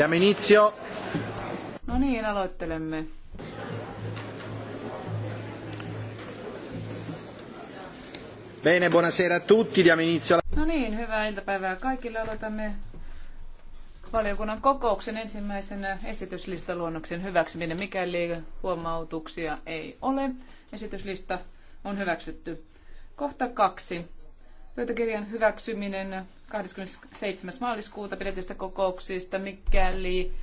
Diamo inizio. No niin, aloittelemme. Bene, buonasera a tutti, diamo inizio. No niin, hyvää iltapäivää kaikille. Aloitamme valiokunnan kokouksen ensimmäisen esityslistaluonnoksen hyväksyminen. Mikäli huomautuksia ei ole, esityslista on hyväksytty. Kohta kaksi Pöytäkirjan hyväksyminen 27. maaliskuuta pidetystä kokouksista, mikäli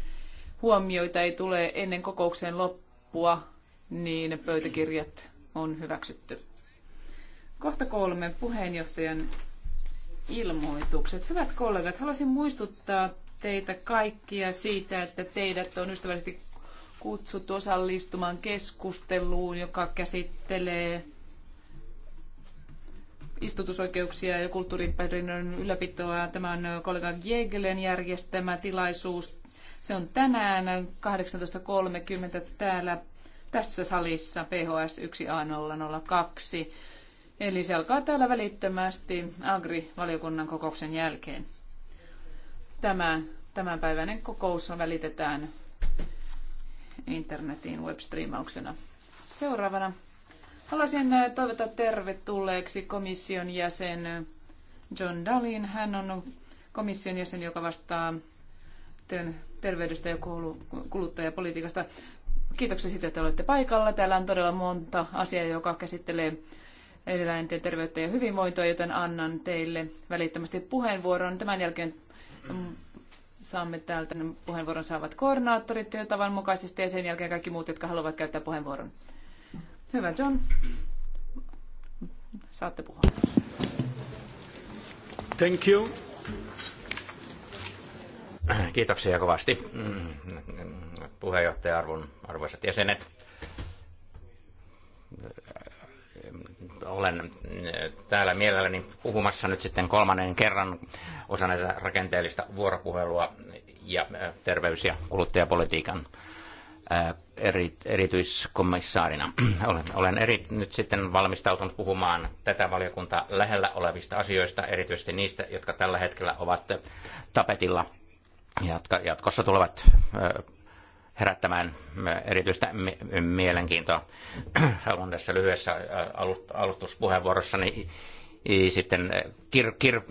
huomioita ei tule ennen kokouksen loppua, niin pöytäkirjat on hyväksytty. Kohta kolme puheenjohtajan ilmoitukset. Hyvät kollegat, haluaisin muistuttaa teitä kaikkia siitä, että teidät on ystävällisesti kutsuttu osallistumaan keskusteluun, joka käsittelee istutusoikeuksia ja kulttuuriperinnön ylläpitoa. Tämä on kollega Jegelen järjestämä tilaisuus. Se on tänään 18.30 täällä tässä salissa PHS 1A002. Eli se alkaa täällä välittömästi Agri-valiokunnan kokouksen jälkeen. Tämä tämänpäiväinen kokous on välitetään internetin webstreamauksena. Seuraavana Haluaisin äh, toivottaa tervetulleeksi komission jäsen John Dalin. Hän on komission jäsen, joka vastaa terveydestä ja kuluttajapolitiikasta. Kiitoksia siitä, että olette paikalla. Täällä on todella monta asiaa, joka käsittelee eläinten terveyttä ja hyvinvointia, joten annan teille välittömästi puheenvuoron. Tämän jälkeen mm, saamme täältä puheenvuoron saavat koordinaattorit työtavan mukaisesti ja sen jälkeen kaikki muut, jotka haluavat käyttää puheenvuoron. Hyvä John. Saatte puhua. Thank you. Kiitoksia kovasti puheenjohtaja arvon arvoisat jäsenet. Olen täällä mielelläni puhumassa nyt sitten kolmannen kerran osana näitä rakenteellista vuoropuhelua ja terveys- ja kuluttajapolitiikan eri, erityiskomissaarina. Olen, olen eri, nyt sitten valmistautunut puhumaan tätä valiokuntaa lähellä olevista asioista, erityisesti niistä, jotka tällä hetkellä ovat tapetilla ja jotka jatkossa tulevat herättämään erityistä mielenkiintoa. Haluan tässä lyhyessä alustuspuheenvuorossani sitten eh, kir, kir,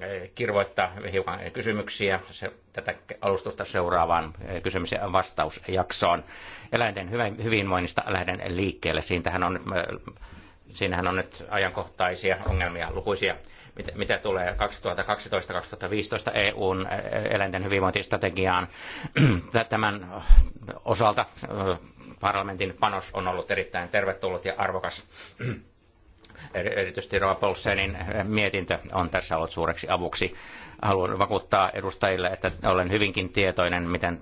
eh, kirvoittaa hiukan kysymyksiä se, tätä alustusta seuraavaan eh, kysymys- ja vastausjaksoon. Eläinten hyvinvoinnista lähden liikkeelle. Siitähän on siinähän on nyt ajankohtaisia ongelmia lukuisia. Mitä, mitä tulee 2012-2015 EUn eläinten hyvinvointistrategiaan. Tämän osalta parlamentin panos on ollut erittäin tervetullut ja arvokas erityisesti Rova Polsenin eh, mietintö on tässä ollut suureksi avuksi. Haluan vakuuttaa edustajille, että olen hyvinkin tietoinen, miten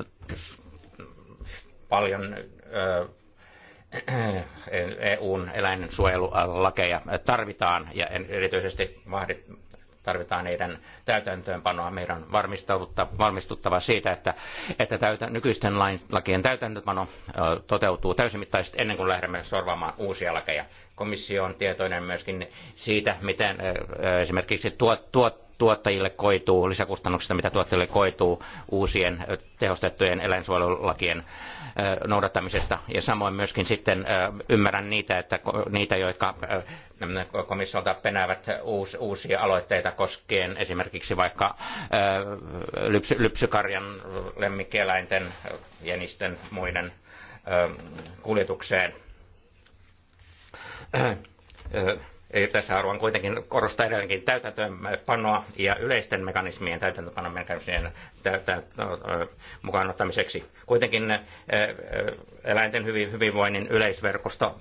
eh, paljon EUn eh, e-, e-, e-, eläinsuojelulakeja tarvitaan ja erityisesti tarvitaan niiden täytäntöönpanoa. Meidän on valmistuttava siitä, että, että täytä, nykyisten lain, lakien täytäntöönpano toteutuu täysimittaisesti ennen kuin lähdemme sorvaamaan uusia lakeja. Komissio on tietoinen myöskin siitä, miten esimerkiksi tuot, tuot, tuottajille koituu, lisäkustannuksista, mitä tuottajille koituu uusien tehostettujen eläinsuojelulakien noudattamisesta. Ja samoin myöskin sitten ymmärrän niitä, että niitä, jotka komissiolta penäävät uusia aloitteita koskien esimerkiksi vaikka lypsy, lypsykarjan, lemmikkieläinten, jenisten, muiden kuljetukseen tässä haluan kuitenkin korostaa edelleenkin täytäntöönpanoa ja yleisten mekanismien täytäntöönpanon mekanismien mukaan ottamiseksi. Kuitenkin eläinten hyvinvoinnin yleisverkosto,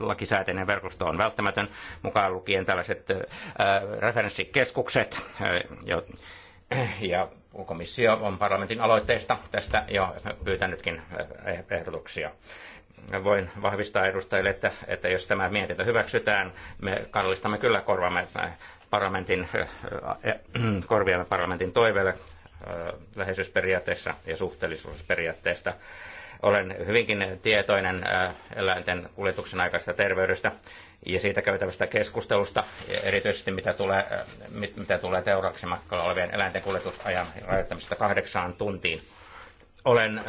lakisääteinen verkosto on välttämätön, mukaan lukien tällaiset referenssikeskukset ja komissio on parlamentin aloitteesta tästä jo pyytänytkin ehdotuksia voin vahvistaa edustajille, että, että jos tämä mietintö hyväksytään, me kallistamme kyllä korvamme äh, parlamentin, äh, äh, korviamme parlamentin toiveelle läheisyysperiaatteessa ja suhteellisuusperiaatteesta. Olen hyvinkin tietoinen eläinten kuljetuksen aikaisesta terveydestä ja siitä käytävästä keskustelusta, erityisesti mitä tulee, mitä tulee teuraksi matkalla olevien eläinten kuljetusajan rajoittamisesta kahdeksaan tuntiin. Olen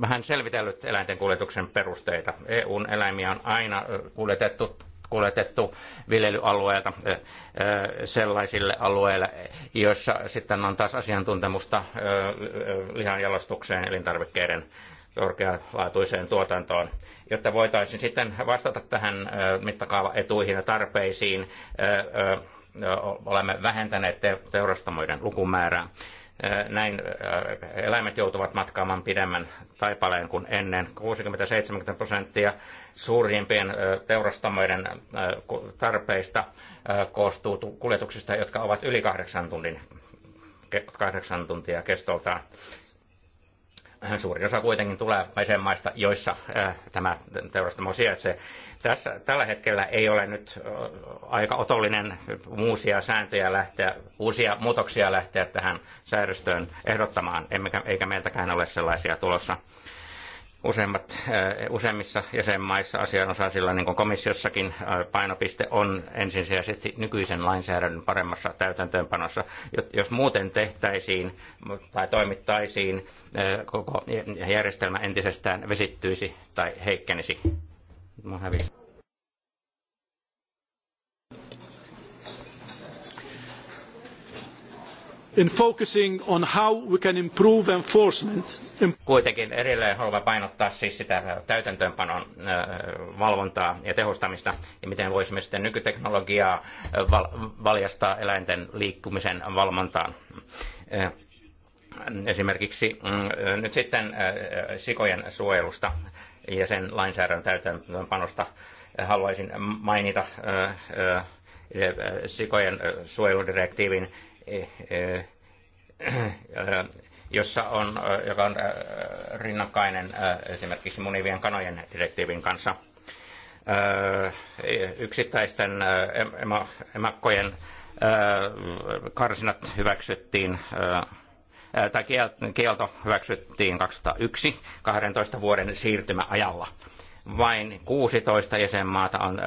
vähän selvitellyt eläinten kuljetuksen perusteita. EUn eläimiä on aina kuljetettu kuljetettu viljelyalueelta sellaisille alueille, joissa sitten on taas asiantuntemusta lihanjalostukseen, elintarvikkeiden korkealaatuiseen tuotantoon, jotta voitaisiin sitten vastata tähän mittakaavaetuihin ja tarpeisiin. Olemme vähentäneet teurastamoiden lukumäärää näin eläimet joutuvat matkaamaan pidemmän taipaleen kuin ennen. 60-70 prosenttia suurimpien teurastamoiden tarpeista koostuu kuljetuksista, jotka ovat yli kahdeksan, tunnin, kahdeksan tuntia kestoltaan. Suuri osa kuitenkin tulee jäsenmaista, joissa äh, tämä teurastamo sijaitsee. Tässä, tällä hetkellä ei ole nyt aika otollinen uusia sääntöjä lähteä, uusia muutoksia lähteä tähän säädöstöön ehdottamaan, emmekä, eikä meiltäkään ole sellaisia tulossa useimmat, useimmissa jäsenmaissa asianosaisilla, niin kuin komissiossakin, painopiste on ensisijaisesti nykyisen lainsäädännön paremmassa täytäntöönpanossa. Jos muuten tehtäisiin tai toimittaisiin, koko järjestelmä entisestään vesittyisi tai heikkenisi. Mä hävisin. in focusing on how we can improve enforcement. Kuitenkin edelleen haluamme painottaa siis sitä äh, täytäntöönpanon äh, valvontaa ja tehostamista ja miten voisimme sitten nykyteknologiaa äh, valjastaa eläinten liikkumisen valvontaan. Esimerkiksi mm, nyt sitten sikojen suojelusta ja sen lainsäädännön täytäntöönpanosta haluaisin mainita sikojen suojeludirektiivin Eh, eh, jossa on, eh, joka on rinnakkainen esimerkiksi munivien kanojen direktiivin kanssa. Yksittäisten emakkojen karsinat hyväksyttiin tai kielto hyväksyttiin 2001 12 vuoden siirtymäajalla vain 16 jäsenmaata on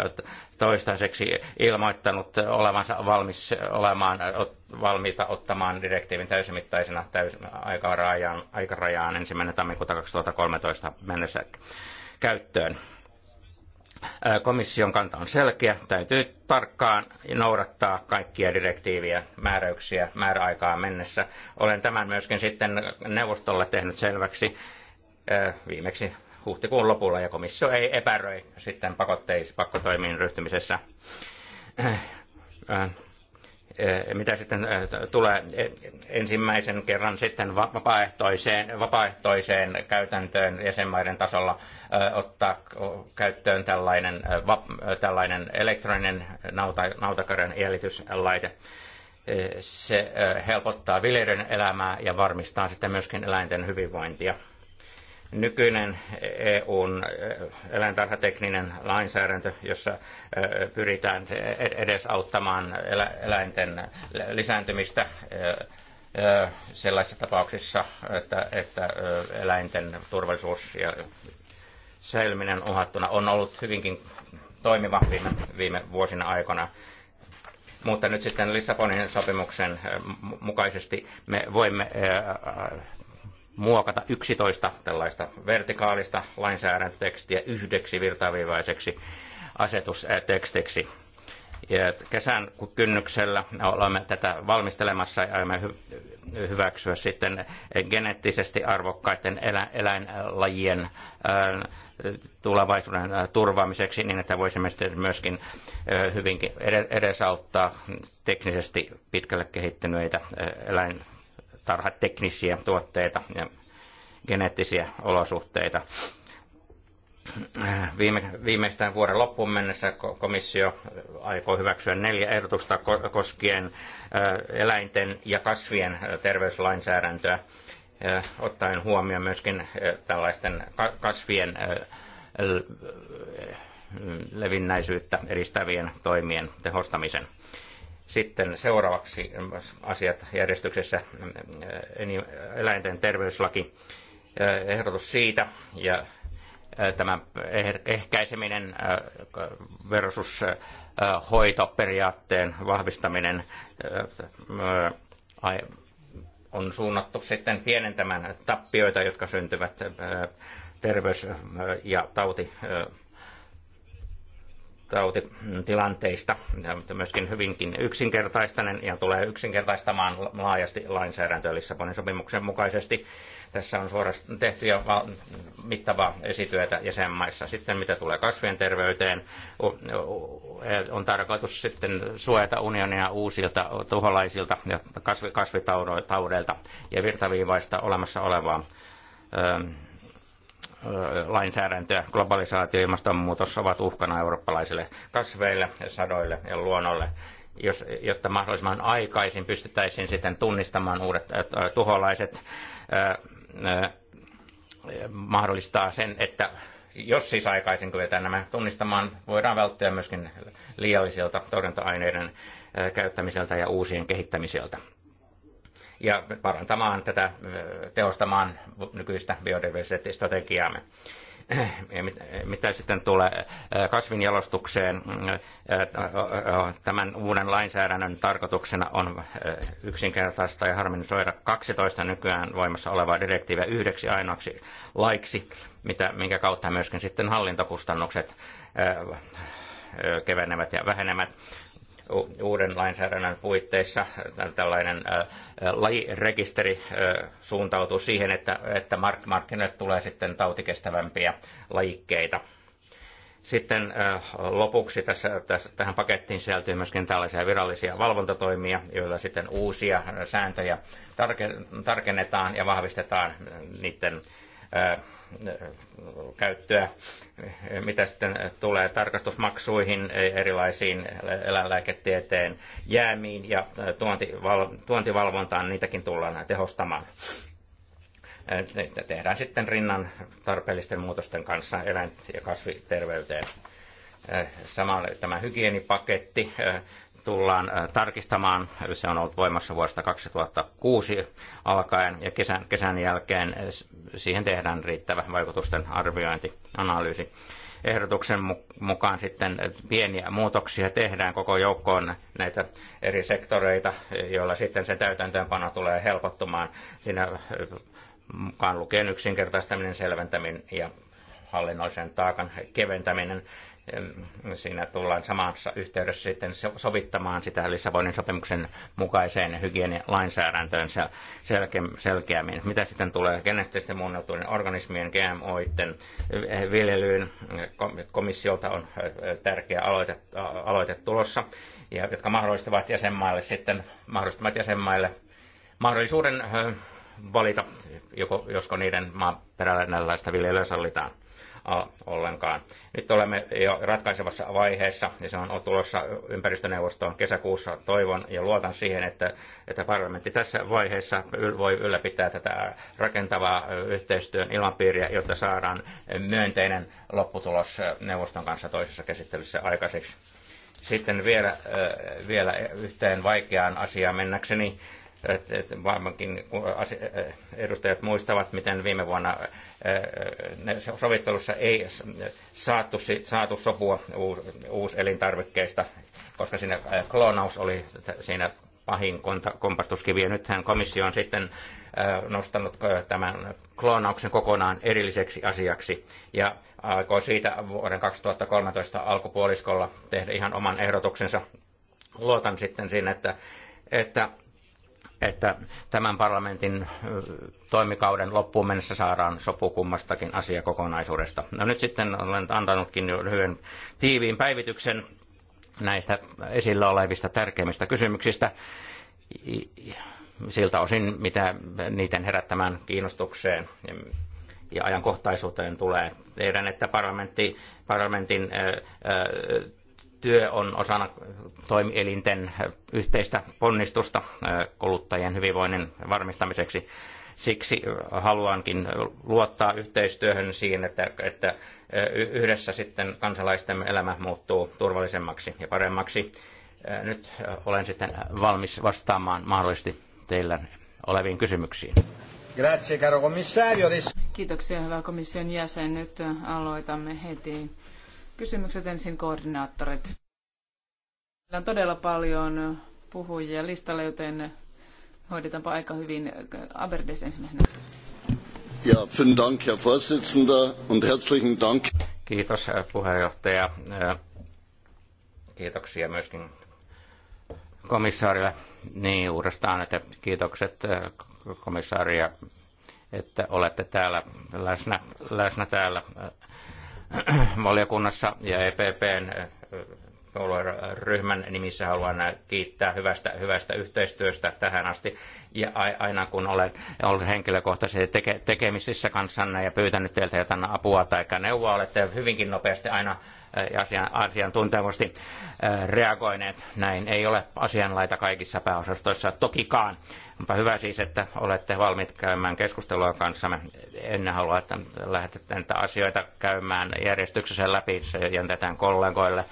toistaiseksi ilmoittanut olevansa valmis olemaan valmiita ottamaan direktiivin täysimittaisena täys, aikarajaan, aikarajaan ensimmäinen tammikuuta 2013 mennessä käyttöön. Komission kanta on selkeä. Täytyy tarkkaan noudattaa kaikkia direktiiviä, määräyksiä määräaikaa mennessä. Olen tämän myöskin sitten neuvostolle tehnyt selväksi viimeksi huhtikuun lopulla ja komissio ei epäröi sitten pakotteis, pakkotoimiin ryhtymisessä. Äh, äh, mitä sitten äh, tulee e-, ensimmäisen kerran sitten vapaaehtoiseen, vapaaehtoiseen käytäntöön jäsenmaiden tasolla ottaa käyttöön tällainen, tällainen elektroninen nauta, nautakarjan jäljityslaite se helpottaa viljelijöiden elämää ja varmistaa sitten myöskin eläinten hyvinvointia nykyinen EUn eh, eläintarhatekninen lainsäädäntö, jossa eh, pyritään edesauttamaan eläinten lisääntymistä eh, sellaisissa tapauksissa, että, että eläinten turvallisuus ja säilyminen uhattuna on ollut hyvinkin toimiva viime, viime vuosina aikana. Mutta nyt sitten Lissabonin sopimuksen mukaisesti me voimme muokata 11 tällaista vertikaalista lainsäädäntötekstiä yhdeksi virtaviivaiseksi asetustekstiksi. Ja kesän kynnyksellä olemme tätä valmistelemassa ja aiomme hyväksyä sitten geneettisesti arvokkaiden elä- eläinlajien tulevaisuuden turvaamiseksi niin, että voisimme sitten myöskin hyvinkin edesauttaa teknisesti pitkälle kehittyneitä eläin teknisiä tuotteita ja geneettisiä olosuhteita. Viime, viimeistään vuoden loppuun mennessä komissio aikoo hyväksyä neljä ehdotusta koskien eläinten ja kasvien terveyslainsäädäntöä, ottaen huomioon myöskin tällaisten kasvien levinnäisyyttä edistävien toimien tehostamisen. Sitten seuraavaksi asiat järjestyksessä eläinten terveyslaki ehdotus siitä ja tämä eh- ehkäiseminen versus hoitoperiaatteen vahvistaminen on suunnattu sitten pienentämään tappioita, jotka syntyvät terveys- ja tauti tautitilanteista, myöskin hyvinkin yksinkertaistainen ja tulee yksinkertaistamaan laajasti lainsäädäntöä Lissabonin sopimuksen mukaisesti. Tässä on suorastaan tehty jo mittavaa esityötä jäsenmaissa. Sitten mitä tulee kasvien terveyteen, on tarkoitus sitten suojata unionia uusilta tuholaisilta ja kasvitaudeilta ja virtaviivaista olemassa olevaa lainsäädäntö, globalisaatio ja ilmastonmuutos ovat uhkana eurooppalaisille kasveille, sadoille ja luonnolle, jos, jotta mahdollisimman aikaisin pystyttäisiin sitten tunnistamaan uudet tuholaiset, mahdollistaa sen, että jos siis aikaisin kyetään nämä tunnistamaan, voidaan välttyä myöskin liiallisilta torjunta-aineiden käyttämiseltä ja uusien kehittämiseltä ja parantamaan tätä, teostamaan nykyistä biodiversiteettistrategiaamme mitä sitten tulee kasvinjalostukseen, tämän uuden lainsäädännön tarkoituksena on yksinkertaista ja harmonisoida 12 nykyään voimassa olevaa direktiiviä yhdeksi ainoaksi laiksi, mitä, minkä kautta myöskin sitten hallintokustannukset kevenevät ja vähenevät uuden lainsäädännön puitteissa tällainen lajirekisteri suuntautuu siihen, että, että markkinoille tulee sitten tautikestävämpiä lajikkeita. Sitten lopuksi tässä, tässä, tähän pakettiin sisältyy myöskin tällaisia virallisia valvontatoimia, joilla sitten uusia sääntöjä tarkennetaan ja vahvistetaan niiden käyttöä, mitä sitten tulee tarkastusmaksuihin, e- erilaisiin eläinlääketieteen jäämiin ja tuontivalvontaan, niitäkin tullaan tehostamaan. Niitä tehdään sitten rinnan tarpeellisten muutosten kanssa eläin- ja kasviterveyteen. Samalla tämä hygienipaketti tullaan tarkistamaan. Se on ollut voimassa vuodesta 2006 alkaen ja kesän, kesän jälkeen siihen tehdään riittävä vaikutusten arviointi, analyysi. Ehdotuksen mukaan sitten pieniä muutoksia tehdään koko joukkoon näitä eri sektoreita, joilla sitten se täytäntöönpano tulee helpottumaan. Siinä mukaan lukien yksinkertaistaminen, selventäminen ja hallinnollisen taakan keventäminen siinä tullaan samassa yhteydessä sitten sovittamaan sitä Lissabonin sopimuksen mukaiseen hygienilainsäädäntöön selke, selkeämmin. Mitä sitten tulee geneettisesti muunneltujen organismien GMOiden eh, viljelyyn? Komissiolta on eh, tärkeä aloite, aloite tulossa, ja, jotka mahdollistavat jäsenmaille sitten mahdollistavat jäsenmaille mahdollisuuden eh, valita, joko, josko niiden maaperällä nällaista viljelyä sallitaan ollenkaan. Nyt olemme jo ratkaisevassa vaiheessa ja se on tulossa ympäristöneuvostoon kesäkuussa. Toivon ja luotan siihen, että, että parlamentti tässä vaiheessa voi ylläpitää tätä rakentavaa yhteistyön ilmapiiriä, jotta saadaan myönteinen lopputulos neuvoston kanssa toisessa käsittelyssä aikaiseksi. Sitten vielä, vielä yhteen vaikeaan asiaan mennäkseni et, et varmaankin e, e, edustajat muistavat, miten viime vuonna e, sovittelussa ei saatu, saatu sopua uus, koska siinä kloonaus oli siinä pahin kompastuskivi. Ja nythän komissio on sitten nostanut tämän kloonauksen kokonaan erilliseksi asiaksi ja aikoo siitä vuoden 2013 alkupuoliskolla tehdä ihan oman ehdotuksensa. Luotan sitten siinä, että, että että tämän parlamentin toimikauden loppuun mennessä saadaan sopu kummastakin asiakokonaisuudesta. No nyt sitten olen antanutkin jo lyhyen tiiviin päivityksen näistä esillä olevista tärkeimmistä kysymyksistä siltä osin, mitä niiden herättämään kiinnostukseen ja ajankohtaisuuteen tulee. Tiedän, että parlamentti, parlamentin työ on osana toimielinten yhteistä ponnistusta kuluttajien hyvinvoinnin varmistamiseksi. Siksi haluankin luottaa yhteistyöhön siihen, että, että yhdessä sitten kansalaisten elämä muuttuu turvallisemmaksi ja paremmaksi. Nyt olen sitten valmis vastaamaan mahdollisesti teillä oleviin kysymyksiin. Grazie, Kiitoksia, hyvä komission jäsen. Nyt aloitamme heti Kysymykset ensin koordinaattorit. Meillä on todella paljon puhujia listalla, joten hoidetaanpa aika hyvin. Aberdes ensimmäisenä. Ja, vielen Dank, Herr Vorsitzender, und herzlichen Dank. Kiitos äh, puheenjohtaja. Äh, kiitoksia myöskin komissaarille niin uudestaan, että kiitokset äh, komissaaria, että olette täällä läsnä, läsnä täällä valiokunnassa ja EPPn puolueryhmän nimissä haluan kiittää hyvästä, hyvästä yhteistyöstä tähän asti. Ja aina kun olen ollut henkilökohtaisesti teke, tekemisissä kanssanne ja pyytänyt teiltä jotain apua tai neuvoa, olette hyvinkin nopeasti aina asian, asiantuntemusti reagoineet. Näin ei ole asianlaita kaikissa pääosastoissa tokikaan. Onpa hyvä siis, että olette valmiit käymään keskustelua kanssamme. En halua, että lähdette näitä asioita käymään järjestyksessä läpi, se jäntetään kollegoille.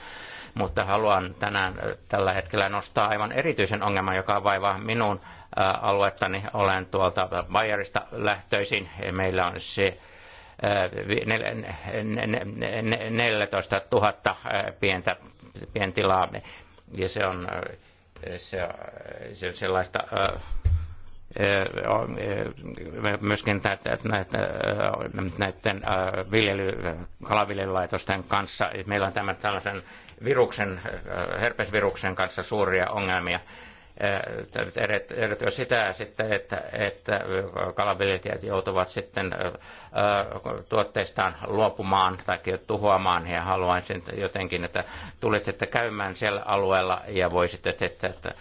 Mutta haluan tänään tällä hetkellä nostaa aivan erityisen ongelman, joka vaivaa minun aluettani. Olen tuolta Bayerista lähtöisin. Meillä on se 14 000 pientä, pientilaa. Ja se on, se, se on sellaista myöskin näiden viljely, kalaviljelylaitosten kanssa. Meillä on tämän tällaisen viruksen, herpesviruksen kanssa suuria ongelmia erityä sitä sitten, että, että kalaviljelijät joutuvat sitten tuotteistaan luopumaan tai tuhoamaan ja haluaisin jotenkin, että tulisitte käymään siellä alueella ja voisitte sitten että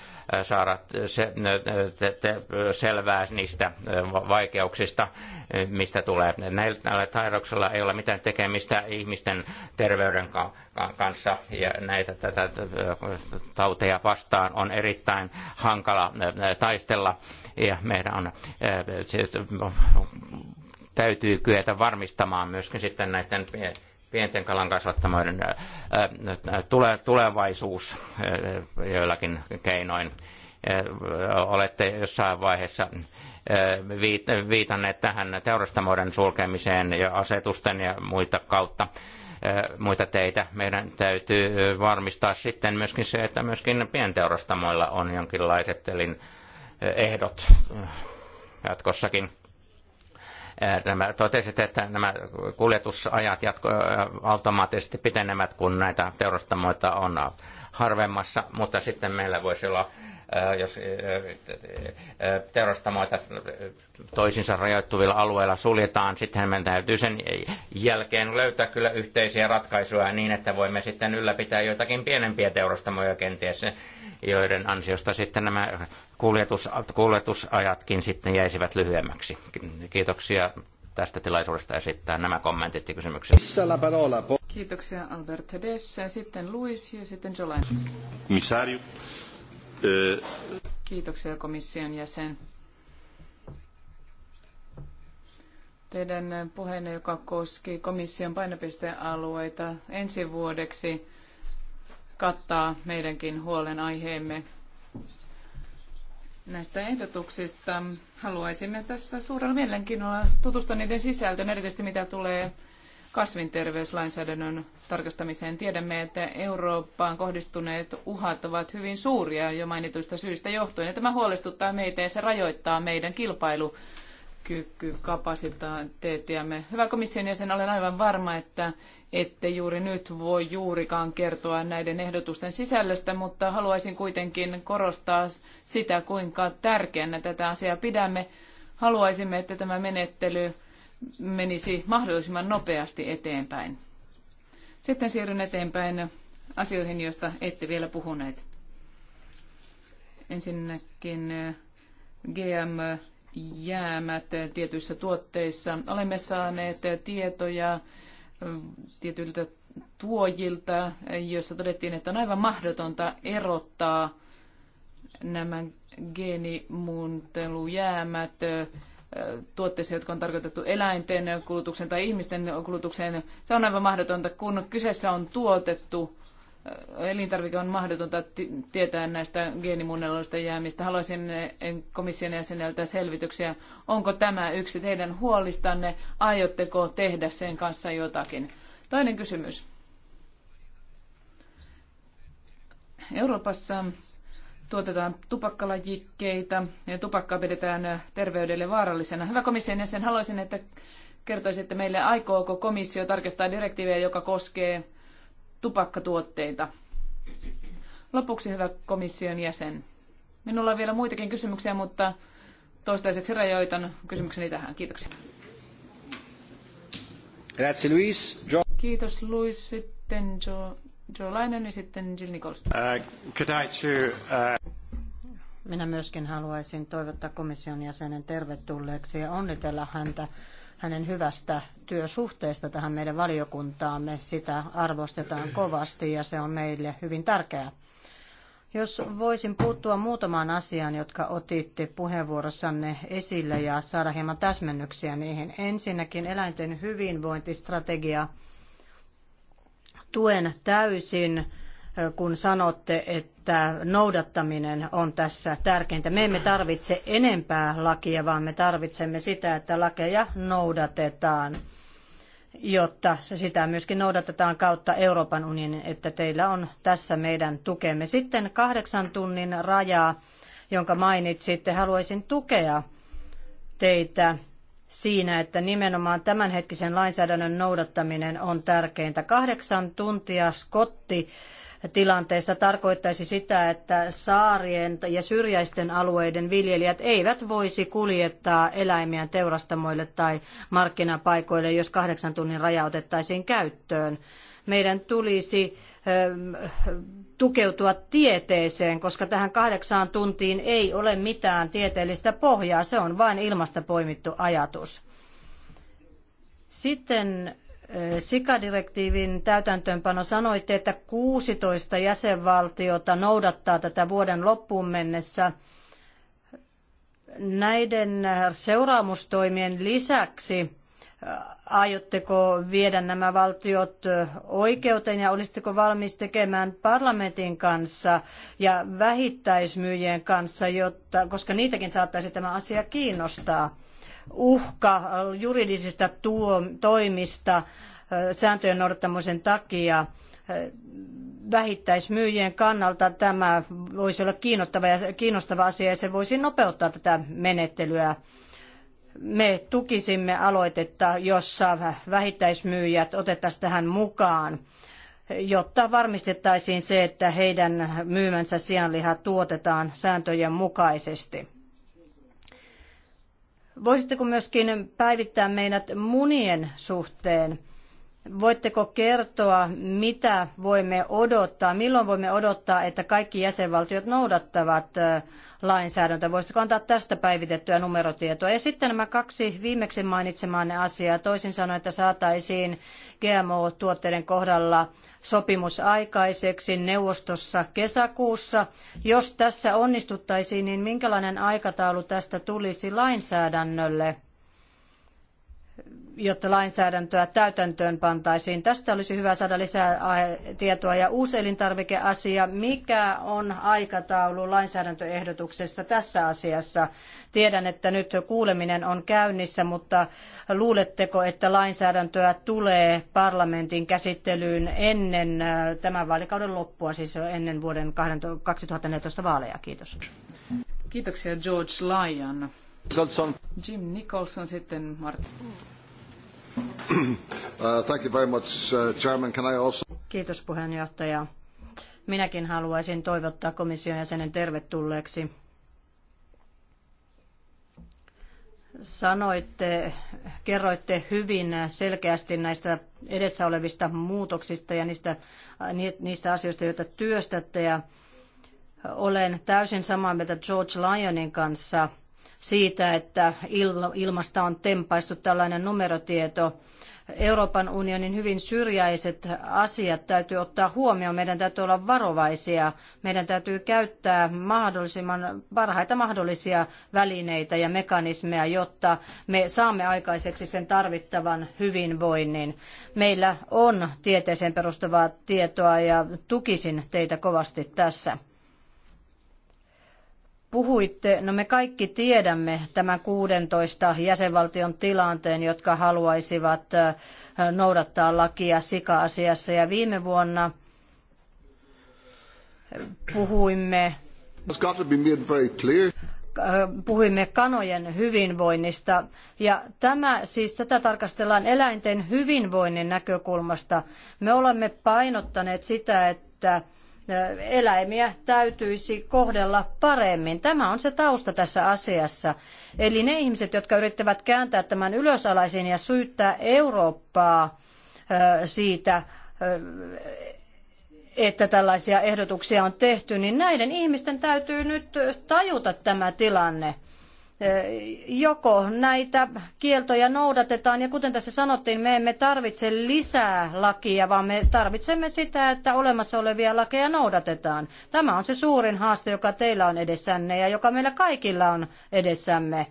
saada se, te, te, selvää niistä vaikeuksista, mistä tulee. Näillä taidoksilla ei ole mitään tekemistä ihmisten terveyden kanssa ja näitä tätä tauteja vastaan on erittäin hankala taistella ja meidän on täytyy kyetä varmistamaan myöskin sitten näiden pienten kalan kasvattamoiden tulevaisuus joillakin keinoin. Olette jossain vaiheessa viitanneet tähän teurastamoiden sulkemiseen ja asetusten ja muita kautta muita teitä. Meidän täytyy varmistaa sitten myöskin se, että myöskin pienteurastamoilla on jonkinlaiset elin ehdot jatkossakin nämä, totesit, että nämä kuljetusajat jatko, automaattisesti pitenevät, kun näitä teurastamoita on harvemmassa, mutta sitten meillä voisi olla äh, jos äh, äh, teurastamoita toisinsa rajoittuvilla alueilla suljetaan, sitten meidän täytyy sen jälkeen löytää kyllä yhteisiä ratkaisuja niin, että voimme sitten ylläpitää joitakin pienempiä teurastamoja kenties, joiden ansiosta sitten nämä kuljetus, kuljetusajatkin sitten jäisivät lyhyemmäksi. Kiitoksia tästä tilaisuudesta esittää nämä kommentit ja kysymykset. Kiitoksia Albert Hedessä. Sitten Luis ja sitten Jolain. Komissario. Eh. Kiitoksia komission jäsen. Teidän puheenne, joka koski komission painopistealueita ensi vuodeksi, kattaa meidänkin huolenaiheemme. Näistä ehdotuksista haluaisimme tässä suurella mielenkiinnolla tutustua niiden sisältöön, erityisesti mitä tulee kasvinterveyslainsäädännön tarkastamiseen. Tiedämme, että Eurooppaan kohdistuneet uhat ovat hyvin suuria jo mainituista syistä johtuen. Ja tämä huolestuttaa meitä ja se rajoittaa meidän kilpailukykykapasiteettiamme. Hyvä komission jäsen, olen aivan varma, että ette juuri nyt voi juurikaan kertoa näiden ehdotusten sisällöstä, mutta haluaisin kuitenkin korostaa sitä, kuinka tärkeänä tätä asiaa pidämme. Haluaisimme, että tämä menettely menisi mahdollisimman nopeasti eteenpäin. Sitten siirryn eteenpäin asioihin, joista ette vielä puhuneet. Ensinnäkin eh, GM-jäämät tietyissä tuotteissa. Olemme saaneet tietoja eh, tietyiltä tuojilta, eh, joissa todettiin, että on aivan mahdotonta erottaa nämä geenimuuntelujäämät tuotteisiin, jotka on tarkoitettu eläinten kulutukseen tai ihmisten kulutukseen. Se on aivan mahdotonta, kun kyseessä on tuotettu elintarvike on mahdotonta tietää näistä geenimuunnelluista jäämistä. Haluaisin komission jäseneltä selvityksiä. Onko tämä yksi teidän huolistanne? Aiotteko tehdä sen kanssa jotakin? Toinen kysymys. Euroopassa tuotetaan tupakkalajikkeita ja tupakkaa pidetään terveydelle vaarallisena. Hyvä komission jäsen, haluaisin, että kertoisitte meille, aikooko komissio tarkistaa direktiivejä, joka koskee tupakkatuotteita. Lopuksi hyvä komission jäsen. Minulla on vielä muitakin kysymyksiä, mutta toistaiseksi rajoitan kysymykseni tähän. Kiitoksia. Grazie Luis. Jo- Kiitos Luis. Sitten Joe. Joe Lainen ja sitten Jill Nichols. Uh, could I to, uh... Minä myöskin haluaisin toivottaa komission jäsenen tervetulleeksi ja onnitella häntä hänen hyvästä työsuhteesta tähän meidän valiokuntaamme. Sitä arvostetaan kovasti ja se on meille hyvin tärkeää. Jos voisin puuttua muutamaan asiaan, jotka otitte puheenvuorossanne esille ja saada hieman täsmennyksiä niihin. Ensinnäkin eläinten hyvinvointistrategia tuen täysin, kun sanotte, että noudattaminen on tässä tärkeintä. Me emme tarvitse enempää lakia, vaan me tarvitsemme sitä, että lakeja noudatetaan, jotta sitä myöskin noudatetaan kautta Euroopan unionin, että teillä on tässä meidän tukemme. Sitten kahdeksan tunnin rajaa, jonka mainitsitte, haluaisin tukea teitä siinä, että nimenomaan tämänhetkisen lainsäädännön noudattaminen on tärkeintä. Kahdeksan tuntia skotti tilanteessa tarkoittaisi sitä, että saarien ja syrjäisten alueiden viljelijät eivät voisi kuljettaa eläimiä teurastamoille tai markkinapaikoille, jos kahdeksan tunnin raja otettaisiin käyttöön. Meidän tulisi tukeutua tieteeseen, koska tähän kahdeksaan tuntiin ei ole mitään tieteellistä pohjaa. Se on vain ilmasta poimittu ajatus. Sitten Sikadirektiivin täytäntöönpano sanoitte, että 16 jäsenvaltiota noudattaa tätä vuoden loppuun mennessä. Näiden seuraamustoimien lisäksi Aiotteko viedä nämä valtiot oikeuteen ja olisitteko valmis tekemään parlamentin kanssa ja vähittäismyyjien kanssa, jotta, koska niitäkin saattaisi tämä asia kiinnostaa? Uhka juridisista tuo, toimista sääntöjen noudattamisen takia vähittäismyyjien kannalta tämä voisi olla kiinnostava, ja, kiinnostava asia ja se voisi nopeuttaa tätä menettelyä me tukisimme aloitetta, jossa vähittäismyyjät otettaisiin tähän mukaan, jotta varmistettaisiin se, että heidän myymänsä sianliha tuotetaan sääntöjen mukaisesti. Voisitteko myöskin päivittää meidät munien suhteen? Voitteko kertoa, mitä voimme odottaa, milloin voimme odottaa, että kaikki jäsenvaltiot noudattavat lainsäädäntöä? Voisitko antaa tästä päivitettyä numerotietoa? Ja sitten nämä kaksi viimeksi mainitsemaanne asiaa. Toisin sanoen, että saataisiin GMO-tuotteiden kohdalla sopimus aikaiseksi neuvostossa kesäkuussa. Jos tässä onnistuttaisiin, niin minkälainen aikataulu tästä tulisi lainsäädännölle? jotta lainsäädäntöä täytäntöön pantaisiin. Tästä olisi hyvä saada lisää tietoa. Ja uusi elintarvikeasia, mikä on aikataulu lainsäädäntöehdotuksessa tässä asiassa? Tiedän, että nyt kuuleminen on käynnissä, mutta luuletteko, että lainsäädäntöä tulee parlamentin käsittelyyn ennen äh, tämän vaalikauden loppua, siis ennen vuoden 2014 vaaleja? Kiitos. Kiitoksia George Lyon. Nicholson. Jim Nicholson sitten Martin. Uh, thank you very much, uh, Chairman. Can I also... Kiitos puheenjohtaja. Minäkin haluaisin toivottaa komission jäsenen tervetulleeksi. Sanoitte, kerroitte hyvin selkeästi näistä edessä olevista muutoksista ja niistä, niistä asioista, joita työstätte. Ja olen täysin samaa mieltä George Lyonin kanssa – siitä, että ilmasta on tempaistu tällainen numerotieto. Euroopan unionin hyvin syrjäiset asiat täytyy ottaa huomioon. Meidän täytyy olla varovaisia. Meidän täytyy käyttää mahdollisimman parhaita mahdollisia välineitä ja mekanismeja, jotta me saamme aikaiseksi sen tarvittavan hyvinvoinnin. Meillä on tieteeseen perustuvaa tietoa ja tukisin teitä kovasti tässä puhuitte, no me kaikki tiedämme tämän 16 jäsenvaltion tilanteen, jotka haluaisivat noudattaa lakia sika-asiassa. Ja viime vuonna puhuimme puhuimme kanojen hyvinvoinnista. Ja tämä siis tätä tarkastellaan eläinten hyvinvoinnin näkökulmasta. Me olemme painottaneet sitä, että eläimiä täytyisi kohdella paremmin. Tämä on se tausta tässä asiassa. Eli ne ihmiset, jotka yrittävät kääntää tämän ylösalaisin ja syyttää Eurooppaa siitä, että tällaisia ehdotuksia on tehty, niin näiden ihmisten täytyy nyt tajuta tämä tilanne joko näitä kieltoja noudatetaan, ja kuten tässä sanottiin, me emme tarvitse lisää lakia, vaan me tarvitsemme sitä, että olemassa olevia lakeja noudatetaan. Tämä on se suurin haaste, joka teillä on edessänne ja joka meillä kaikilla on edessämme.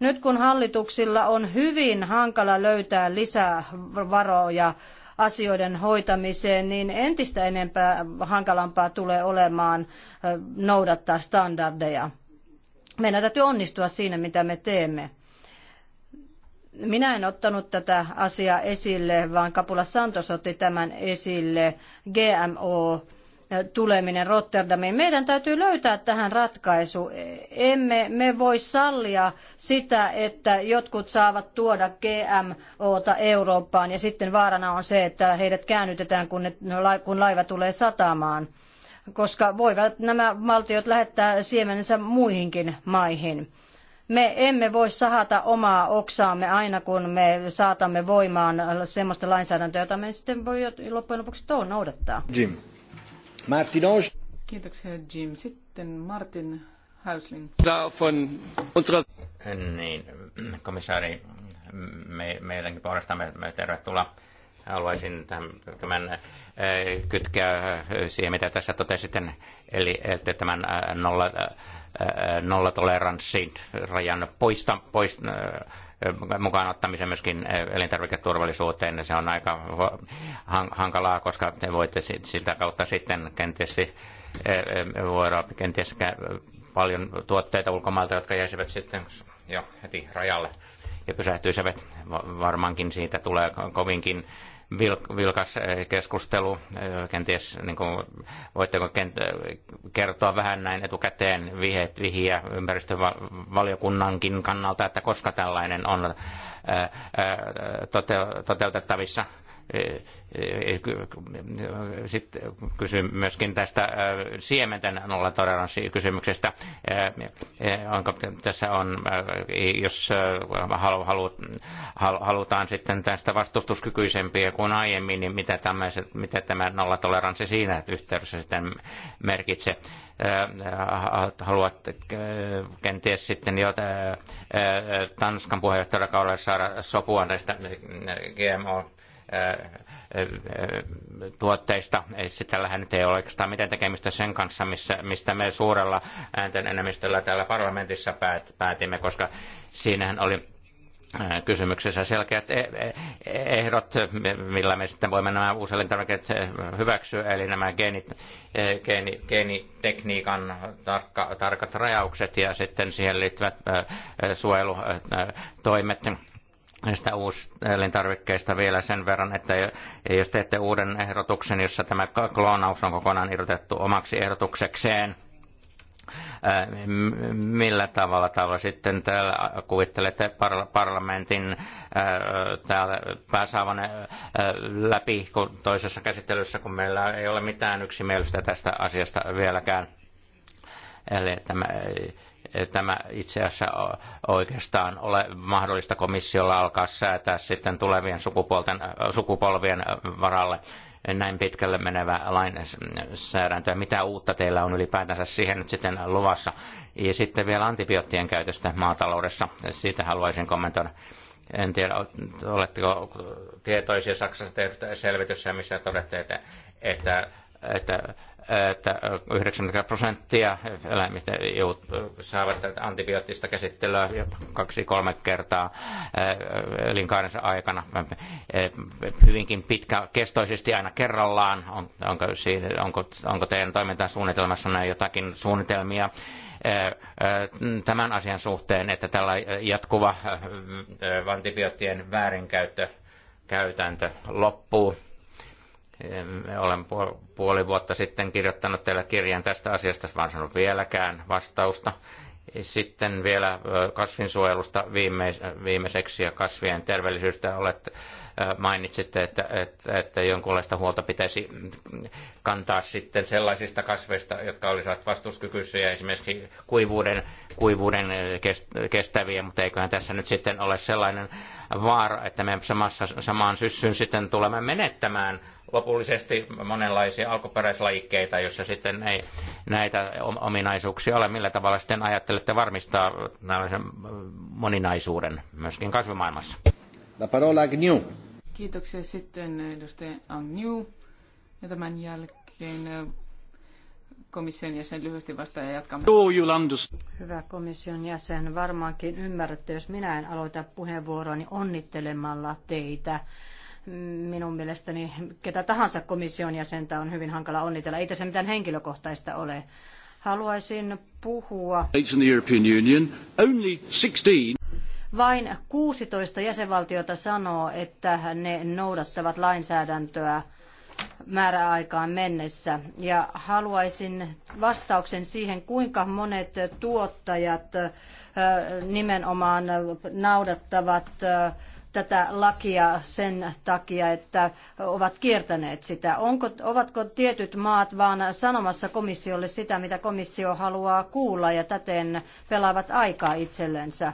Nyt kun hallituksilla on hyvin hankala löytää lisää varoja asioiden hoitamiseen, niin entistä enempää hankalampaa tulee olemaan noudattaa standardeja. Meidän täytyy onnistua siinä, mitä me teemme. Minä en ottanut tätä asiaa esille, vaan Kapula Santos otti tämän esille. GMO tuleminen Rotterdamiin. Meidän täytyy löytää tähän ratkaisu. Emme me voi sallia sitä, että jotkut saavat tuoda GMOta Eurooppaan ja sitten vaarana on se, että heidät käännytetään, kun, ne, kun laiva tulee satamaan koska voivat nämä valtiot lähettää siemenensä muihinkin maihin. Me emme voi sahata omaa oksaamme aina, kun me saatamme voimaan sellaista lainsäädäntöä, jota me sitten voi loppujen lopuksi tuon noudattaa. Jim. Martin Osh. Kiitoksia Jim. Sitten Martin Häusling. Niin, komissaari, me, meidänkin puolestamme me tervetuloa. Haluaisin tämän, tämän Äh, kytkeä äh, siihen, mitä tässä totesit, eli että tämän äh, nolla, nollatoleranssin rajan poista, poista, mukaan ottamisen myöskin elintarviketurvallisuuteen. Niin se on aika hankalaa, koska te voitte siltä kautta sitten kenties voida kenties paljon tuotteita ulkomailta, jotka jäisivät sitten jo heti rajalle ja pysähtyisivät. Varmaankin siitä tulee kovinkin vilkas eh, keskustelu. Eh, kenties niin kuin, voitteko kertoa vähän näin etukäteen viheet, vihiä ympäristövaliokunnankin kannalta, että koska tällainen on eh, toteutettavissa? Eh, eh, sitten kysyn myöskin tästä eh, siementen kysymyksestä Onko, tässä on, jos halutaan sitten tästä vastustuskykyisempiä kuin aiemmin, niin mitä, tämmöiset, mitä tämä nollatoleranssi siinä yhteydessä sitten merkitsee? haluat kenties sitten jo Tanskan puheenjohtajakaudelle saada sopua näistä GMO tuotteista. Itse tällähän nyt ei ole oikeastaan mitään tekemistä sen kanssa, missä, mistä me suurella äänten enemmistöllä täällä parlamentissa päät, päätimme, koska siinähän oli äh, kysymyksessä selkeät e, e, ehdot, millä me sitten voimme nämä uuselintarvikkeet äh, hyväksyä, eli nämä geenit, äh, geeni, geenitekniikan tarkka, tarkat rajaukset ja sitten siihen liittyvät suojelutoimet näistä uuselintarvikkeista vielä sen verran, että jos teette uuden ehdotuksen, jossa tämä kloonaus on kokonaan irrotettu omaksi ehdotuksekseen, millä tavalla tavalla sitten täällä kuvittelette parlamentin täällä pääsaavan läpi toisessa käsittelyssä, kun meillä ei ole mitään yksimielistä tästä asiasta vieläkään. Eli tämä, tämä itse asiassa oikeastaan ole mahdollista komissiolla alkaa säätää sitten tulevien sukupuolten, sukupolvien varalle näin pitkälle menevä lainsäädäntö. Mitä uutta teillä on ylipäätänsä siihen nyt sitten luvassa? Ja sitten vielä antibioottien käytöstä maataloudessa. Siitä haluaisin kommentoida. En tiedä, oletteko tietoisia Saksassa tehdystä selvityssä, missä todette, että, että, että että 90 prosenttia eläimistä saavat antibioottista käsittelyä kaksi-kolme kertaa eh, elinkaarensa aikana. Eh, hyvinkin pitkäkestoisesti aina kerrallaan. On, onko, siinä, onko, onko teidän toimintasuunnitelmassanne jotakin suunnitelmia eh, tämän asian suhteen, että tällä jatkuva antibioottien väärinkäyttö käytäntö loppuu? Olen puoli vuotta sitten kirjoittanut teille kirjan tästä asiasta, vaan sanonut vieläkään vastausta. Sitten vielä kasvinsuojelusta viimeiseksi ja kasvien terveellisyystä olet, mainitsitte, että, että, että jonkunlaista huolta pitäisi kantaa sitten sellaisista kasveista, jotka olisivat vastuskykyisiä, esimerkiksi kuivuuden, kuivuuden kestäviä, mutta eiköhän tässä nyt sitten ole sellainen vaara, että me samassa, samaan syssyn sitten tulemme menettämään lopullisesti monenlaisia alkuperäislajikkeita, jossa sitten ei näitä ominaisuuksia ole. Millä tavalla sitten ajattelette varmistaa tällaisen moninaisuuden myöskin kasvimaailmassa? La parola Agnew. Kiitoksia sitten edustaja Agnew. Ja tämän jälkeen komission jäsen lyhyesti vastaa ja jatkamme. Hyvä komission jäsen, varmaankin ymmärrätte, jos minä en aloita puheenvuoroani onnittelemalla teitä minun mielestäni ketä tahansa komission jäsentä on hyvin hankala onnitella. Ei tässä mitään henkilökohtaista ole. Haluaisin puhua. Vain 16 jäsenvaltiota sanoo, että ne noudattavat lainsäädäntöä määräaikaan mennessä. Ja haluaisin vastauksen siihen, kuinka monet tuottajat nimenomaan noudattavat tätä lakia sen takia, että ovat kiertäneet sitä. Onko, ovatko tietyt maat vaan sanomassa komissiolle sitä, mitä komissio haluaa kuulla ja täten pelaavat aikaa itsellensä?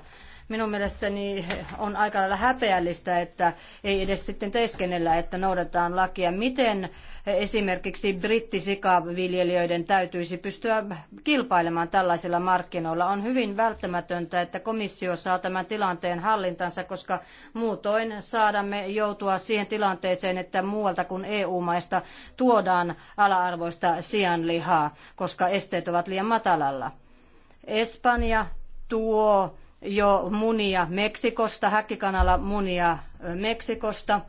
minun mielestäni on aika lailla häpeällistä, että ei edes sitten teeskennellä, että noudatetaan lakia. Miten Esimerkiksi brittisikaviljelijöiden täytyisi pystyä kilpailemaan tällaisilla markkinoilla. On hyvin välttämätöntä, että komissio saa tämän tilanteen hallintansa, koska muutoin saadamme joutua siihen tilanteeseen, että muualta kuin EU-maista tuodaan ala-arvoista sianlihaa, koska esteet ovat liian matalalla. Espanja tuo jo munia Meksikosta, häkkikanalla munia Meksikosta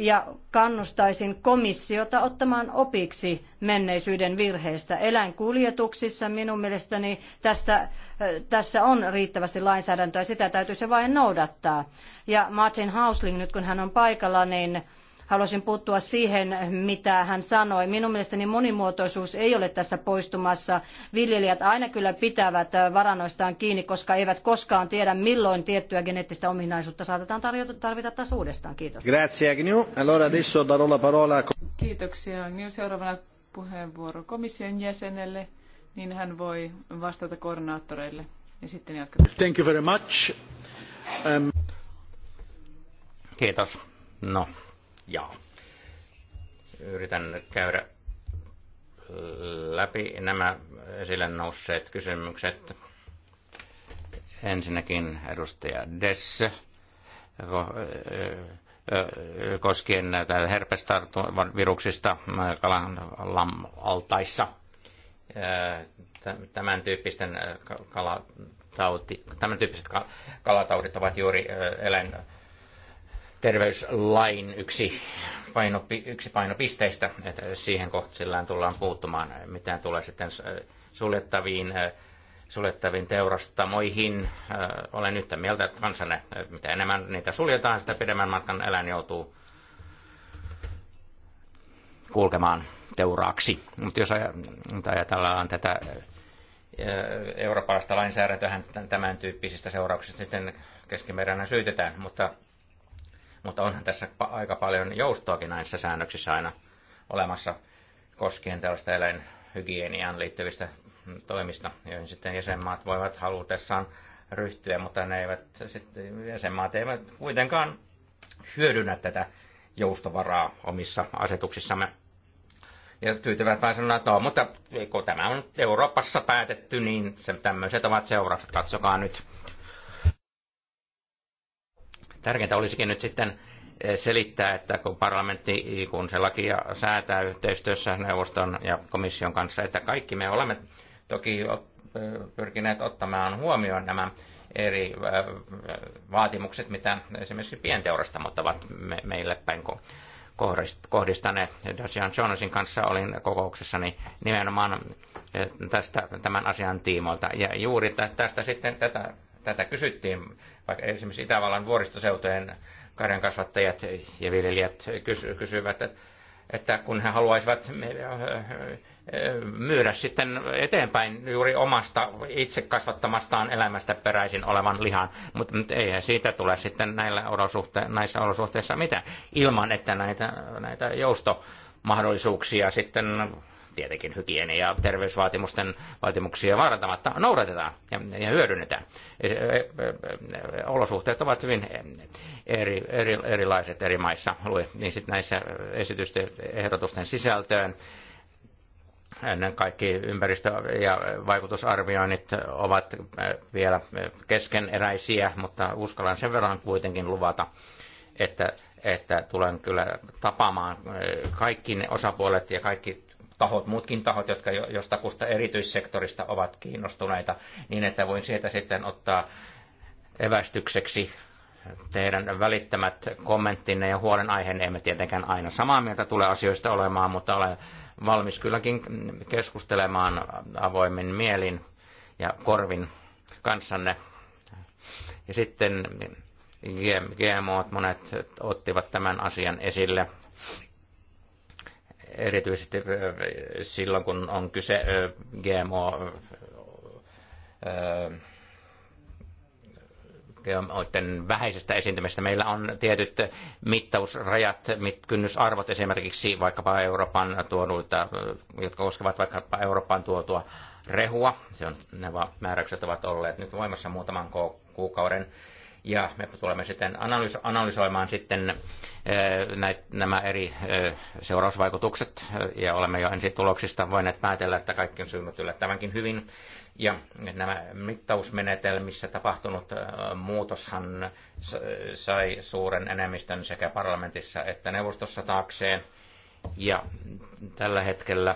ja kannustaisin komissiota ottamaan opiksi menneisyyden virheistä. Eläinkuljetuksissa minun mielestäni tästä, tässä on riittävästi lainsäädäntöä, sitä täytyisi vain noudattaa. Ja Martin Hausling, nyt kun hän on paikalla, niin Haluaisin puuttua siihen, mitä hän sanoi. Minun mielestäni monimuotoisuus ei ole tässä poistumassa. Viljelijät aina kyllä pitävät äh, varannoistaan kiinni, koska eivät koskaan tiedä, milloin tiettyä geneettistä ominaisuutta saatetaan tarjota, tarvita taas uudestaan. Kiitos. Grazie, Agnew. Allora adesso darò la parola... Kiitoksia, Agnew. Seuraavana puheenvuoro komission jäsenelle, niin hän voi vastata koordinaattoreille. Ja sitten jatketaan. Thank you very much. Um... Kiitos. No, ja Yritän käydä äh, läpi nämä esille nousseet kysymykset. Ensinnäkin edustaja Desse äh, äh, koskien näitä herpestartuviruksista kalan altaissa. Tämän, tyyppisten kalatauti, tämän tyyppiset kalataudit ovat juuri eläin terveyslain yksi, painopi, yksi painopisteistä, että siihen kohtaan tullaan puuttumaan, mitä tulee sitten äh, suljettaviin, äh, suljettaviin teurastamoihin. Äh, olen yhtä mieltä, että kansanne, mitä enemmän niitä suljetaan, sitä pidemmän matkan eläin joutuu kulkemaan teuraaksi. Mutta jos ajatellaan tätä eurooppalaista lainsäädäntöä, tämän tyyppisistä seurauksista niin sitten keskimääräinen syytetään, mutta mutta onhan tässä aika paljon joustoakin näissä säännöksissä aina olemassa koskien tällaista eläinhygieniaan liittyvistä toimista, joihin sitten jäsenmaat voivat halutessaan ryhtyä, mutta ne eivät, sitten jäsenmaat eivät kuitenkaan hyödynnä tätä joustovaraa omissa asetuksissamme. Ja tyytyvät vain sanoa, että no, mutta kun tämä on Euroopassa päätetty, niin se, tämmöiset ovat seuraukset, katsokaa nyt. Tärkeintä olisikin nyt sitten eh, selittää, että kun parlamentti, kun se lakia säätää yhteistyössä neuvoston ja komission kanssa, että kaikki me olemme toki eh, pyrkineet ottamaan huomioon nämä eri eh, vaatimukset, mitä esimerkiksi pienteurastamot ovat me, meille päin kohdistaneet. Dacian Jonasin kanssa olin kokouksessani nimenomaan tästä, tämän asian tiimoilta. Ja juuri tästä sitten tätä tätä kysyttiin, vaikka esimerkiksi Itävallan vuoristoseutojen karjan kasvattajat ja viljelijät kysyivät, että kun he haluaisivat myydä sitten eteenpäin juuri omasta itse kasvattamastaan elämästä peräisin olevan lihan, mutta ei siitä tule sitten näillä olosuhte- näissä olosuhteissa mitään ilman, että näitä, näitä joustomahdollisuuksia sitten tietenkin hygienia- ja terveysvaatimusten vaatimuksia vaarantamatta noudatetaan ja, ja hyödynnetään. E, e, e, olosuhteet ovat hyvin eri, eri, erilaiset eri maissa, niin sitten näissä esitysten ehdotusten sisältöön ennen kaikki ympäristö- ja vaikutusarvioinnit ovat vielä keskeneräisiä, mutta uskallan sen verran kuitenkin luvata, että, että tulen kyllä tapaamaan kaikki ne osapuolet ja kaikki tahot, muutkin tahot, jotka jostakusta erityissektorista ovat kiinnostuneita, niin että voin sieltä sitten ottaa evästykseksi teidän välittämät kommenttinne ja huolenaiheenne. Emme tietenkään aina samaa mieltä tule asioista olemaan, mutta olen valmis kylläkin keskustelemaan avoimin mielin ja korvin kanssanne. Ja sitten GMO monet ottivat tämän asian esille erityisesti silloin, kun on kyse GMO GMOiden vähäisestä esiintymistä. Meillä on tietyt mittausrajat, kynnysarvot esimerkiksi vaikkapa Euroopan tuoduilta, jotka koskevat vaikkapa Euroopan tuotua rehua. Se on, ne määräykset ovat olleet nyt voimassa muutaman kuukauden ja me tulemme sitten analysoimaan sitten äh, näitä, nämä eri äh, seurausvaikutukset äh, ja olemme jo ensi tuloksista voineet päätellä, että kaikki on syynyt yllättävänkin hyvin. Ja nämä mittausmenetelmissä tapahtunut muutoshan sai suuren enemmistön sekä parlamentissa että neuvostossa taakseen. Ja tällä hetkellä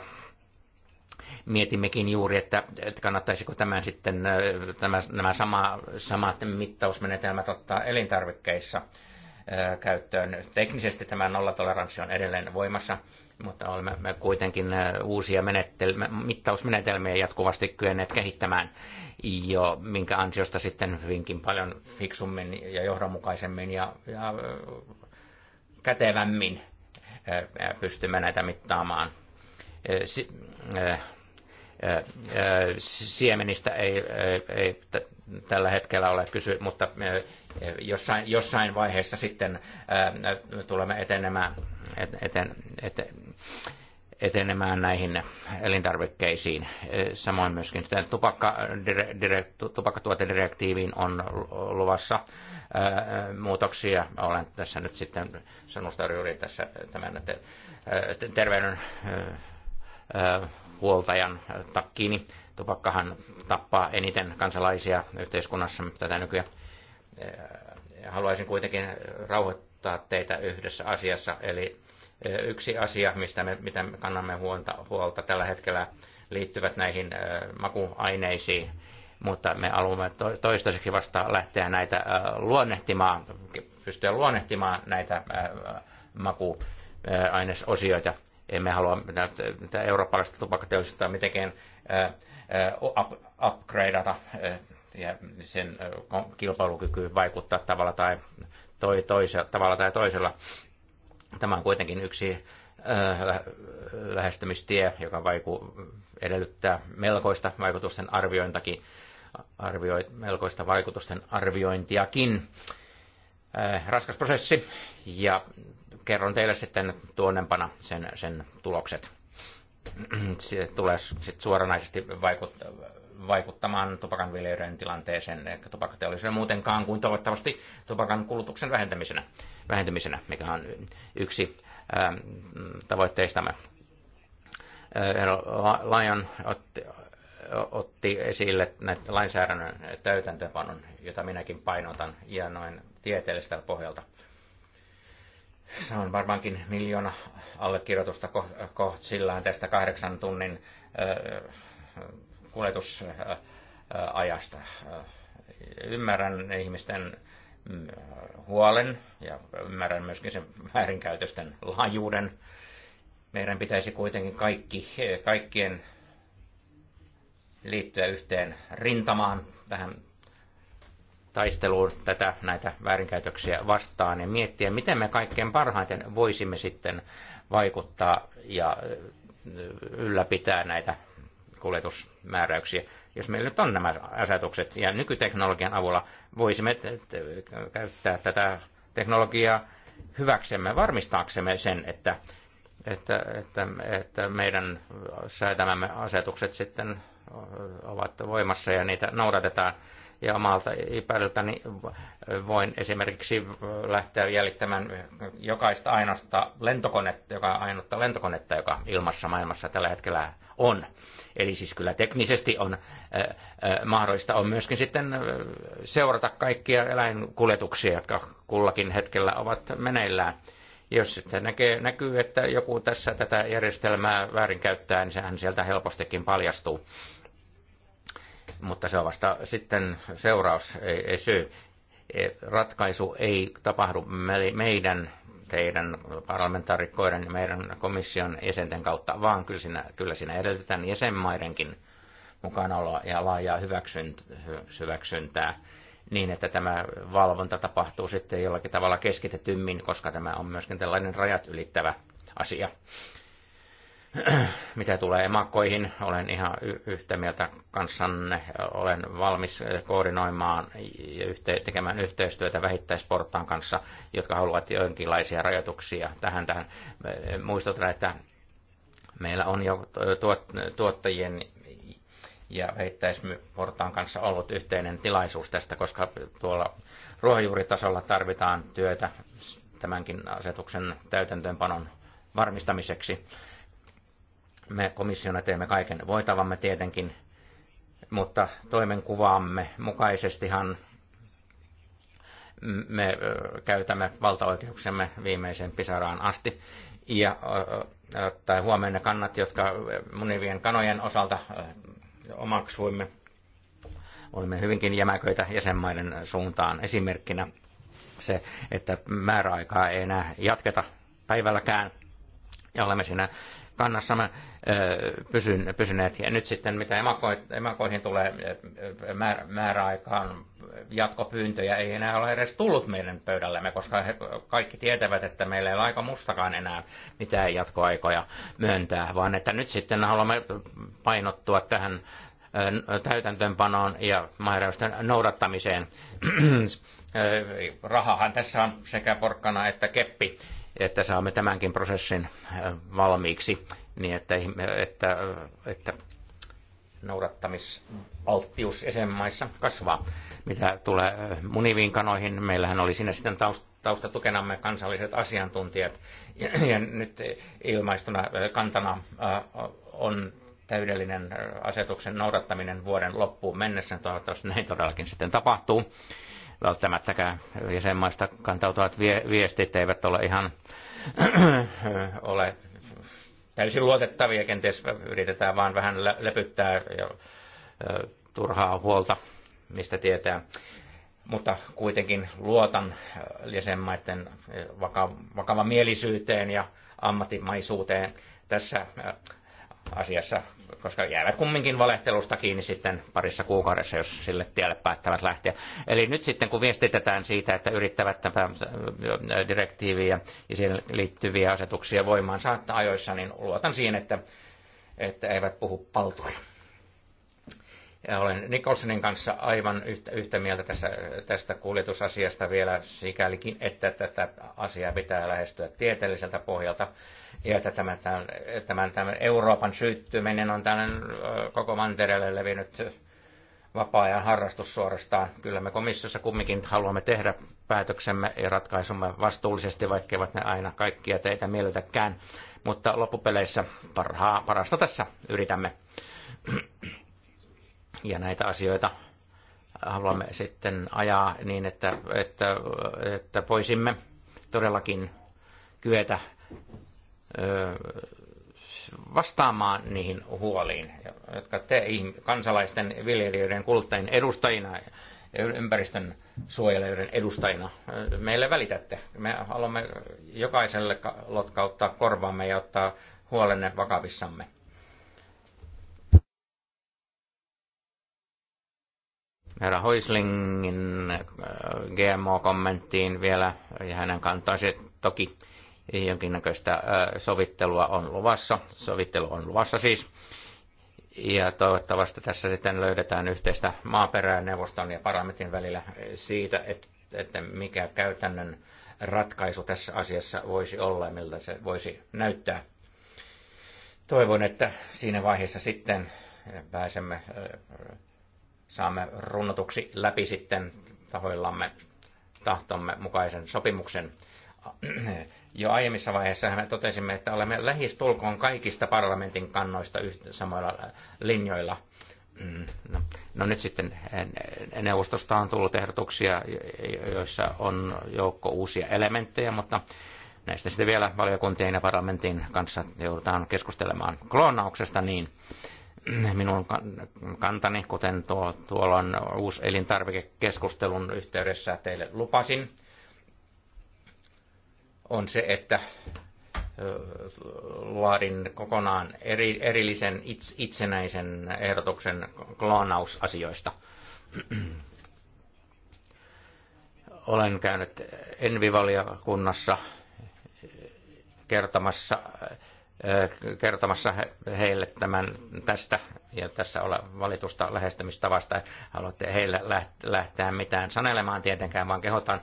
Mietimmekin juuri, että, että kannattaisiko tämän sitten, tämä, nämä sama, samat mittausmenetelmät ottaa elintarvikkeissa käyttöön. Teknisesti tämä nollatoleranssi on edelleen voimassa, mutta olemme me kuitenkin uusia mittausmenetelmiä jatkuvasti kyenneet kehittämään, jo, minkä ansiosta sitten hyvinkin paljon fiksummin ja johdonmukaisemmin ja, ja kätevämmin pystymme näitä mittaamaan – siemenistä ei, ei tällä hetkellä ole kysy, mutta jossain, jossain vaiheessa sitten tulemme etenemään, eten, eten, etenemään näihin elintarvikkeisiin. Samoin myöskin tupakkatuotedirektiiviin on luvassa muutoksia. Olen tässä nyt sitten, sanustaudun juuri tässä tämän terveyden huoltajan takkiini. Tupakkahan tappaa eniten kansalaisia yhteiskunnassa tätä nykyään. Haluaisin kuitenkin rauhoittaa teitä yhdessä asiassa, eli yksi asia, mistä me, mitä me kannamme huolta, huolta tällä hetkellä, liittyvät näihin makuaineisiin, mutta me haluamme toistaiseksi vasta lähteä näitä luonnehtimaan, pystyä luonnehtimaan näitä makuainesosioita emme halua näitä eurooppalaista tupakkateollisuutta mitenkään upgradeata ja sen kilpailukykyyn vaikuttaa tavalla tai, toi, toisella, tavalla tai toisella. Tämä on kuitenkin yksi lähestymistie, joka vaiku, edellyttää melkoista vaikutusten arviointakin, arvioi, melkoista vaikutusten arviointiakin. Raskas prosessi ja kerron teille sitten tuonnempana sen, sen tulokset. Se tulee sit suoranaisesti vaikuttaa vaikuttamaan viljelijöiden tilanteeseen, eikä tupakateollisuuden muutenkaan kuin toivottavasti tupakan kulutuksen vähentämisenä, vähentämisenä mikä on yksi ää, ähm, tavoitteistamme. Äh, Lion otti, otti esille näitä lainsäädännön täytäntöpanon, jota minäkin painotan, ja noin tieteelliseltä pohjalta – se on varmaankin miljoona allekirjoitusta koht ko tästä kahdeksan tunnin kuljetusajasta. Ymmärrän ihmisten mm, huolen ja ymmärrän myöskin sen väärinkäytösten laajuuden. Meidän pitäisi kuitenkin kaikki, kaikkien liittyä yhteen rintamaan tähän taisteluun tätä, näitä väärinkäytöksiä vastaan ja miettiä, miten me kaikkein parhaiten voisimme sitten vaikuttaa ja äh, ylläpitää näitä kuljetusmääräyksiä. Jos meillä nyt on nämä asetukset ja nykyteknologian avulla voisimme käyttää tätä teknologiaa hyväksemme, varmistaaksemme sen, että, että, että, että meidän säätämämme asetukset sitten ovat voimassa ja niitä noudatetaan ja omalta niin voin esimerkiksi lähteä jäljittämään jokaista ainoasta lentokonetta, joka ainutta lentokonetta, joka ilmassa maailmassa tällä hetkellä on. Eli siis kyllä teknisesti on äh, äh mahdollista on myöskin sitten äh, seurata kaikkia eläinkuljetuksia, jotka kullakin hetkellä ovat meneillään. Jos sitten näkee, näkyy, että joku tässä tätä järjestelmää väärinkäyttää, niin sehän sieltä helpostikin paljastuu mutta se on vasta sitten seuraus, ei, ei syy. E, ratkaisu ei tapahdu meidän, teidän parlamentaarikkoiden ja meidän komission jäsenten kautta, vaan kyllä siinä, kyllä siinä edellytetään jäsenmaidenkin mukanaoloa ja laajaa hyväksyntää niin, että tämä valvonta tapahtuu sitten jollakin tavalla keskitetymmin, koska tämä on myöskin tällainen rajat ylittävä asia. mitä tulee emakkoihin, olen ihan yhtä mieltä kanssanne. Olen valmis eh, koordinoimaan ja yhte- tekemään yhteistyötä vähittäisportaan kanssa, jotka haluavat jonkinlaisia rajoituksia tähän. tähän. Eh, muistutan, että meillä on jo tuot- tuottajien ja vähittäisportaan kanssa ollut yhteinen tilaisuus tästä, koska tuolla ruohonjuuritasolla tarvitaan työtä tämänkin asetuksen täytäntöönpanon varmistamiseksi me komissiona teemme kaiken voitavamme tietenkin, mutta toimenkuvaamme mukaisestihan me käytämme valtaoikeuksemme viimeisen pisaraan asti. Ja tai huomioon ne kannat, jotka munivien kanojen osalta omaksuimme. Olimme hyvinkin jämäköitä jäsenmaiden suuntaan. Esimerkkinä se, että määräaikaa ei enää jatketa päivälläkään. Ja olemme siinä pysyn, pysyneet. Ja nyt sitten mitä emakoihin tulee määräaikaan jatkopyyntöjä ei enää ole edes tullut meidän pöydällemme, koska he kaikki tietävät, että meillä ei ole aika mustakaan enää mitään jatkoaikoja myöntää, vaan että nyt sitten haluamme painottua tähän täytäntöönpanoon ja määräysten noudattamiseen. Rahahan tässä on sekä porkkana että keppi että saamme tämänkin prosessin äh, valmiiksi niin, että, että, äh, että noudattamisalttius jäsenmaissa kasvaa. Mitä tulee äh, muniviin kanoihin, meillähän oli siinä sitten taustatukenamme kansalliset asiantuntijat. Ja, ja nyt ilmaistuna kantana on täydellinen asetuksen noudattaminen vuoden loppuun mennessä. Toivottavasti näin todellakin sitten tapahtuu välttämättäkään jäsenmaista kantautuvat viestit eivät ole ihan ole täysin luotettavia, kenties yritetään vaan vähän lepyttää ja turhaa huolta, mistä tietää. Mutta kuitenkin luotan jäsenmaiden vakavamielisyyteen ja ammattimaisuuteen tässä asiassa koska jäävät kumminkin valehtelusta kiinni sitten parissa kuukaudessa, jos sille tielle päättävät lähteä. Eli nyt sitten kun viestitetään siitä, että yrittävät tämä äh, direktiiviä ja siihen liittyviä asetuksia voimaan saattaa ajoissa, niin luotan siihen, että, että eivät puhu paltuja. Ja olen Nicholsonin kanssa aivan yhtä, yhtä mieltä tässä, tästä kuljetusasiasta vielä sikälikin, että tätä asiaa pitää lähestyä tieteelliseltä pohjalta ja että tämän, tämän, tämän Euroopan syyttyminen on tämän koko mantereelle levinnyt vapaa-ajan harrastus suorastaan. Kyllä me komissiossa kumminkin haluamme tehdä päätöksemme ja ratkaisumme vastuullisesti, vaikkeivat ne aina kaikkia teitä miellytäkään. Mutta loppupeleissä parhaa, parasta tässä yritämme. Ja näitä asioita haluamme sitten ajaa niin, että, että, että voisimme todellakin kyetä vastaamaan niihin huoliin, jotka te kansalaisten, viljelijöiden, kuluttajien edustajina ympäristön suojelijoiden edustajina meille välitätte. Me haluamme jokaiselle lotkauttaa korvaamme ja ottaa huolenne vakavissamme. Herra Hoislingin GMO-kommenttiin vielä ja hänen kantaisi toki jonkinnäköistä sovittelua on luvassa. Sovittelu on luvassa siis. Ja toivottavasti tässä sitten löydetään yhteistä maaperää neuvoston ja parlamentin välillä siitä, että, että mikä käytännön ratkaisu tässä asiassa voisi olla ja miltä se voisi näyttää. Toivon, että siinä vaiheessa sitten pääsemme, saamme runnotuksi läpi sitten tahoillamme tahtomme mukaisen sopimuksen jo aiemmissa vaiheissa me totesimme, että olemme lähistulkoon kaikista parlamentin kannoista yhtä, samoilla äh, linjoilla. Mm, no, no nyt sitten äh, neuvostosta on tullut ehdotuksia, joissa on joukko uusia elementtejä, mutta näistä sitten vielä valiokuntien ja parlamentin kanssa joudutaan keskustelemaan kloonauksesta, niin minun kantani, kuten tuo, tuolla on uusi elintarvikekeskustelun yhteydessä teille lupasin, on se, että laadin kokonaan eri, erillisen its, itsenäisen ehdotuksen klaanausasioista. Olen käynyt Envivaliakunnassa kertomassa, kertomassa heille tämän tästä ja tässä ole valitusta lähestymistavasta. Haluatte heille lähteä mitään sanelemaan tietenkään, vaan kehotan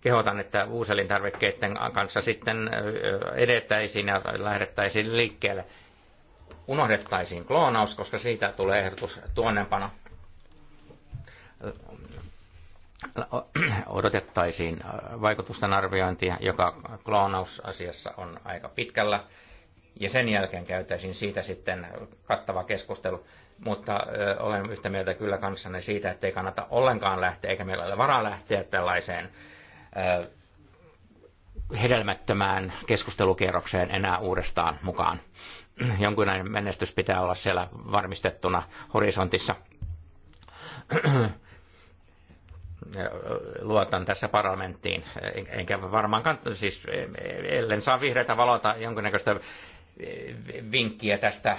kehotan, että uuselintarvikkeiden kanssa sitten edettäisiin ja lähdettäisiin liikkeelle. Unohdettaisiin kloonaus, koska siitä tulee ehdotus tuonnempana. Odotettaisiin vaikutusten arviointia, joka kloonausasiassa on aika pitkällä. Ja sen jälkeen käytäisiin siitä sitten kattava keskustelu mutta ö, olen yhtä mieltä kyllä kanssanne siitä, että ei kannata ollenkaan lähteä, eikä meillä ole varaa lähteä tällaiseen hedelmättömään keskustelukierrokseen enää uudestaan mukaan. Jonkinlainen menestys pitää olla siellä varmistettuna horisontissa. Luotan tässä parlamenttiin, enkä varmaankaan, siis e, ellen saa vihreitä valota jonkinnäköistä vinkkiä tästä,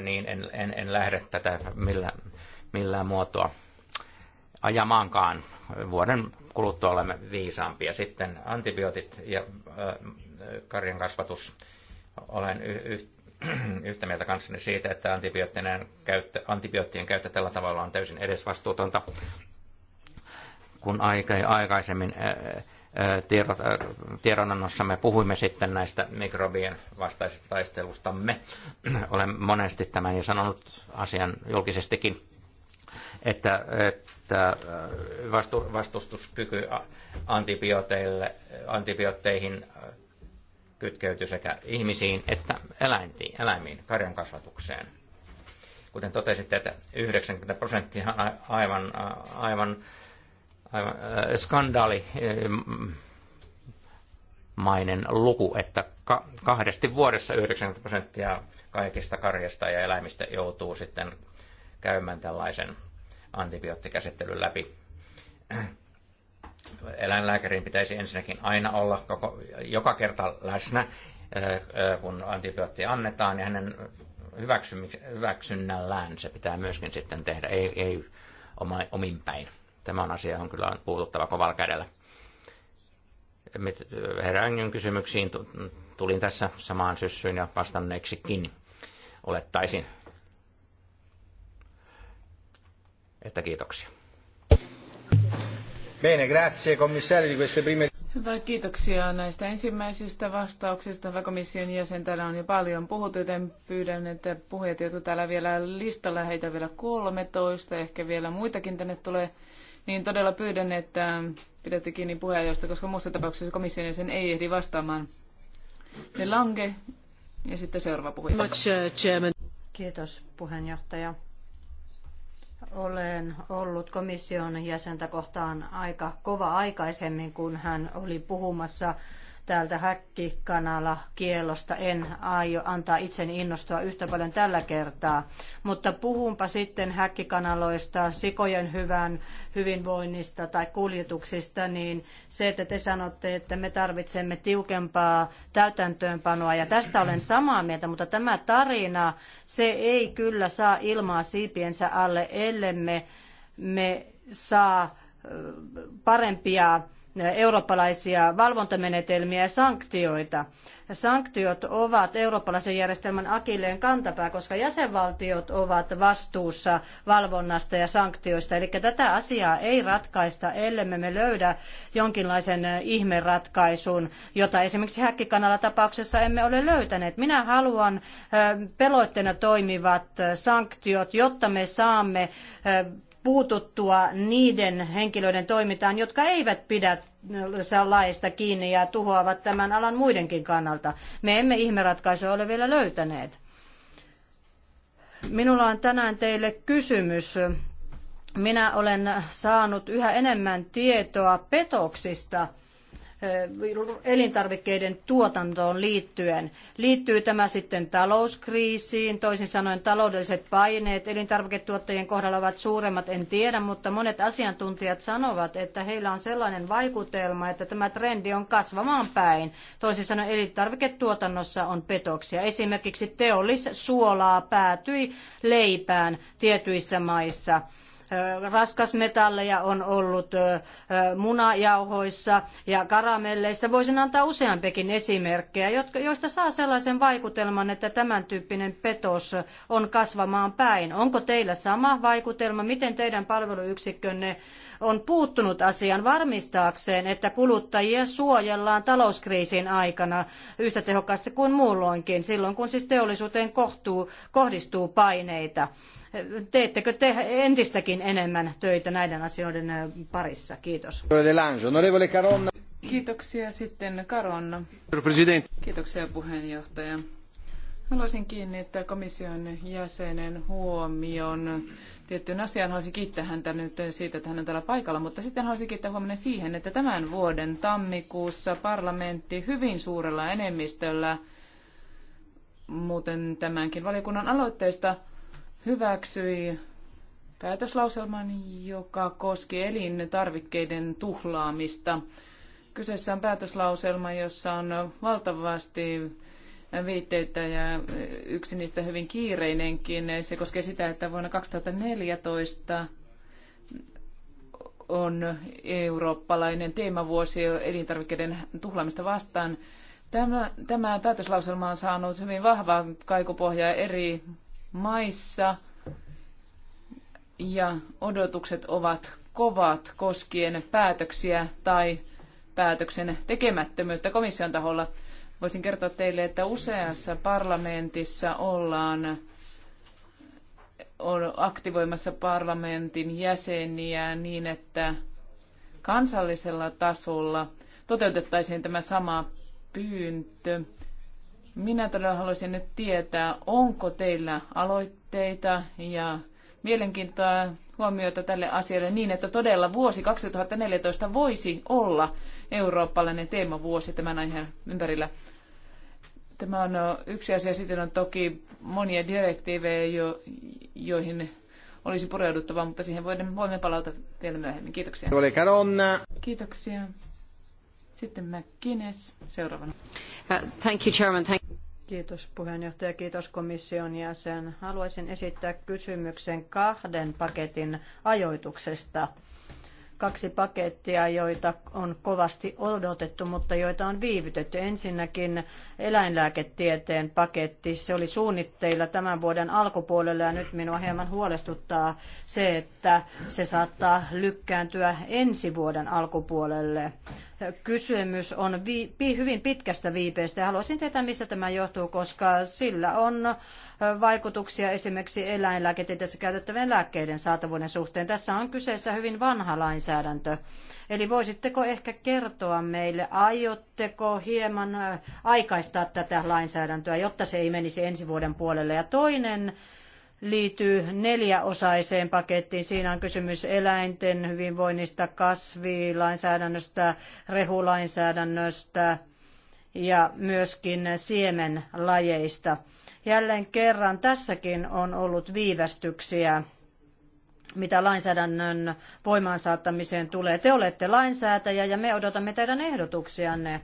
niin en, en, en lähde tätä millään, millään muotoa ajamaankaan. Vuoden kuluttua olemme viisaampia. Sitten antibiootit ja karjan kasvatus. Olen yhtä mieltä kanssani siitä, että antibioottien käyttö, antibioottien käyttö tällä tavalla on täysin edesvastuutonta, kun aikaisemmin tiedot, tiedonannossa me puhuimme sitten näistä mikrobien vastaisesta taistelustamme. Olen monesti tämän jo sanonut asian julkisestikin että, että äh, vastu, vastustuskyky antibiooteille, antibiootteihin äh, kytkeytyy sekä ihmisiin että eläintiin, eläimiin, karjan kasvatukseen. Kuten totesitte, että 90 prosenttia äh, aivan, aivan, aivan skandaalimainen mainen luku, että kahdesti vuodessa 90 prosenttia kaikista karjasta ja eläimistä joutuu sitten käymään tällaisen antibioottikäsittelyn läpi. Eläinlääkärin pitäisi ensinnäkin aina olla koko, joka kerta läsnä, eh, eh, kun antibiootti annetaan, ja hänen hyväksynnällään se pitää myöskin sitten tehdä, ei, ei omin päin. Tämä on asia, on kyllä puututtava kovalla kädellä. Heräängyn kysymyksiin tulin tässä samaan syssyyn ja vastanneeksikin olettaisin. että kiitoksia. Bene, grazie commissario di queste prime... Hyvä, kiitoksia näistä ensimmäisistä vastauksista. Hyvä komission jäsen, täällä on jo paljon puhuttu, joten pyydän, että puhujat, joutuu täällä vielä listalla, heitä vielä 13, ehkä vielä muitakin tänne tulee, niin todella pyydän, että pidätte kiinni puheenjohtajasta, koska muussa tapauksessa komission jäsen ei ehdi vastaamaan. Ne lange ja sitten seuraava puhuja. Uh, Kiitos puheenjohtaja olen ollut komission jäsentä kohtaan aika kova aikaisemmin, kun hän oli puhumassa täältä häkkikanala kielosta. En aio antaa itseni innostua yhtä paljon tällä kertaa, mutta puhunpa sitten häkkikanaloista, sikojen hyvän hyvinvoinnista tai kuljetuksista, niin se, että te sanotte, että me tarvitsemme tiukempaa täytäntöönpanoa ja tästä olen samaa mieltä, mutta tämä tarina, se ei kyllä saa ilmaa siipiensä alle, ellemme me saa parempia eurooppalaisia valvontamenetelmiä ja sanktioita. Sanktiot ovat eurooppalaisen järjestelmän akilleen kantapää, koska jäsenvaltiot ovat vastuussa valvonnasta ja sanktioista. Eli tätä asiaa ei ratkaista, ellemme me löydä jonkinlaisen ihmeratkaisun, jota esimerkiksi häkkikanalla tapauksessa emme ole löytäneet. Minä haluan pelotteena toimivat sanktiot, jotta me saamme puututtua niiden henkilöiden toimintaan, jotka eivät pidä laista kiinni ja tuhoavat tämän alan muidenkin kannalta. Me emme ihmeratkaisua ole vielä löytäneet. Minulla on tänään teille kysymys. Minä olen saanut yhä enemmän tietoa petoksista – elintarvikkeiden tuotantoon liittyen. Liittyy tämä sitten talouskriisiin, toisin sanoen taloudelliset paineet elintarviketuottajien kohdalla ovat suuremmat, en tiedä, mutta monet asiantuntijat sanovat, että heillä on sellainen vaikutelma, että tämä trendi on kasvamaan päin. Toisin sanoen elintarviketuotannossa on petoksia. Esimerkiksi teollis suolaa päätyi leipään tietyissä maissa raskasmetalleja on ollut munajauhoissa ja karamelleissa. Voisin antaa useampikin esimerkkejä, joista saa sellaisen vaikutelman, että tämän tyyppinen petos on kasvamaan päin. Onko teillä sama vaikutelma? Miten teidän palveluyksikkönne on puuttunut asiaan varmistaakseen, että kuluttajia suojellaan talouskriisin aikana yhtä tehokkaasti kuin muulloinkin, silloin kun siis teollisuuteen kohtuu, kohdistuu paineita. Teettekö te entistäkin enemmän töitä näiden asioiden parissa? Kiitos. Kiitoksia sitten Karonna. Kiitoksia puheenjohtaja. Haluaisin kiinnittää komission jäsenen huomion tiettyyn asiaan. Haluaisin kiittää häntä nyt siitä, että hän on täällä paikalla, mutta sitten haluaisin kiittää huomenna siihen, että tämän vuoden tammikuussa parlamentti hyvin suurella enemmistöllä muuten tämänkin valiokunnan aloitteesta hyväksyi päätöslauselman, joka koski elintarvikkeiden tuhlaamista. Kyseessä on päätöslauselma, jossa on valtavasti viitteitä ja yksi niistä hyvin kiireinenkin. Se koskee sitä, että vuonna 2014 on eurooppalainen teemavuosi elintarvikkeiden tuhlaamista vastaan. Tämä, tämä päätöslauselma on saanut hyvin vahvaa kaikupohjaa eri maissa ja odotukset ovat kovat koskien päätöksiä tai päätöksen tekemättömyyttä komission taholla. Voisin kertoa teille, että useassa parlamentissa ollaan on aktivoimassa parlamentin jäseniä niin, että kansallisella tasolla toteutettaisiin tämä sama pyyntö. Minä todella haluaisin nyt tietää, onko teillä aloitteita ja mielenkiintoa huomiota tälle asialle niin, että todella vuosi 2014 voisi olla eurooppalainen teemavuosi tämän aiheen ympärillä. Tämä on yksi asia. Sitten on toki monia direktiivejä, jo, joihin olisi pureuduttava, mutta siihen voimme, voimme palata vielä myöhemmin. Kiitoksia. Kiitoksia. Sitten McGuinness seuraavana. Uh, thank you, Chairman. Thank Kiitos puheenjohtaja, kiitos komission jäsen. Haluaisin esittää kysymyksen kahden paketin ajoituksesta kaksi pakettia, joita on kovasti odotettu, mutta joita on viivytetty. Ensinnäkin eläinlääketieteen paketti, se oli suunnitteilla tämän vuoden alkupuolella ja nyt minua hieman huolestuttaa se, että se saattaa lykkääntyä ensi vuoden alkupuolelle. Kysymys on hyvin pitkästä viipeestä ja haluaisin tietää, mistä tämä johtuu, koska sillä on vaikutuksia esimerkiksi eläinlääketieteessä käytettävien lääkkeiden saatavuuden suhteen. Tässä on kyseessä hyvin vanha lainsäädäntö. Eli voisitteko ehkä kertoa meille, aiotteko hieman aikaistaa tätä lainsäädäntöä, jotta se ei menisi ensi vuoden puolelle? Ja toinen liittyy neljäosaiseen pakettiin. Siinä on kysymys eläinten hyvinvoinnista, kasvilainsäädännöstä, rehulainsäädännöstä ja myöskin siemenlajeista. Jälleen kerran tässäkin on ollut viivästyksiä mitä lainsäädännön voimaansaattamiseen tulee. Te olette lainsäätäjä ja me odotamme teidän ehdotuksianne.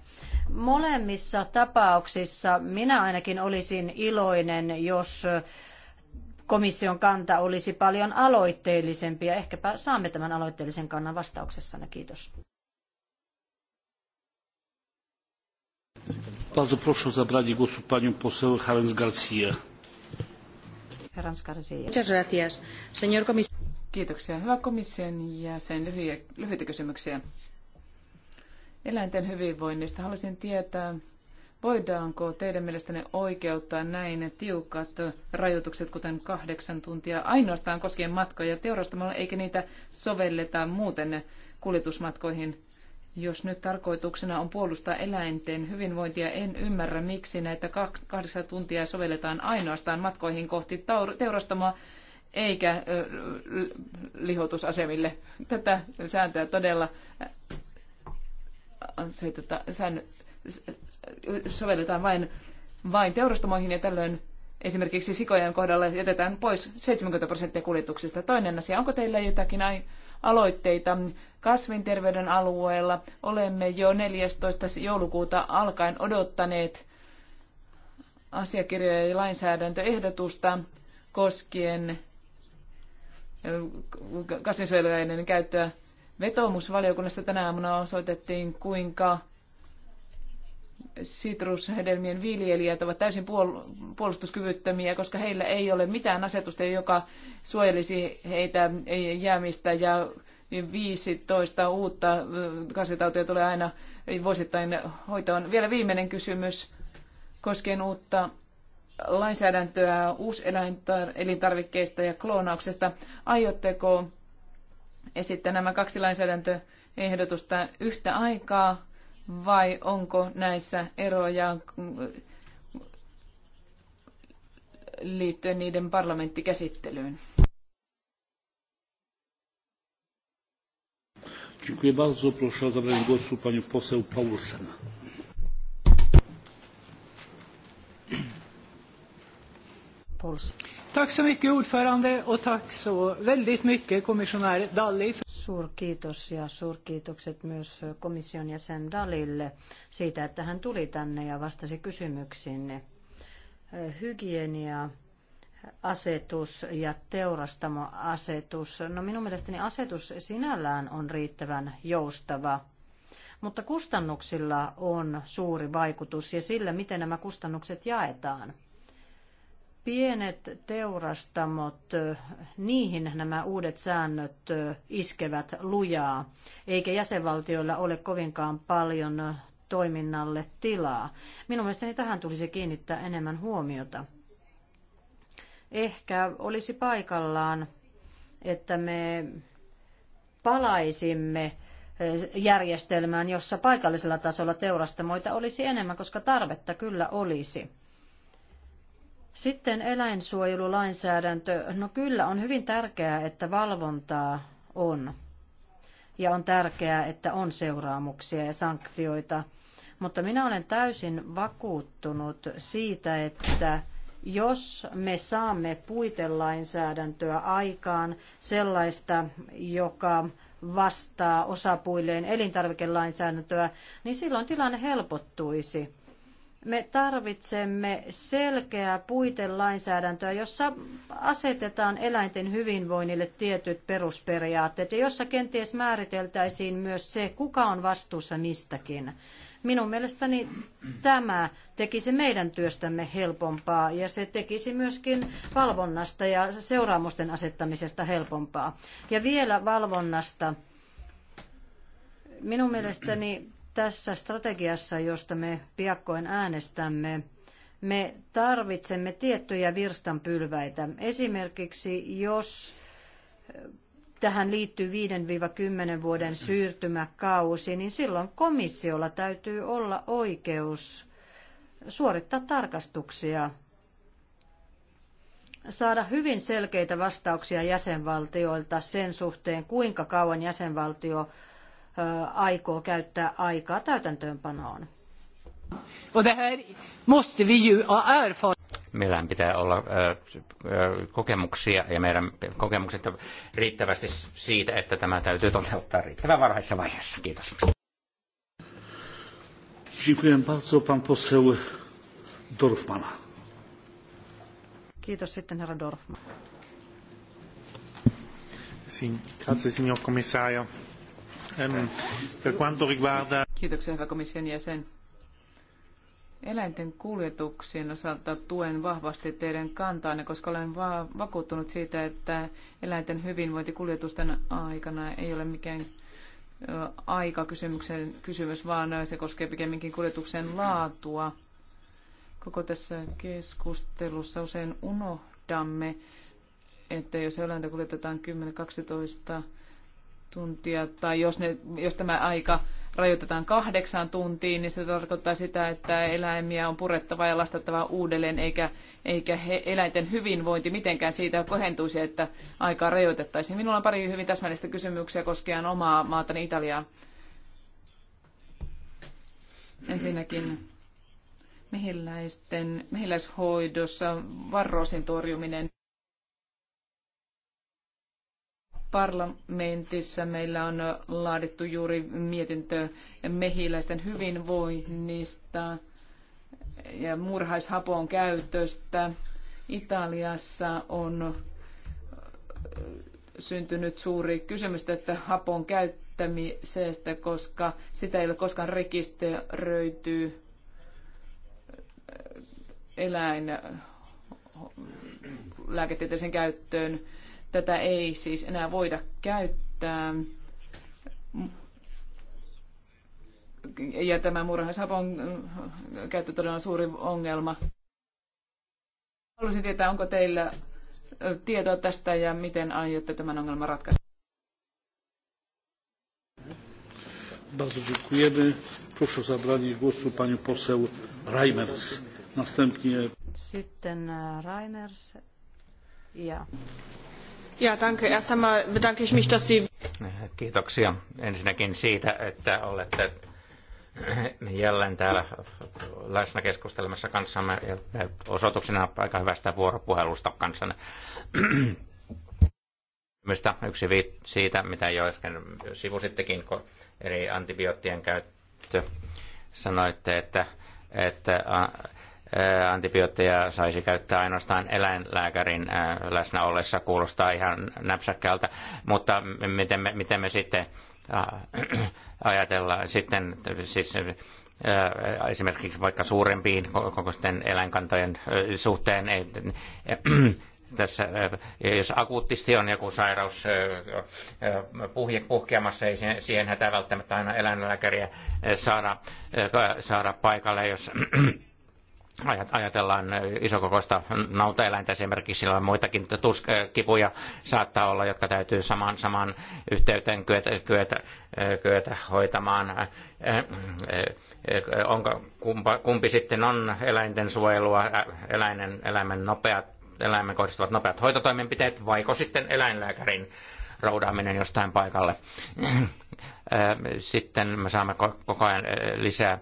Molemmissa tapauksissa minä ainakin olisin iloinen, jos komission kanta olisi paljon aloitteellisempi ja ehkäpä saamme tämän aloitteellisen kannan vastauksessanne. Kiitos. Bardzo proszę o zabranie głosu panią poseł Harens Garcia. Kiitoksia. Hyvä komission jäsen. Lyhyitä, lyhyitä kysymyksiä. Eläinten hyvinvoinnista haluaisin tietää, voidaanko teidän mielestänne oikeuttaa näin tiukat rajoitukset, kuten kahdeksan tuntia, ainoastaan koskien matkoja teurastamalla, eikä niitä sovelleta muuten kuljetusmatkoihin? Jos nyt tarkoituksena on puolustaa eläinten hyvinvointia, en ymmärrä, miksi näitä kahdeksan tuntia sovelletaan ainoastaan matkoihin kohti teurastamoa eikä lihotusasemille. Tätä sääntöä todella se, tota, sään, sovelletaan vain, vain teurastamoihin ja tällöin esimerkiksi sikojen kohdalla jätetään pois 70 prosenttia kuljetuksista. Toinen asia, onko teillä jotakin ai- aloitteita kasvinterveyden alueella. Olemme jo 14. joulukuuta alkaen odottaneet asiakirjoja ja lainsäädäntöehdotusta koskien kasvinsuojeluaineiden käyttöä vetoomusvaliokunnassa tänä aamuna osoitettiin, kuinka sitrushedelmien viljelijät ovat täysin puolustuskyvyttömiä, koska heillä ei ole mitään asetusta, joka suojelisi heitä jäämistä ja 15 uutta kasvitautia tulee aina vuosittain hoitoon. Vielä viimeinen kysymys koskien uutta lainsäädäntöä uuselintarvikkeista ja kloonauksesta. Aiotteko esittää nämä kaksi lainsäädäntöehdotusta yhtä aikaa vai onko näissä eroja mm, liittyen niiden parlamenttikäsittelyyn? Dziękuję bardzo. Proszę o zabranie głosu panią poseł Paulsen. Tack så mycket ordförande och tack så väldigt mycket kommissionär Dalli. Suurkiitos ja suurkiitokset myös komission jäsen Dalille siitä, että hän tuli tänne ja vastasi kysymyksiinne. Hygienia, asetus ja teurastamoasetus. No minun mielestäni asetus sinällään on riittävän joustava, mutta kustannuksilla on suuri vaikutus ja sillä, miten nämä kustannukset jaetaan. Pienet teurastamot, niihin nämä uudet säännöt iskevät lujaa, eikä jäsenvaltioilla ole kovinkaan paljon toiminnalle tilaa. Minun mielestäni tähän tulisi kiinnittää enemmän huomiota. Ehkä olisi paikallaan, että me palaisimme järjestelmään, jossa paikallisella tasolla teurastamoita olisi enemmän, koska tarvetta kyllä olisi. Sitten eläinsuojelulainsäädäntö. No kyllä, on hyvin tärkeää, että valvontaa on. Ja on tärkeää, että on seuraamuksia ja sanktioita. Mutta minä olen täysin vakuuttunut siitä, että jos me saamme puitelainsäädäntöä aikaan sellaista, joka vastaa osapuilleen elintarvikelainsäädäntöä, niin silloin tilanne helpottuisi me tarvitsemme selkeää puitelainsäädäntöä, jossa asetetaan eläinten hyvinvoinnille tietyt perusperiaatteet ja jossa kenties määriteltäisiin myös se, kuka on vastuussa mistäkin. Minun mielestäni tämä tekisi meidän työstämme helpompaa ja se tekisi myöskin valvonnasta ja seuraamusten asettamisesta helpompaa. Ja vielä valvonnasta. Minun mielestäni tässä strategiassa, josta me piakkoin äänestämme, me tarvitsemme tiettyjä virstanpylväitä. Esimerkiksi jos eh, tähän liittyy 5-10 vuoden siirtymäkausi, niin silloin komissiolla täytyy olla oikeus suorittaa tarkastuksia, saada hyvin selkeitä vastauksia jäsenvaltioilta sen suhteen, kuinka kauan jäsenvaltio aikoo käyttää aikaa täytäntöönpanoon. Meillähän pitää olla kokemuksia ja meidän kokemukset riittävästi siitä, että tämä täytyy toteuttaa riittävän varhaisessa vaiheessa. Kiitos. Kiitos sitten herra Dorfman. Grazie signor commissario. Ehm, Kiitoksia, hyvä komission jäsen. Eläinten kuljetuksien osalta tuen vahvasti teidän kantaanne, koska olen va- vakuuttunut siitä, että eläinten hyvinvointi kuljetusten aikana ei ole mikään aikakysymys, kysymys, vaan se koskee pikemminkin kuljetuksen laatua. Koko tässä keskustelussa usein unohdamme, että jos eläintä kuljetetaan 10-12 tuntia, tai jos, ne, jos tämä aika rajoitetaan kahdeksaan tuntiin, niin se tarkoittaa sitä, että eläimiä on purettava ja lastattava uudelleen, eikä, eikä he, eläinten hyvinvointi mitenkään siitä kohentuisi, että aikaa rajoitettaisiin. Minulla on pari hyvin täsmällistä kysymyksiä koskien omaa maatani Italiaa. Ensinnäkin mehiläisten, mehiläishoidossa varrosin torjuminen parlamentissa meillä on laadittu juuri mietintö mehiläisten hyvinvoinnista ja murhaishapon käytöstä. Italiassa on syntynyt suuri kysymys tästä hapon käyttämisestä, koska sitä ei ole koskaan rekisteröity eläin käyttöön Tätä ei siis enää voida käyttää. Ja tämä murhasapon käyttö todella on suuri ongelma. Haluaisin tietää, onko teillä tietoa tästä ja miten aiotte tämän ongelman ratkaista? Bardzo dziękujemy. Proszę o zabranie głosu panią poseł Reimers. Następnie... Sitten e, Reimers. Ja. Ja, danke. Erst einmal bedanke ich mich, dass Sie... Kiitoksia ensinnäkin siitä, että olette jälleen täällä läsnä keskustelemassa kanssamme ja osoituksena aika hyvästä vuoropuhelusta kanssanne. Mistä yksi viit siitä, mitä jo äsken sivusittekin, kun eri antibioottien käyttö sanoitte, että, että antibiootteja saisi käyttää ainoastaan eläinlääkärin läsnä ollessa, kuulostaa ihan näpsäkkältä, mutta miten me, miten me sitten ajatellaan sitten siis esimerkiksi vaikka suurempiin kokoisten eläinkantojen suhteen, tässä, jos akuuttisti on joku sairaus puhje, puhkeamassa, ei siihen hätää välttämättä aina eläinlääkäriä saada, saada paikalle, jos ajatellaan äh, isokokoista nautaeläintä esimerkiksi, sillä on muitakin tusk- äh, kipuja saattaa olla, jotka täytyy samaan saman yhteyteen kyetä, kyetä, äh, kyetä hoitamaan. Onko, kumpa, kumpi sitten on eläinten suojelua, eläinen, eläimen, nopeat, eläimen kohdistuvat nopeat hoitotoimenpiteet, vaiko sitten eläinlääkärin roudaaminen jostain paikalle. Sitten me saamme koko ajan lisää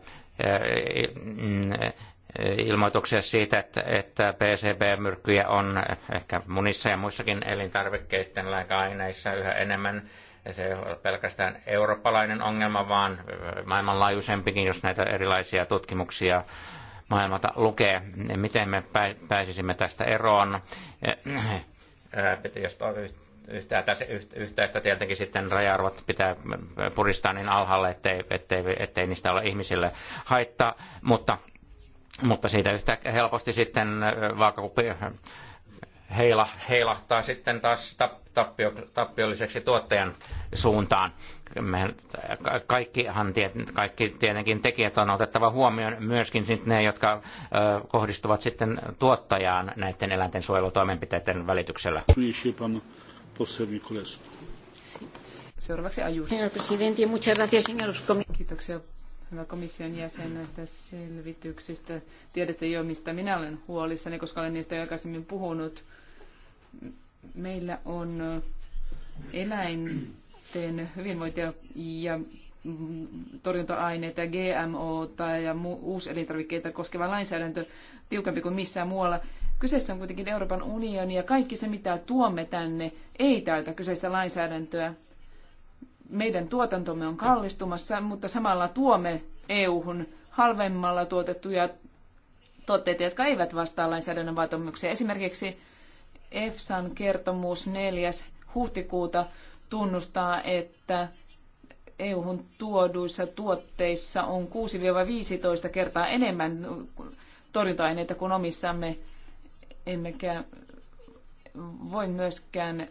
ilmoituksia siitä, että, että PCB-myrkkyjä on ehkä munissa ja muissakin elintarvikkeiden lääkeaineissa yhä enemmän. Ja se ei ole pelkästään eurooppalainen ongelma, vaan maailmanlaajuisempikin, jos näitä erilaisia tutkimuksia maailmalta lukee. Miten me pääsisimme tästä eroon? Jos yhtä, yhtä, yhtäistä tietenkin sitten raja-arvot pitää puristaa niin alhaalle, ettei, ettei, ettei niistä ole ihmisille haittaa, mutta mutta siitä yhtä helposti sitten vaakakuppi heila, heilahtaa sitten taas tappio, tappiolliseksi tuottajan suuntaan. Me, kaikkihan kaikki tietenkin tekijät on otettava huomioon, myöskin ne, jotka ö, kohdistuvat sitten tuottajaan näiden eläinten suojelutoimenpiteiden välityksellä. Seuraavaksi Ayuso. Kiitoksia hyvä komission jäsen näistä selvityksistä. Tiedätte jo, mistä minä olen huolissani, koska olen niistä jo aikaisemmin puhunut. Meillä on eläinten hyvinvointia ja torjunta-aineita, GMO ja uuselintarvikkeita koskeva lainsäädäntö tiukempi kuin missään muualla. Kyseessä on kuitenkin Euroopan unioni ja kaikki se, mitä tuomme tänne, ei täytä kyseistä lainsäädäntöä meidän tuotantomme on kallistumassa, mutta samalla tuomme EU-hun halvemmalla tuotettuja tuotteita, jotka eivät vastaa lainsäädännön vaatimuksia. Esimerkiksi EFSAn kertomus 4. huhtikuuta tunnustaa, että EU-hun tuoduissa tuotteissa on 6-15 kertaa enemmän torjunta-aineita kuin omissamme, emmekä voi myöskään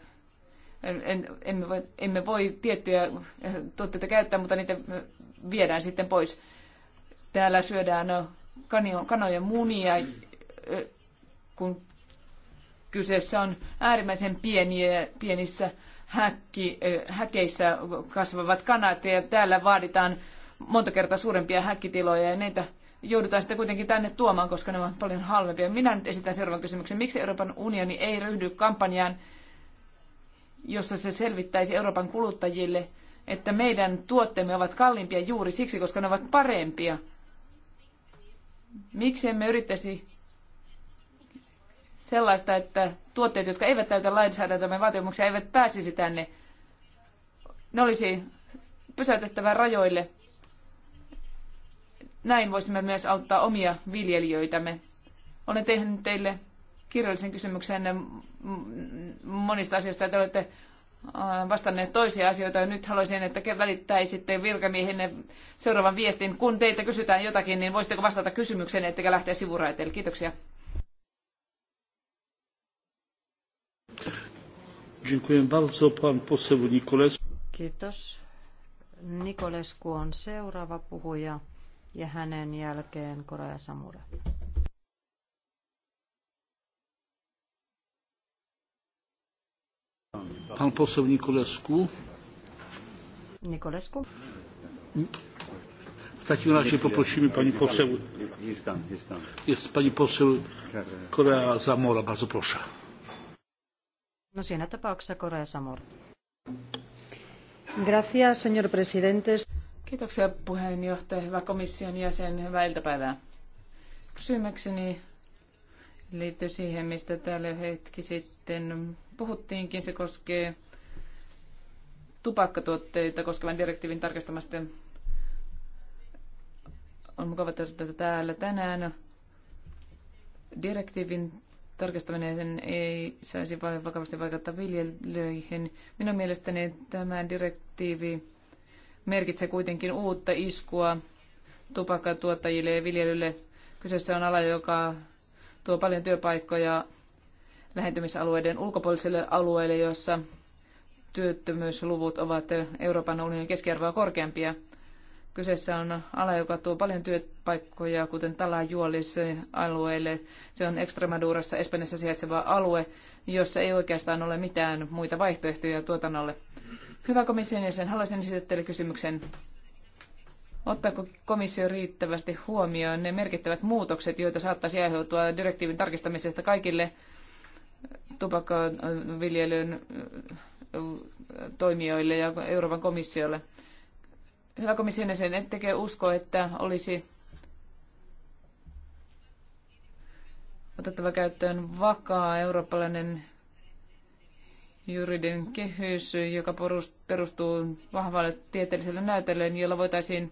en, emme, voi, emme voi tiettyjä eh, tuotteita käyttää, mutta niitä eh, viedään sitten pois. Täällä syödään eh, kanio, kanojen munia, kun kyseessä on äärimmäisen pieniä, pienissä häkki, häkeissä kasvavat kanat ja täällä vaaditaan monta kertaa suurempia häkkitiloja ja niitä joudutaan sitten kuitenkin tänne tuomaan, koska ne ovat paljon halvempia. Minä nyt esitän seuraavan kysymyksen. Miksi Euroopan unioni ei ryhdy kampanjaan jossa se selvittäisi Euroopan kuluttajille, että meidän tuotteemme ovat kalliimpia juuri siksi, koska ne ovat parempia. Miksi emme yrittäisi sellaista, että tuotteet, jotka eivät täytä lainsäädäntömme vaatimuksia, eivät pääsisi tänne. Ne olisi pysäytettävä rajoille. Näin voisimme myös auttaa omia viljelijöitämme. Olen tehnyt teille kirjallisen kysymyksen monista asioista te olette äh, vastanneet toisia asioita. Nyt haluaisin, että välittäisitte virkamiehenne seuraavan viestin. Kun teitä kysytään jotakin, niin voisitteko vastata kysymykseen, ettekä lähteä sivuraiteille. Kiitoksia. Kiitos. Nikolesku on seuraava puhuja ja hänen jälkeen Korea Samura. Pan poseł Nikolescu. Nikolescu. W takim razie poprosimy pani poseł. Jest pani poseł Korea Zamora, bardzo proszę. No siinä no tapauksessa Korea Zamora. Gracias, señor presidente. Kiitoksia puheenjohtaja, hyvä komission jäsen, hyvää iltapäivää. Kysymykseni liittyy siihen, mistä täällä jo hetki sitten puhuttiinkin. Se koskee tupakkatuotteita koskevan direktiivin tarkistamasta. On mukava tehdä täällä tänään. Direktiivin tarkistaminen ei saisi vain vakavasti vaikuttaa viljelijöihin. Minun mielestäni tämä direktiivi merkitsee kuitenkin uutta iskua tupakkatuottajille ja viljelylle. Kyseessä on ala, joka tuo paljon työpaikkoja lähentymisalueiden ulkopuolisille alueille, joissa työttömyysluvut ovat Euroopan unionin keskiarvoa korkeampia. Kyseessä on ala, joka tuo paljon työpaikkoja, kuten Talajuolis alueelle. Se on Extremadurassa, Espanjassa sijaitseva alue, jossa ei oikeastaan ole mitään muita vaihtoehtoja tuotannolle. Hyvä komission jäsen, haluaisin esittää teille kysymyksen. Ottaako komissio riittävästi huomioon ne merkittävät muutokset, joita saattaisi aiheutua direktiivin tarkistamisesta kaikille tupakkaviljelyn toimijoille ja Euroopan komissiolle? Hyvä komission jäsen, ettekö usko, että olisi otettava käyttöön vakaa eurooppalainen juridinen kehys, joka perustuu vahvalle tieteelliselle näytölle, jolla voitaisiin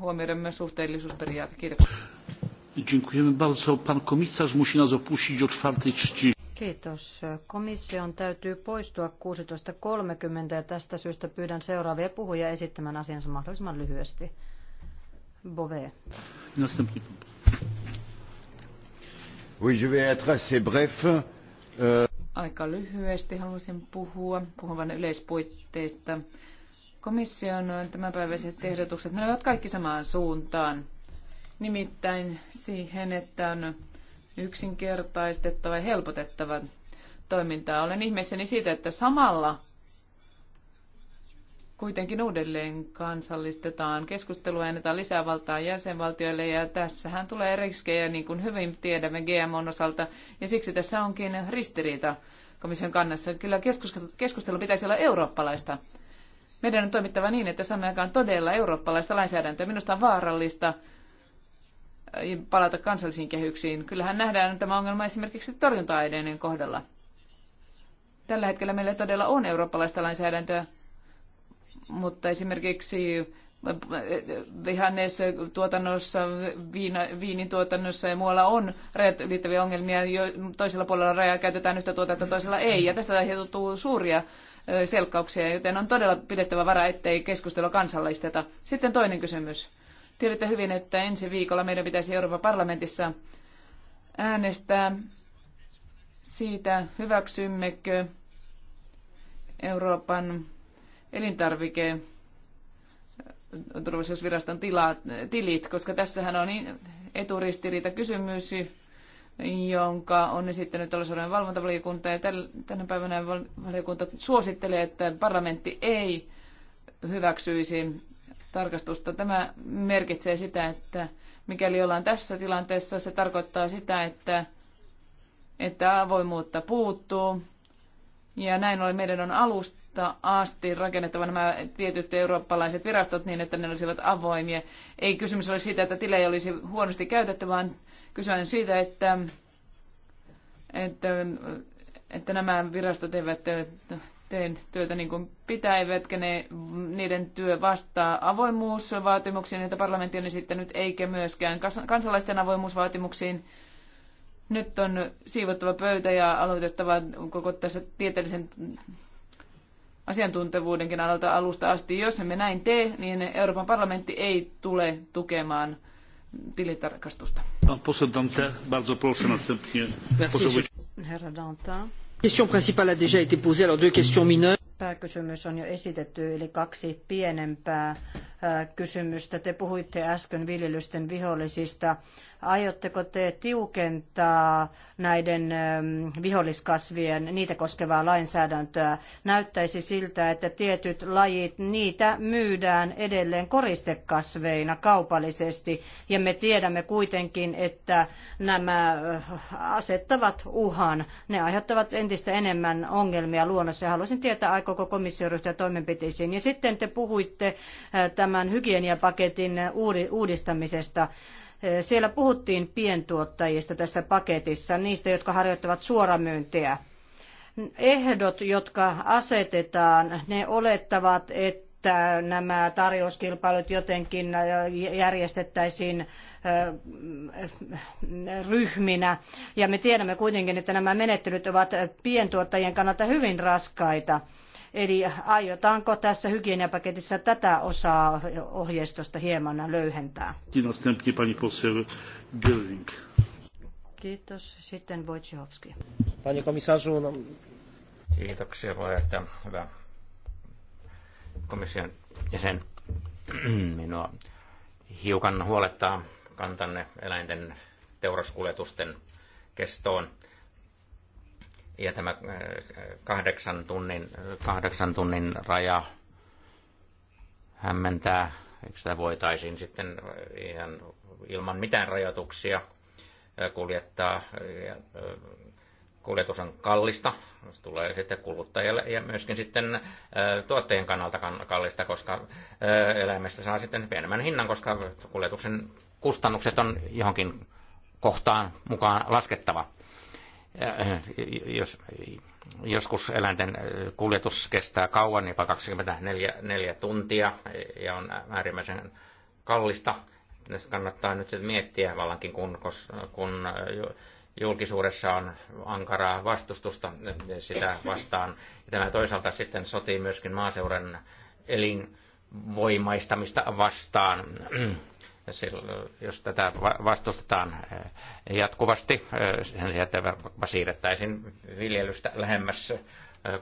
huomioida myös suhteellisuusperiaate. Kiitoksia. Dziękujemy bardzo. Pan komisarz musi nas opuścić o 4.30. Kiitos. Komission täytyy poistua 16.30 ja tästä syystä pyydän seuraavia puhujia esittämään asiansa mahdollisimman lyhyesti. Bove. Oui, je vais être assez bref. Aika lyhyesti haluaisin puhua, puhuvan yleispuitteista. Komission tämänpäiväiset ehdotukset menevät kaikki samaan suuntaan. Nimittäin siihen, että on yksinkertaistettava ja helpotettava toimintaa. Olen ihmeessäni siitä, että samalla kuitenkin uudelleen kansallistetaan keskustelua ja annetaan lisää valtaa jäsenvaltioille ja tässähän tulee riskejä niin kuin hyvin tiedämme GMOn osalta ja siksi tässä onkin ristiriita komission kannassa. Kyllä keskustelu pitäisi olla eurooppalaista. Meidän on toimittava niin, että saamme aikaan todella eurooppalaista lainsäädäntöä. Minusta on vaarallista palata kansallisiin kehyksiin. Kyllähän nähdään tämä ongelma esimerkiksi torjunta-aineiden kohdalla. Tällä hetkellä meillä todella on eurooppalaista lainsäädäntöä, mutta esimerkiksi tuotannossa, viina, tuotannossa ja muualla on rajat ylittäviä ongelmia. Jo, toisella puolella rajaa käytetään yhtä tuotetta, toisella ei. Ja tästä aiheutuu suuria selkkauksia, joten on todella pidettävä vara, ettei keskustelua kansallisteta. Sitten toinen kysymys. Tiedätte hyvin, että ensi viikolla meidän pitäisi Euroopan parlamentissa äänestää siitä, hyväksymmekö Euroopan elintarvike turvallisuusviraston tila, tilit, koska tässähän on eturistiriita kysymys, jonka on esittänyt talousarvojen valvontavaliokunta. Ja tänä päivänä valiokunta suosittelee, että parlamentti ei hyväksyisi tarkastusta. Tämä merkitsee sitä, että mikäli ollaan tässä tilanteessa, se tarkoittaa sitä, että, että avoimuutta puuttuu. Ja näin ollen meidän on alusta asti rakennettava nämä tietyt eurooppalaiset virastot niin, että ne olisivat avoimia. Ei kysymys ole siitä, että tilejä olisi huonosti käytetty, vaan Kyse on siitä, että, että, että nämä virastot eivät tee työtä niin kuin pitää, eivätkä ne, niiden työ vastaa avoimuusvaatimuksiin, joita parlamentti on esittänyt, eikä myöskään kansalaisten avoimuusvaatimuksiin. Nyt on siivottava pöytä ja aloitettava koko tässä tieteellisen asiantuntevuudenkin alalta alusta asti. Jos emme näin tee, niin Euroopan parlamentti ei tule tukemaan tilintarkastusta. Herra pääkysymys on jo esitetty, eli kaksi pienempää kysymystä. Te puhuitte äsken viljelysten vihollisista. Aiotteko te tiukentaa näiden ähm, viholliskasvien, niitä koskevaa lainsäädäntöä? Näyttäisi siltä, että tietyt lajit, niitä myydään edelleen koristekasveina kaupallisesti. Ja me tiedämme kuitenkin, että nämä äh, asettavat uhan. Ne aiheuttavat entistä enemmän ongelmia luonnossa. Ja haluaisin tietää, aikooko komissio ryhtyä toimenpiteisiin. Ja sitten te puhuitte äh, tämän hygieniapaketin äh, uudistamisesta. Eh, siellä puhuttiin pientuottajista tässä paketissa, niistä, jotka harjoittavat suoramyyntiä. Ehdot, jotka asetetaan, ne olettavat, että nämä tarjouskilpailut jotenkin äh, järjestettäisiin äh, ryhminä. Ja me tiedämme kuitenkin, että nämä menettelyt ovat pientuottajien kannalta hyvin raskaita. Eli aiotaanko tässä hygieniapaketissa tätä osaa ohjeistosta hieman löyhentää? Kiitos. Sitten Wojciechowski. Pani komisarzu. No- Kiitoksia puheenjohtaja. Hyvä komission jäsen. Minua hiukan huolettaa kantanne eläinten teuraskuljetusten kestoon ja tämä äh, kahdeksan tunnin, kahdeksan tunnin raja hämmentää, eikö sitä voitaisiin sitten äh, ihan ilman mitään rajoituksia äh, kuljettaa. Kuljetus on kallista, se tulee sitten kuluttajalle ja myöskin sitten tuottajien kannalta kallista, koska eläimestä saa sitten pienemmän hinnan, koska kuljetuksen kustannukset on johonkin kohtaan mukaan laskettava Äh, äh, jos, joskus eläinten äh, kuljetus kestää kauan, jopa 24 4 tuntia ja on äärimmäisen kallista. Tässä kannattaa nyt miettiä vallankin, kun, kun julkisuudessa on ankaraa vastustusta sitä vastaan. Ja tämä toisaalta sitten sotii myöskin maaseuran elinvoimaistamista vastaan jos tätä vastustetaan eh, jatkuvasti, eh, sen sieltä siirrettäisiin viljelystä lähemmäs eh,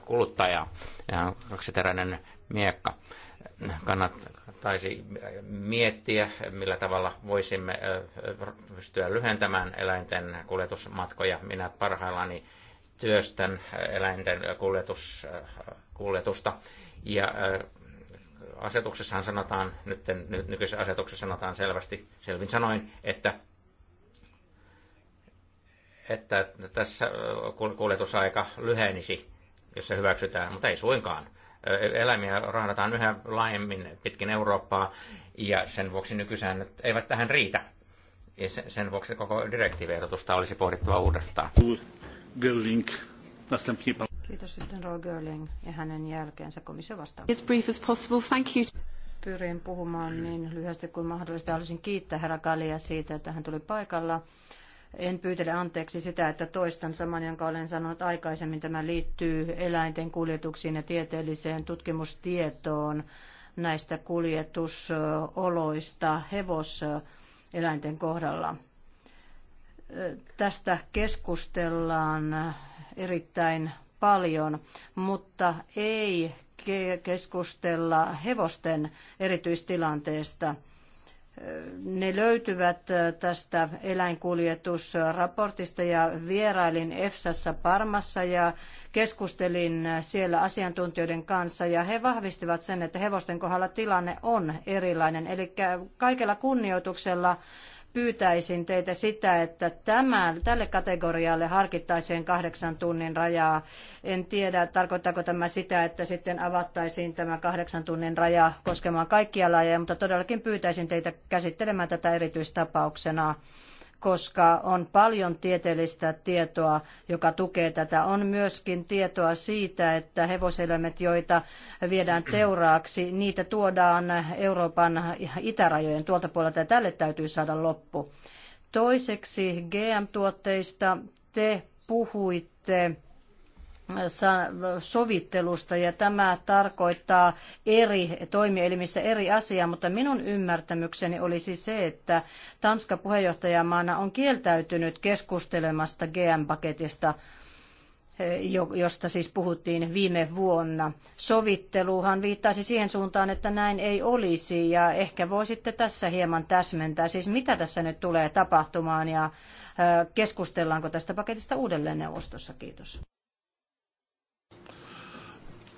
kuluttajaa. Ja kaksiteräinen miekka. Kannattaisi miettiä, millä tavalla voisimme pystyä lyhentämään eläinten kuljetusmatkoja. Minä parhaillani työstän eläinten kuljetus, kuljetusta ja asetuksessahan sanotaan, nyt, nyt nykyisessä asetuksessa sanotaan selvästi, selvin sanoin, että, että tässä kuljetusaika lyhenisi, jos se hyväksytään, mutta ei suinkaan. Eläimiä rahdataan yhä laajemmin pitkin Eurooppaa ja sen vuoksi nykysäännöt eivät tähän riitä. Ja sen vuoksi koko direktiiviehdotusta olisi pohdittava uudestaan. Kiitos sitten Roy ja hänen jälkeensä komission vastaan. As brief as possible. Thank you. Pyrin puhumaan niin lyhyesti kuin mahdollista. Haluaisin kiittää herra Kalia siitä, että hän tuli paikalla. En pyytele anteeksi sitä, että toistan saman, jonka olen sanonut aikaisemmin. Tämä liittyy eläinten kuljetuksiin ja tieteelliseen tutkimustietoon näistä kuljetusoloista hevoseläinten kohdalla. Tästä keskustellaan erittäin paljon, mutta ei keskustella hevosten erityistilanteesta. Ne löytyvät äh, tästä eläinkuljetusraportista ja vierailin EFSassa Parmassa ja keskustelin äh, siellä asiantuntijoiden kanssa ja he vahvistivat sen, että hevosten kohdalla tilanne on erilainen. Eli kaikella kunnioituksella pyytäisin teitä sitä, että tämän, tälle kategorialle harkittaisiin kahdeksan tunnin rajaa. En tiedä, tarkoittaako tämä sitä, että sitten avattaisiin tämä kahdeksan tunnin raja koskemaan kaikkia lajeja, mutta todellakin pyytäisin teitä käsittelemään tätä erityistapauksena koska on paljon tieteellistä tietoa, joka tukee tätä. On myöskin tietoa siitä, että hevoseläimet, joita viedään teuraaksi, niitä tuodaan Euroopan itärajojen tuolta puolelta ja tälle täytyy saada loppu. Toiseksi GM-tuotteista te puhuitte sovittelusta ja tämä tarkoittaa eri toimielimissä eri asiaa, mutta minun ymmärtämykseni olisi se, että Tanska puheenjohtajamaana on kieltäytynyt keskustelemasta GM-paketista josta siis puhuttiin viime vuonna. Sovitteluhan viittaisi siihen suuntaan, että näin ei olisi ja ehkä voisitte tässä hieman täsmentää, siis mitä tässä nyt tulee tapahtumaan ja keskustellaanko tästä paketista uudelleen neuvostossa. Kiitos.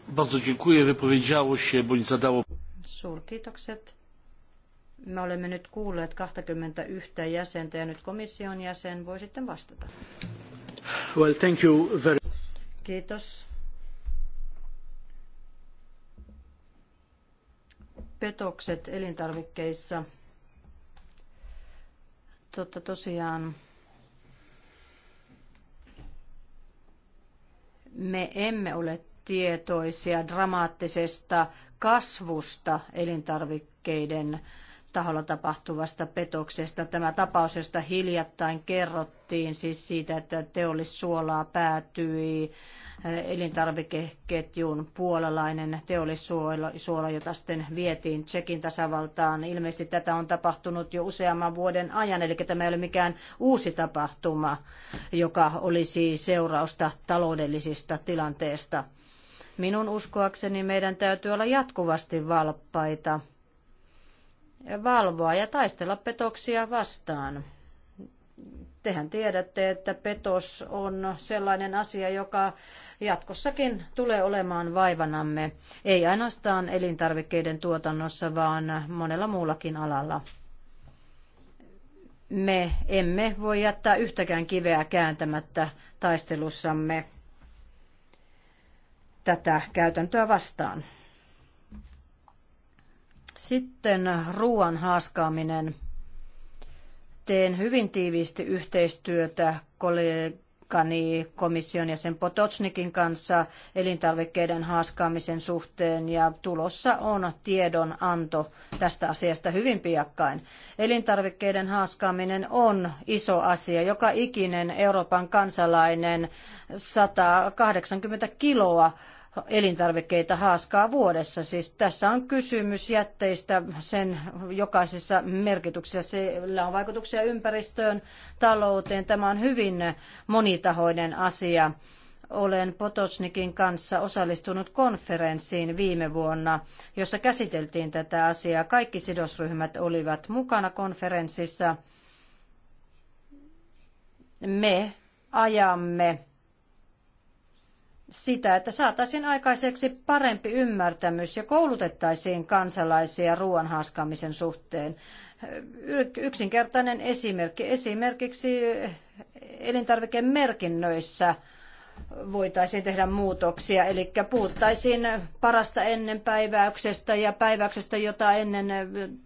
Bardzo dziękuję. Wypowiedziało się bądź zadało... Suurkiitokset. Me olemme nyt kuulleet 21 jäsentä ja nyt komission jäsen voi sitten vastata. Well, thank you very... Kiitos. Petokset elintarvikkeissa. Totta tosiaan me emme ole tietoisia dramaattisesta kasvusta elintarvikkeiden taholla tapahtuvasta petoksesta. Tämä tapaus, josta hiljattain kerrottiin, siis siitä, että teollissuolaa päätyi eh, elintarvikeketjun puolalainen teollissuola, jota sitten vietiin Tsekin tasavaltaan. Ilmeisesti tätä on tapahtunut jo useamman vuoden ajan, eli tämä ei ole mikään uusi tapahtuma, joka olisi seurausta taloudellisista tilanteesta. Minun uskoakseni meidän täytyy olla jatkuvasti valppaita, valvoa ja taistella petoksia vastaan. Tehän tiedätte, että petos on sellainen asia, joka jatkossakin tulee olemaan vaivanamme, ei ainoastaan elintarvikkeiden tuotannossa, vaan monella muullakin alalla me emme voi jättää yhtäkään kiveä kääntämättä taistelussamme tätä käytäntöä vastaan. Sitten ruoan haaskaaminen. Teen hyvin tiiviisti yhteistyötä kollegani komission ja sen Potocnikin kanssa elintarvikkeiden haaskaamisen suhteen ja tulossa on tiedonanto tästä asiasta hyvin piakkain. Elintarvikkeiden haaskaaminen on iso asia. Joka ikinen Euroopan kansalainen 180 kiloa elintarvikkeita haaskaa vuodessa. Siis tässä on kysymys jätteistä sen jokaisessa merkityksessä. Sillä on vaikutuksia ympäristöön, talouteen. Tämä on hyvin monitahoinen asia. Olen Potosnikin kanssa osallistunut konferenssiin viime vuonna, jossa käsiteltiin tätä asiaa. Kaikki sidosryhmät olivat mukana konferenssissa. Me ajamme sitä, että saataisiin aikaiseksi parempi ymmärtämys ja koulutettaisiin kansalaisia ruoan haaskaamisen suhteen. Yksinkertainen esimerkki. Esimerkiksi elintarvikemerkinnöissä merkinnöissä voitaisiin tehdä muutoksia, eli puhuttaisiin parasta ennen päiväyksestä ja päiväyksestä, jota ennen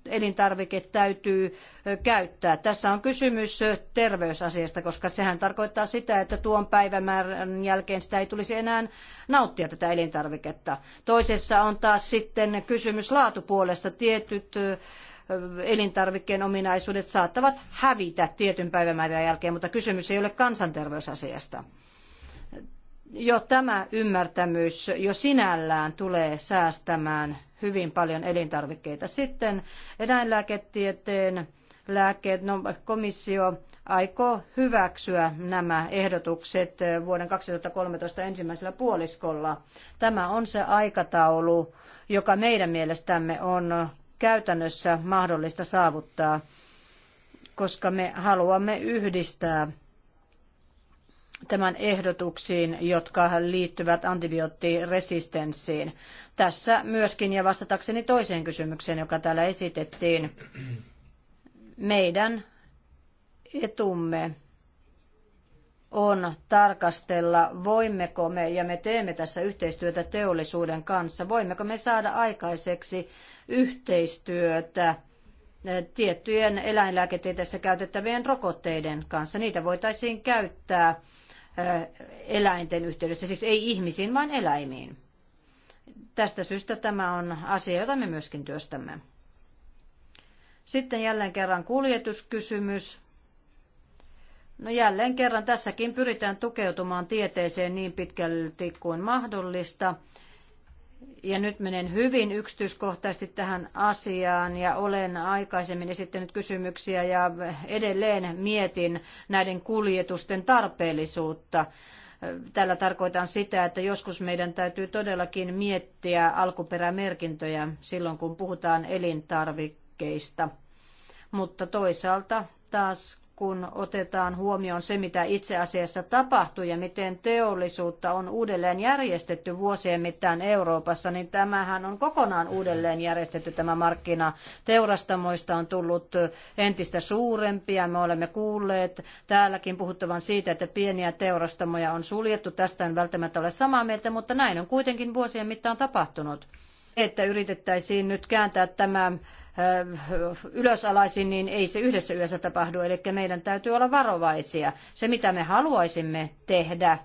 elintarvike täytyy käyttää. Tässä on kysymys terveysasiasta, koska sehän tarkoittaa sitä, että tuon päivämäärän jälkeen sitä ei tulisi enää nauttia tätä elintarviketta. Toisessa on taas sitten kysymys laatupuolesta. Tietyt elintarvikkeen ominaisuudet saattavat hävitä tietyn päivämäärän jälkeen, mutta kysymys ei ole kansanterveysasiasta jo tämä ymmärtämys jo sinällään tulee säästämään hyvin paljon elintarvikkeita. Sitten eläinlääketieteen lääkkeet, no, komissio aikoo hyväksyä nämä ehdotukset vuoden 2013 ensimmäisellä puoliskolla. Tämä on se aikataulu, joka meidän mielestämme on käytännössä mahdollista saavuttaa, koska me haluamme yhdistää tämän ehdotuksiin, jotka liittyvät antibioottiresistenssiin. Tässä myöskin, ja vastatakseni toiseen kysymykseen, joka täällä esitettiin, meidän etumme on tarkastella, voimmeko me, ja me teemme tässä yhteistyötä teollisuuden kanssa, voimmeko me saada aikaiseksi yhteistyötä eh, tiettyjen eläinlääketieteessä käytettävien rokotteiden kanssa. Niitä voitaisiin käyttää eläinten yhteydessä, siis ei ihmisiin, vaan eläimiin. Tästä syystä tämä on asia, jota me myöskin työstämme. Sitten jälleen kerran kuljetuskysymys. No jälleen kerran tässäkin pyritään tukeutumaan tieteeseen niin pitkälti kuin mahdollista ja nyt menen hyvin yksityiskohtaisesti tähän asiaan ja olen aikaisemmin esittänyt kysymyksiä ja edelleen mietin näiden kuljetusten tarpeellisuutta. Tällä tarkoitan sitä, että joskus meidän täytyy todellakin miettiä alkuperämerkintöjä silloin, kun puhutaan elintarvikkeista. Mutta toisaalta taas kun otetaan huomioon se, mitä itse asiassa tapahtui ja miten teollisuutta on uudelleen järjestetty vuosien mittaan Euroopassa, niin tämähän on kokonaan uudelleen järjestetty tämä markkina. Teurastamoista on tullut entistä suurempia. Me olemme kuulleet täälläkin puhuttavan siitä, että pieniä teurastamoja on suljettu. Tästä en välttämättä ole samaa mieltä, mutta näin on kuitenkin vuosien mittaan tapahtunut. Että yritettäisiin nyt kääntää tämä ylösalaisin, niin ei se yhdessä yössä tapahdu. Eli meidän täytyy olla varovaisia. Se, mitä me haluaisimme tehdä,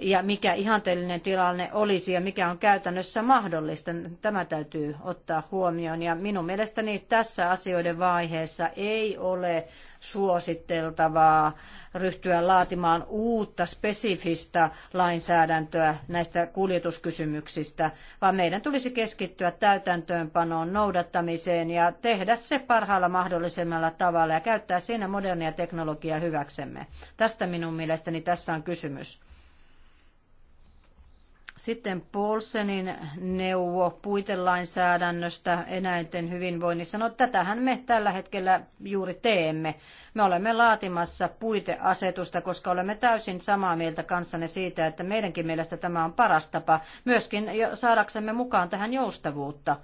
ja mikä ihanteellinen tilanne olisi ja mikä on käytännössä mahdollista. Tämä täytyy ottaa huomioon ja minun mielestäni tässä asioiden vaiheessa ei ole suositeltavaa ryhtyä laatimaan uutta spesifistä lainsäädäntöä näistä kuljetuskysymyksistä, vaan meidän tulisi keskittyä täytäntöönpanoon, noudattamiseen ja tehdä se parhaalla mahdollisemmalla tavalla ja käyttää siinä modernia teknologiaa hyväksemme. Tästä minun mielestäni tässä on kysymys. Sitten Paulsenin neuvo puitelainsäädännöstä eläinten hyvinvoinnissa. No tätähän me tällä hetkellä juuri teemme. Me olemme laatimassa puiteasetusta, koska olemme täysin samaa mieltä kanssanne siitä, että meidänkin mielestä tämä on paras tapa myöskin saadaksemme mukaan tähän joustavuutta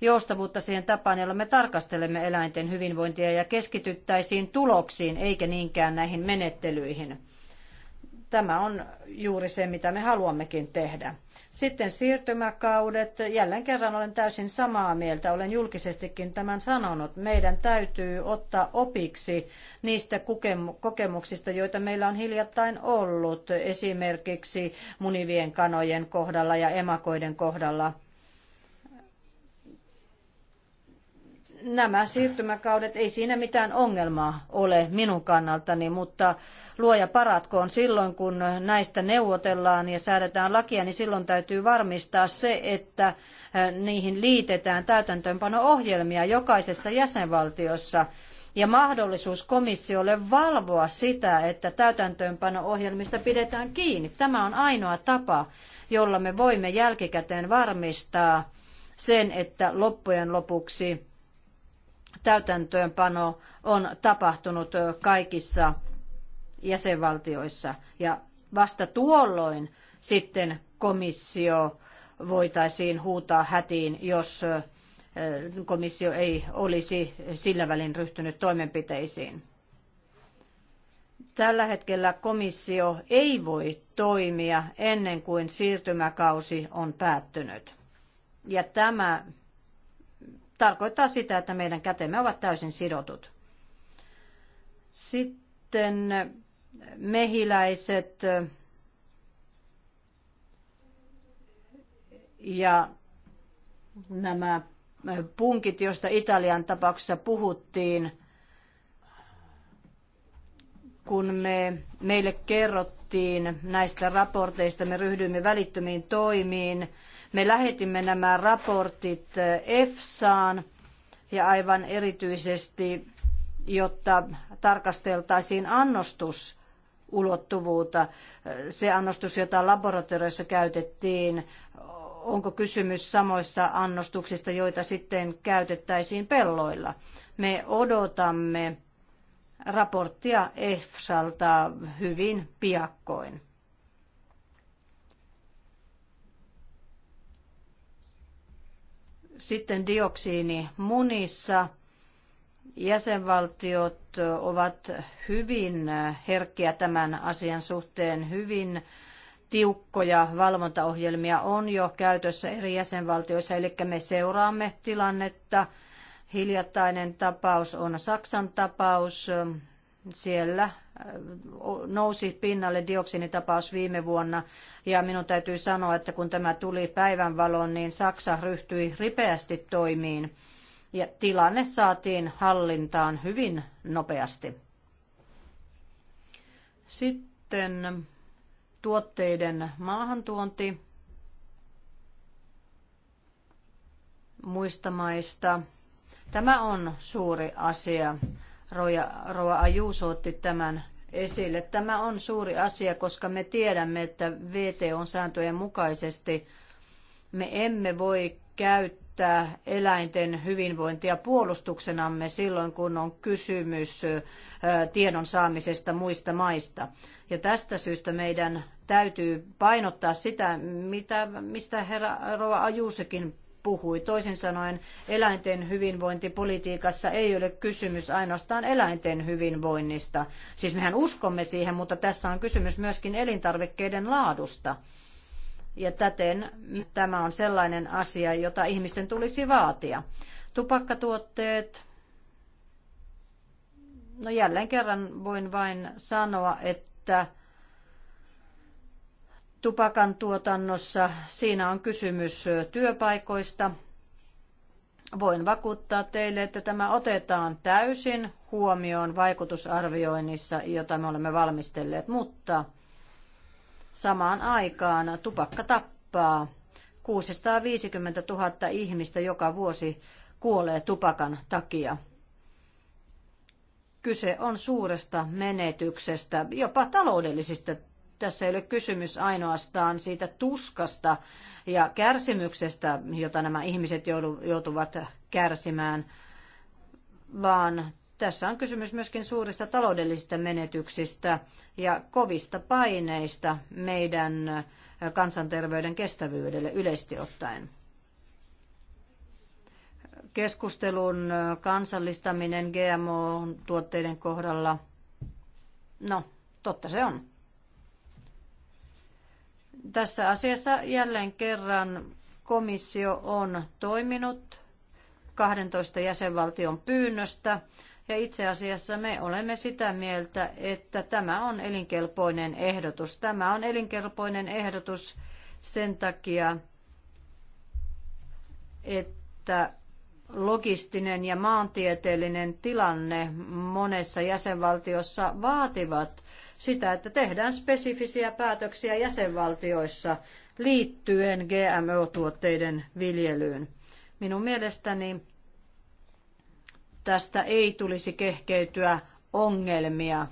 joustavuutta siihen tapaan, jolla me tarkastelemme eläinten hyvinvointia ja keskityttäisiin tuloksiin eikä niinkään näihin menettelyihin. Tämä on juuri se, mitä me haluammekin tehdä. Sitten siirtymäkaudet. Jälleen kerran olen täysin samaa mieltä. Olen julkisestikin tämän sanonut. Meidän täytyy ottaa opiksi niistä kokemuksista, joita meillä on hiljattain ollut, esimerkiksi munivien kanojen kohdalla ja emakoiden kohdalla nämä siirtymäkaudet, ei siinä mitään ongelmaa ole minun kannaltani, mutta luoja paratkoon silloin, kun näistä neuvotellaan ja säädetään lakia, niin silloin täytyy varmistaa se, että niihin liitetään täytäntöönpano-ohjelmia jokaisessa jäsenvaltiossa ja mahdollisuus komissiolle valvoa sitä, että täytäntöönpano-ohjelmista pidetään kiinni. Tämä on ainoa tapa, jolla me voimme jälkikäteen varmistaa sen, että loppujen lopuksi täytäntöönpano on tapahtunut kaikissa jäsenvaltioissa. Ja vasta tuolloin sitten komissio voitaisiin huutaa hätiin, jos komissio ei olisi sillä välin ryhtynyt toimenpiteisiin. Tällä hetkellä komissio ei voi toimia ennen kuin siirtymäkausi on päättynyt. Ja tämä tarkoittaa sitä, että meidän kätemme ovat täysin sidotut. Sitten mehiläiset ja nämä punkit, joista Italian tapauksessa puhuttiin, kun me, meille kerrottiin näistä raporteista, me ryhdyimme välittömiin toimiin me lähetimme nämä raportit eh, EFSAan ja aivan erityisesti, jotta tarkasteltaisiin annostusulottuvuutta, eh, Se annostus, jota laboratoriossa käytettiin, onko kysymys samoista annostuksista, joita sitten käytettäisiin pelloilla. Me odotamme raporttia EFSAlta hyvin piakkoin. Sitten dioksiini munissa. Jäsenvaltiot ovat hyvin herkkiä tämän asian suhteen, hyvin tiukkoja valvontaohjelmia on jo käytössä eri jäsenvaltioissa, eli me seuraamme tilannetta. Hiljattainen tapaus on Saksan tapaus. Siellä nousi pinnalle dioksinitapaus viime vuonna. Ja minun täytyy sanoa, että kun tämä tuli päivänvaloon, niin Saksa ryhtyi ripeästi toimiin. Ja tilanne saatiin hallintaan hyvin nopeasti. Sitten tuotteiden maahantuonti muista maista. Tämä on suuri asia. Roa Ajuuso otti tämän esille. Tämä on suuri asia, koska me tiedämme, että VT on sääntöjen mukaisesti me emme voi käyttää eläinten hyvinvointia puolustuksenamme silloin, kun on kysymys tiedon saamisesta muista maista. Ja tästä syystä meidän täytyy painottaa sitä, mitä, mistä herra Roa Ajuusekin puhui. Toisin sanoen eläinten hyvinvointipolitiikassa ei ole kysymys ainoastaan eläinten hyvinvoinnista. Siis mehän uskomme siihen, mutta tässä on kysymys myöskin elintarvikkeiden laadusta. Ja täten tämä on sellainen asia, jota ihmisten tulisi vaatia. Tupakkatuotteet, no jälleen kerran voin vain sanoa, että tupakan tuotannossa. Siinä on kysymys työpaikoista. Voin vakuuttaa teille, että tämä otetaan täysin huomioon vaikutusarvioinnissa, jota me olemme valmistelleet, mutta samaan aikaan tupakka tappaa 650 000 ihmistä joka vuosi kuolee tupakan takia. Kyse on suuresta menetyksestä, jopa taloudellisista tässä ei ole kysymys ainoastaan siitä tuskasta ja kärsimyksestä, jota nämä ihmiset joutuvat kärsimään, vaan tässä on kysymys myöskin suurista taloudellisista menetyksistä ja kovista paineista meidän kansanterveyden kestävyydelle yleisesti ottaen. Keskustelun kansallistaminen GMO-tuotteiden kohdalla, no totta se on. Tässä asiassa jälleen kerran komissio on toiminut 12 jäsenvaltion pyynnöstä. Ja itse asiassa me olemme sitä mieltä, että tämä on elinkelpoinen ehdotus. Tämä on elinkelpoinen ehdotus sen takia, että logistinen ja maantieteellinen tilanne monessa jäsenvaltiossa vaativat sitä, että tehdään spesifisiä päätöksiä jäsenvaltioissa liittyen GMO-tuotteiden viljelyyn. Minun mielestäni tästä ei tulisi kehkeytyä ongelmia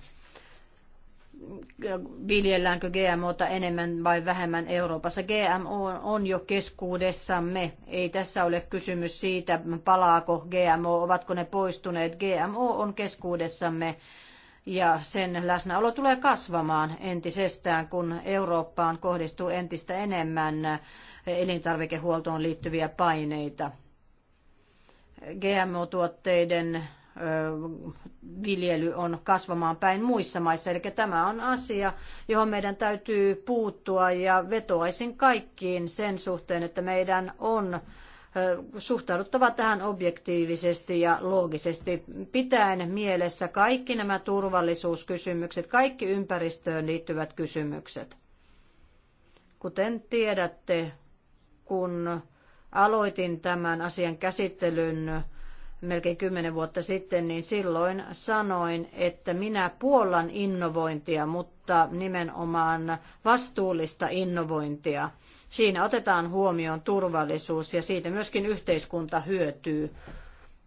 viljelläänkö GMOta enemmän vai vähemmän Euroopassa. GMO on jo keskuudessamme. Ei tässä ole kysymys siitä, palaako GMO, ovatko ne poistuneet. GMO on keskuudessamme ja sen läsnäolo tulee kasvamaan entisestään, kun Eurooppaan kohdistuu entistä enemmän elintarvikehuoltoon liittyviä paineita. GMO-tuotteiden viljely on kasvamaan päin muissa maissa. Eli tämä on asia, johon meidän täytyy puuttua ja vetoaisin kaikkiin sen suhteen, että meidän on suhtauduttava tähän objektiivisesti ja loogisesti, pitäen mielessä kaikki nämä turvallisuuskysymykset, kaikki ympäristöön liittyvät kysymykset. Kuten tiedätte, kun aloitin tämän asian käsittelyn melkein kymmenen vuotta sitten, niin silloin sanoin, että minä puollan innovointia, mutta mutta nimenomaan vastuullista innovointia. Siinä otetaan huomioon turvallisuus ja siitä myöskin yhteiskunta hyötyy.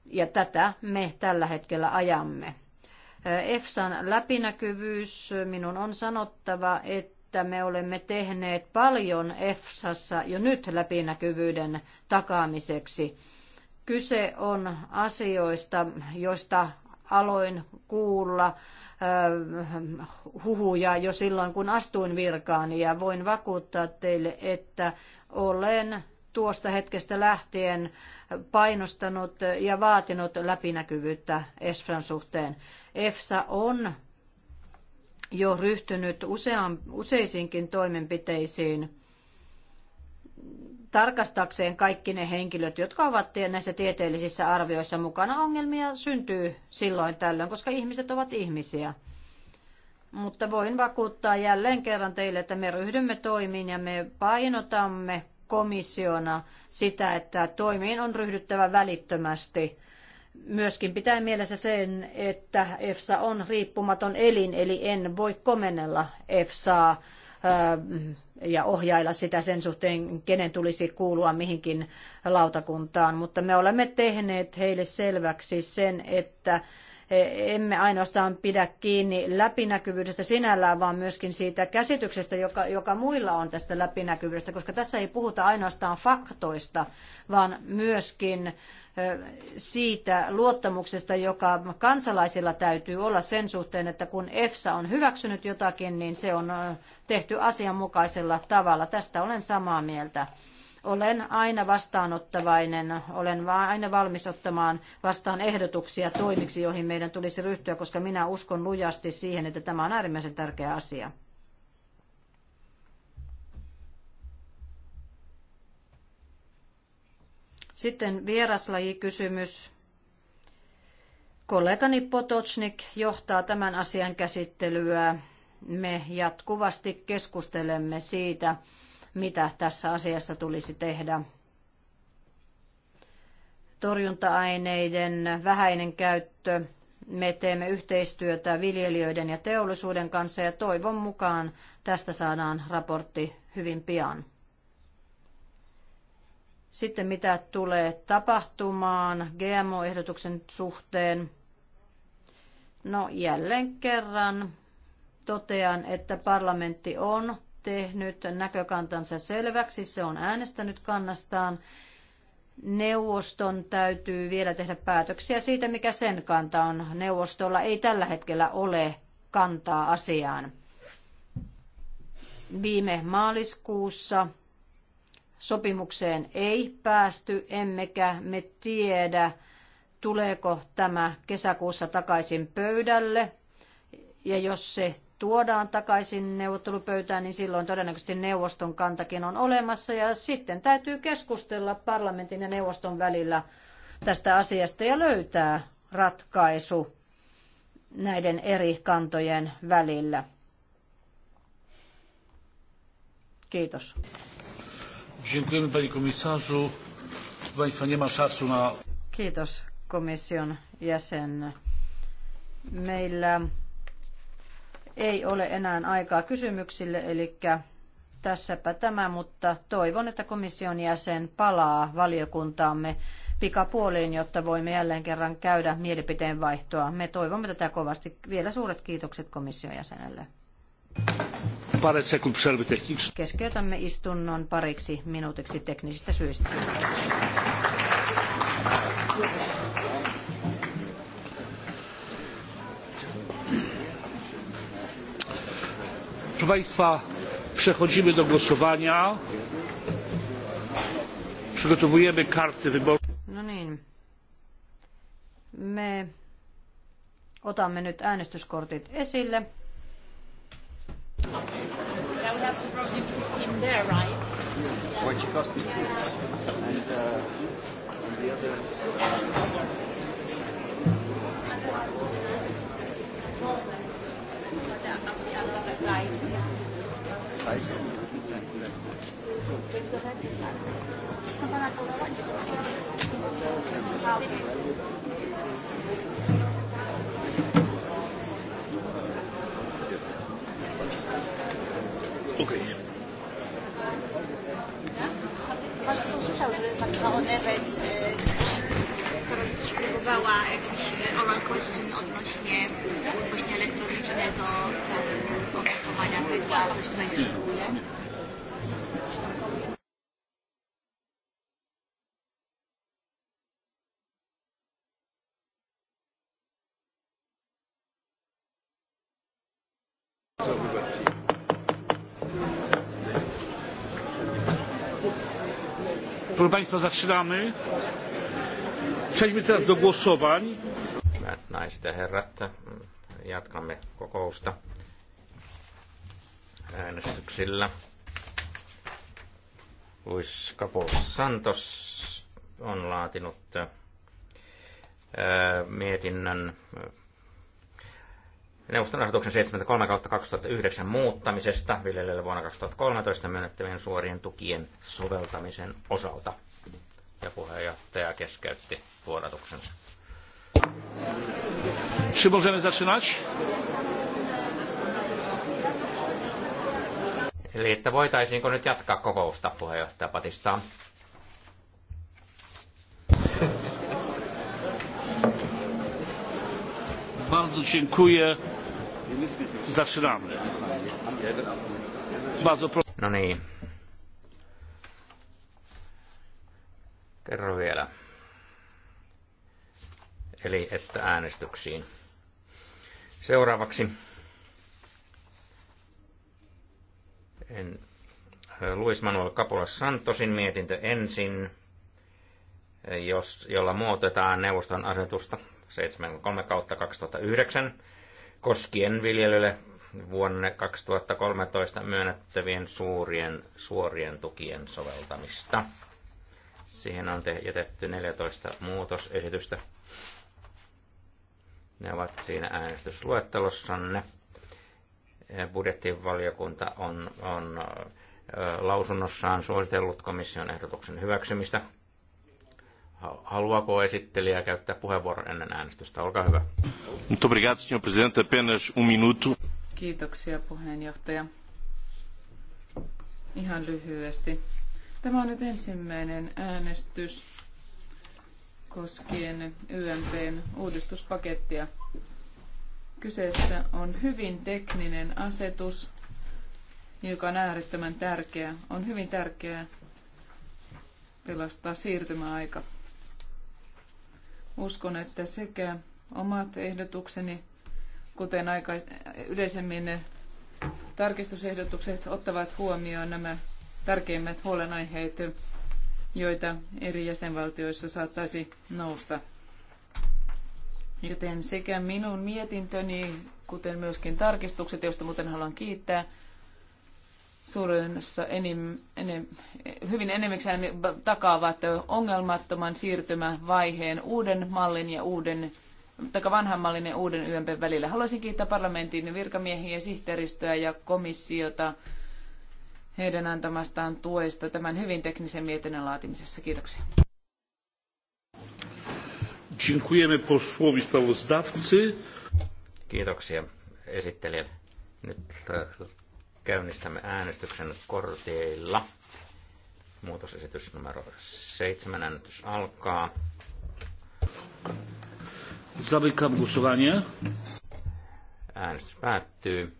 Ja tätä me tällä hetkellä ajamme. EFSAn läpinäkyvyys, minun on sanottava, että me olemme tehneet paljon EFSassa jo nyt läpinäkyvyyden takaamiseksi. Kyse on asioista, joista aloin kuulla Äh, huhuja jo silloin, kun astuin virkaan ja voin vakuuttaa teille, että olen tuosta hetkestä lähtien painostanut ja vaatinut läpinäkyvyyttä ESFRAn suhteen. EFSA on jo ryhtynyt usean, useisiinkin toimenpiteisiin tarkastakseen kaikki ne henkilöt, jotka ovat näissä tieteellisissä arvioissa mukana. Ongelmia syntyy silloin tällöin, koska ihmiset ovat ihmisiä. Mutta voin vakuuttaa jälleen kerran teille, että me ryhdymme toimiin ja me painotamme komissiona sitä, että toimiin on ryhdyttävä välittömästi. Myöskin pitää mielessä sen, että EFSA on riippumaton elin, eli en voi komennella EFSAa ja ohjailla sitä sen suhteen, kenen tulisi kuulua mihinkin lautakuntaan. Mutta me olemme tehneet heille selväksi sen, että E, emme ainoastaan pidä kiinni läpinäkyvyydestä sinällään, vaan myöskin siitä käsityksestä, joka, joka muilla on tästä läpinäkyvyydestä, koska tässä ei puhuta ainoastaan faktoista, vaan myöskin e, siitä luottamuksesta, joka kansalaisilla täytyy olla sen suhteen, että kun EFSA on hyväksynyt jotakin, niin se on e, tehty asianmukaisella tavalla. Tästä olen samaa mieltä. Olen aina vastaanottavainen, olen aina valmis ottamaan vastaan ehdotuksia toimiksi, joihin meidän tulisi ryhtyä, koska minä uskon lujasti siihen, että tämä on äärimmäisen tärkeä asia. Sitten vieraslajikysymys. Kollegani Potocnik johtaa tämän asian käsittelyä. Me jatkuvasti keskustelemme siitä, mitä tässä asiassa tulisi tehdä. Torjunta-aineiden vähäinen käyttö. Me teemme yhteistyötä viljelijöiden ja teollisuuden kanssa ja toivon mukaan tästä saadaan raportti hyvin pian. Sitten mitä tulee tapahtumaan GMO-ehdotuksen suhteen? No jälleen kerran totean, että parlamentti on tehnyt näkökantansa selväksi, se on äänestänyt kannastaan. Neuvoston täytyy vielä tehdä päätöksiä siitä, mikä sen kanta on. Neuvostolla ei tällä hetkellä ole kantaa asiaan. Viime maaliskuussa sopimukseen ei päästy, emmekä me tiedä, tuleeko tämä kesäkuussa takaisin pöydälle. Ja jos se tuodaan takaisin neuvottelupöytään, niin silloin todennäköisesti neuvoston kantakin on olemassa. Ja sitten täytyy keskustella parlamentin ja neuvoston välillä tästä asiasta ja löytää ratkaisu näiden eri kantojen välillä. Kiitos. Dziękujemy panie komisarzu. Państwa nie ma czasu na... Kiitos komission jäsen. Meillä ei ole enää aikaa kysymyksille, eli tässäpä tämä, mutta toivon, että komission jäsen palaa valiokuntaamme pikapuoliin, jotta voimme jälleen kerran käydä mielipiteen vaihtoa. Me toivomme tätä kovasti. Vielä suuret kiitokset komission jäsenelle. Keskeytämme istunnon pariksi minuutiksi teknisistä syistä. proszę państwa przechodzimy do głosowania przygotowujemy karty wyborcze no niin me otamme nyt äänestyskortit esille right? Okay. Właśnie usłyszał, że Patrona Neves próbowała jakiś oral question odnośnie właśnie elektronicznego Proszę Państwa, zaczynamy. Przejdźmy teraz do głosowań. herrat, jatkamme kokousta äänestyksillä. Luis Capos Santos on laatinut äh, mietinnön äh, neuvoston asetuksen 73 2009 muuttamisesta viljelijöille vuonna 2013 myönnettävien suorien tukien soveltamisen osalta. Ja puheenjohtaja keskeytti vuodatuksensa. Czy możemy zaczynać? Eli että voitaisiinko nyt jatkaa kokousta puheenjohtaja Patistaan? Bardzo dziękuję. Zaczynamy. Bardzo proszę. No niin. Kerro vielä. Eli että äänestyksiin. Seuraavaksi En, Luis Manuel Capula Santosin mietintö ensin, jos, jolla muotetaan neuvoston asetusta 73 kautta 2009 koskien viljelylle vuonna 2013 myönnettävien suurien suorien tukien soveltamista. Siihen on jätetty 14 muutosesitystä. Ne ovat siinä äänestysluettelossanne budjettivaliokunta on, on lausunnossaan suositellut komission ehdotuksen hyväksymistä. Haluaako esittelijä käyttää puheenvuoron ennen äänestystä? Olkaa hyvä. Um Kiitoksia, puheenjohtaja. Ihan lyhyesti. Tämä on nyt ensimmäinen äänestys koskien YMPn uudistuspakettia. Kyseessä on hyvin tekninen asetus, joka on äärettömän tärkeä. On hyvin tärkeää pelastaa siirtymäaika. Uskon, että sekä omat ehdotukseni, kuten aika, yleisemmin tarkistusehdotukset, ottavat huomioon nämä tärkeimmät huolenaiheet, joita eri jäsenvaltioissa saattaisi nousta. Joten sekä minun mietintöni, kuten myöskin tarkistukset, joista muuten haluan kiittää, suurennossa enim, enim, hyvin enimmäkseen takaavat ongelmattoman siirtymävaiheen uuden mallin ja uuden tai vanhan mallin ja uuden YMP välillä. Haluaisin kiittää parlamentin virkamiehiä, sihteeristöä ja komissiota heidän antamastaan tuesta tämän hyvin teknisen mietinnön laatimisessa. Kiitoksia. Dziękujemy posłowi sprawozdawcy. Kiitoksia esittelijä. Nyt äh, käynnistämme äänestyksen korteilla. Muutosesitys numero 7 äänestys alkaa. Zamykam głosowanie. Äänestys päättyy.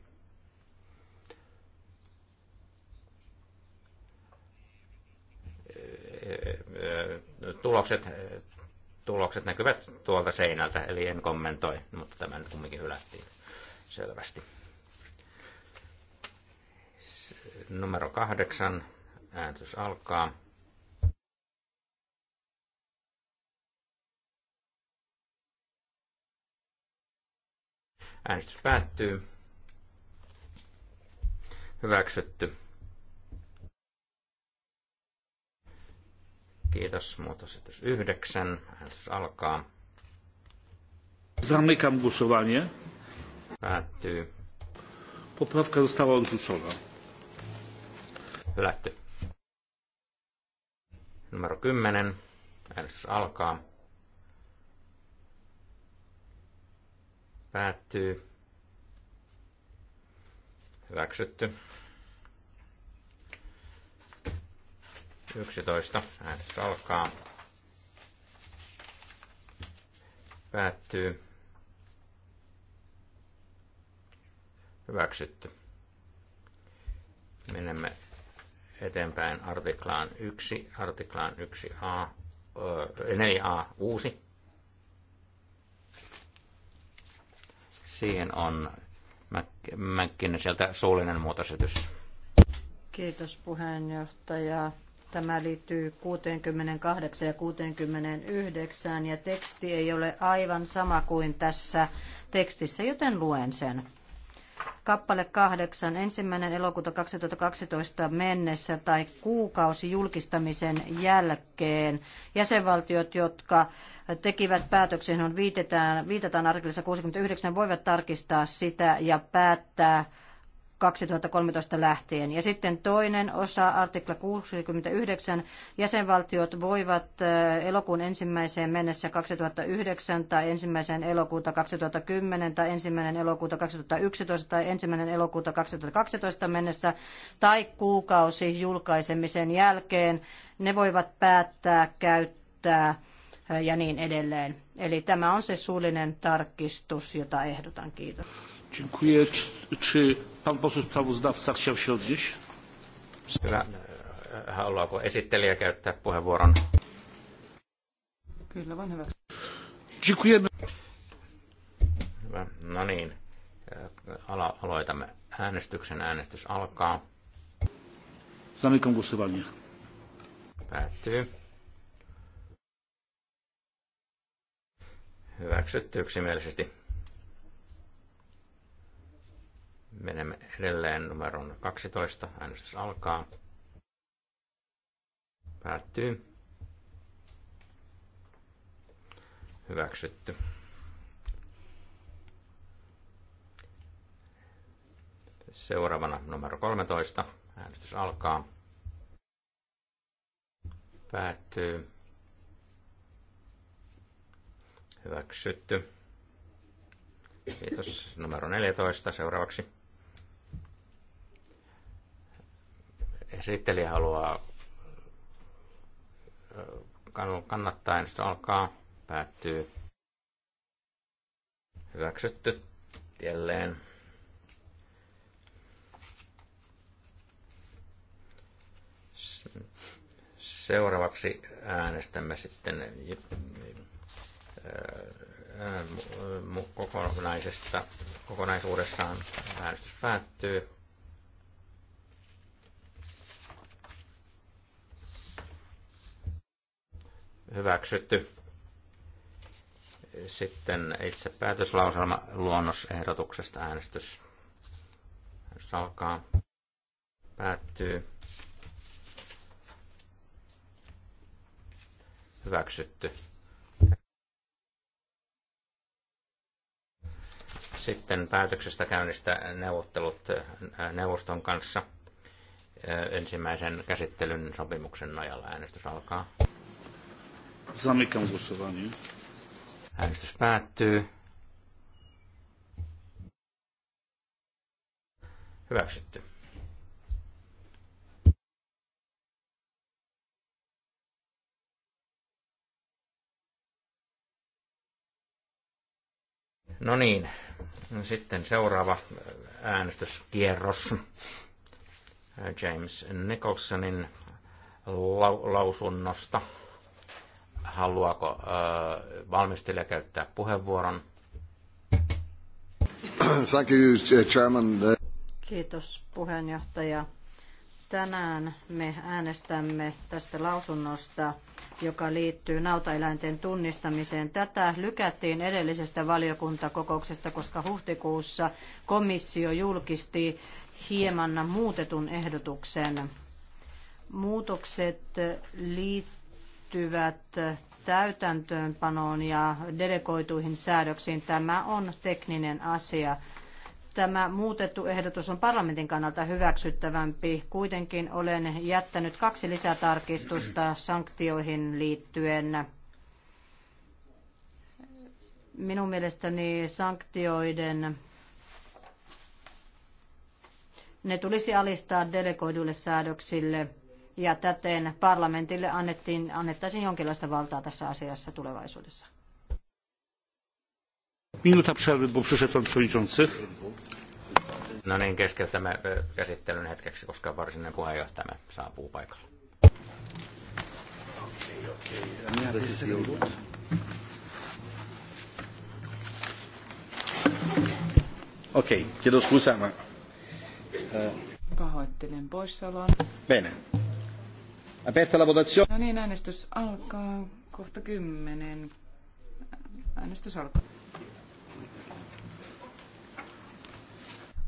Äh, äh, tulokset tulokset näkyvät tuolta seinältä, eli en kommentoi, mutta tämä nyt kumminkin hylättiin selvästi. Numero kahdeksan, äänestys alkaa. Äänestys päättyy. Hyväksytty. Kiitos. Muutosesitys yhdeksän. Äänestys alkaa. Zamykam głosowanie. Päättyy. Poprawka została odrzucona. Hylätty. Numero 10. Äänestys alkaa. Päättyy. Hyväksytty. 11. Äänestys alkaa. Päättyy. Hyväksytty. Menemme eteenpäin artiklaan 1, artiklaan 1a, 4a uusi. Siihen on Mäkkinen sieltä suullinen muutosesitys. Kiitos puheenjohtaja. Tämä liittyy 68 ja 69 ja teksti ei ole aivan sama kuin tässä tekstissä, joten luen sen. Kappale 8. Ensimmäinen elokuuta 2012 mennessä tai kuukausi julkistamisen jälkeen jäsenvaltiot, jotka tekivät päätöksen, on viitetään, viitataan artiklissa 69, voivat tarkistaa sitä ja päättää 2013 lähtien. Ja sitten toinen osa, artikla 69, jäsenvaltiot voivat eh, elokuun ensimmäiseen mennessä 2009 tai ensimmäiseen elokuuta 2010 tai ensimmäinen elokuuta 2011 tai ensimmäinen elokuuta 2012 mennessä tai kuukausi julkaisemisen jälkeen ne voivat päättää käyttää eh, ja niin edelleen. Eli tämä on se suullinen tarkistus, jota ehdotan. Kiitos. Dziękuję. Czy Pan poseł sprawozdawca chciał się odnieść. Hyvä. Haluaako esittelijä käyttää puheenvuoron? Kyllä vaan hyvä. Dziękujemy. Hyvä. No niin. Ala, aloitamme äänestyksen. Äänestys alkaa. Zamykam głosowanie. Päättyy. Hyväksytty yksimielisesti. Menemme edelleen numeron 12. Äänestys alkaa. Päättyy. Hyväksytty. Seuraavana numero 13. Äänestys alkaa. Päättyy. Hyväksytty. Kiitos. Numero 14 seuraavaksi. esittelijä haluaa kannattaa ensin alkaa, päättyy. Hyväksytty jälleen. Seuraavaksi äänestämme sitten kokonaisesta, kokonaisuudessaan äänestys päättyy. hyväksytty. Sitten itse päätöslauselma luonnosehdotuksesta äänestys. Jos alkaa, päättyy. Hyväksytty. Sitten päätöksestä käynnistä neuvottelut äh, neuvoston kanssa äh, ensimmäisen käsittelyn sopimuksen nojalla äänestys alkaa. Zamykam głosowanie. No niin, no sitten seuraava äänestyskierros. James Nicholsonin lausunnosta haluaako valmistelija käyttää puheenvuoron? Thank you, Chairman. Kiitos puheenjohtaja. Tänään me äänestämme tästä lausunnosta, joka liittyy nautaeläinten tunnistamiseen. Tätä lykättiin edellisestä valiokuntakokouksesta, koska huhtikuussa komissio julkisti hieman muutetun ehdotuksen. Muutokset liittyvät liittyvät täytäntöönpanoon ja delegoituihin säädöksiin. Tämä on tekninen asia. Tämä muutettu ehdotus on parlamentin kannalta hyväksyttävämpi. Kuitenkin olen jättänyt kaksi lisätarkistusta sanktioihin liittyen. Minun mielestäni sanktioiden ne tulisi alistaa delegoiduille säädöksille – ja täten parlamentille annettiin, annettaisiin jonkinlaista valtaa tässä asiassa tulevaisuudessa. Minuta przerwy, bo przyszedł pan przewodniczący. No niin, keskeytämme käsittelyn hetkeksi, koska varsinainen puheenjohtajamme saapuu paikalle. Okay, okay. Okei, okay, kiitos scusa, ma... Pahoittelen poissaoloa. Bene. Aperta la votazione. No niin, äänestys alkaa kohta kymmenen. Äänestys alkaa.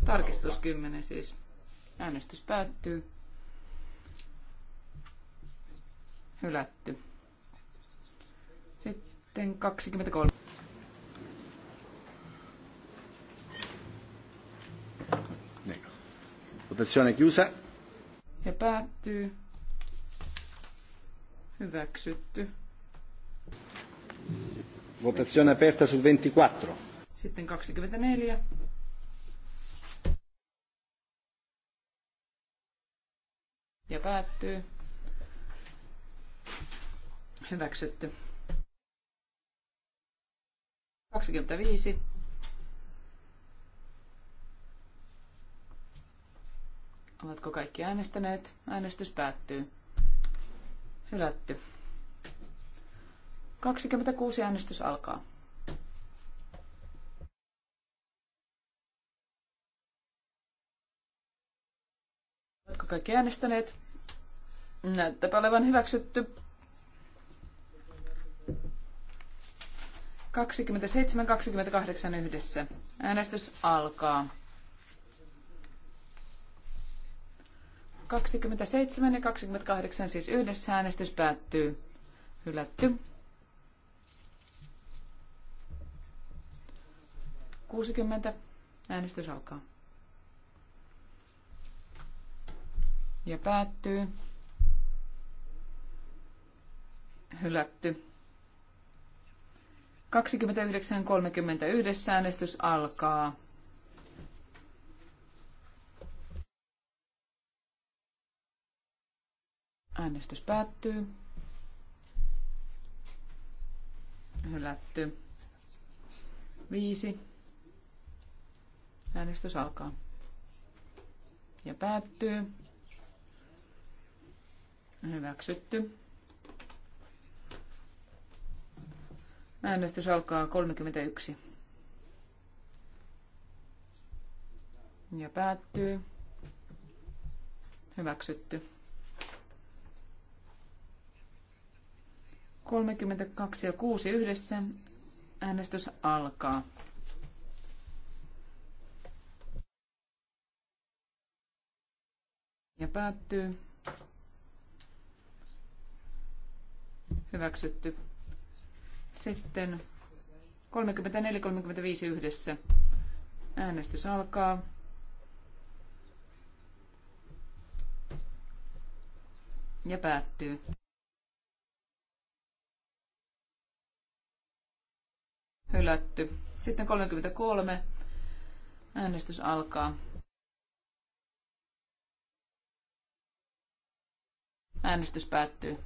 Tarkistus kymmenen siis. Äänestys päättyy. Hylätty. Sitten 23. Niin. Votazione chiusa. Ja päättyy. Hyväksytty. Votazione aperta sul 24. Sitten 24. Ja päättyy. Hyväksytty. 25. Ovatko kaikki äänestäneet? Äänestys päättyy. Hylätty. 26 äänestys alkaa. Oletko kaikki äänestäneet? Näyttääpä olevan hyväksytty. 27-28 yhdessä. Äänestys alkaa. 27 ja 28 siis yhdessä äänestys päättyy. Hylätty. 60. Äänestys alkaa. Ja päättyy. Hylätty. 29.31 äänestys alkaa. Äänestys päättyy. Hylätty. Viisi. Äänestys alkaa. Ja päättyy. Hyväksytty. Äänestys alkaa 31. Ja päättyy. Hyväksytty. 32 ja 6 yhdessä. Äänestys alkaa. Ja päättyy. Hyväksytty. Sitten 34-35 yhdessä. Äänestys alkaa. Ja päättyy. hylätty. Sitten 33. Äänestys alkaa. Äänestys päättyy.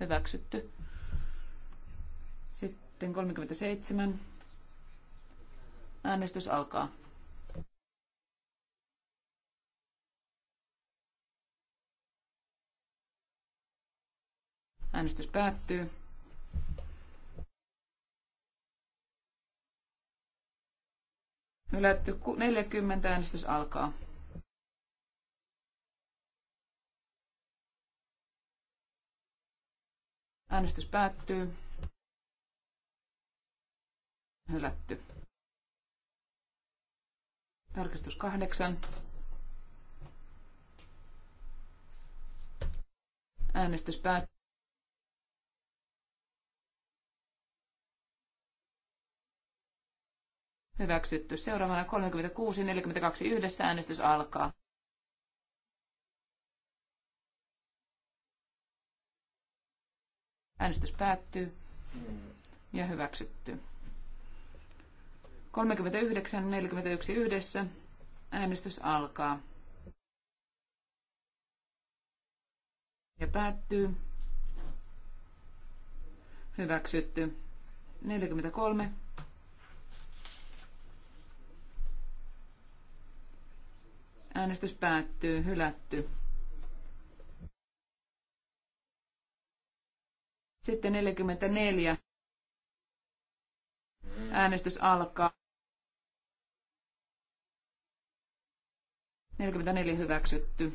Hyväksytty. Sitten 37. Äänestys alkaa. Äänestys päättyy. Hylätty 40 äänestys alkaa. Äänestys päättyy. Hylätty. Tarkistus kahdeksan. Äänestys päättyy. Hyväksytty. Seuraavana 36.42 42 yhdessä äänestys alkaa. Äänestys päättyy ja hyväksytty. 39.41 41 yhdessä äänestys alkaa. Ja päättyy. Hyväksytty. 43 Äänestys päättyy. Hylätty. Sitten 44. Äänestys alkaa. 44 hyväksytty.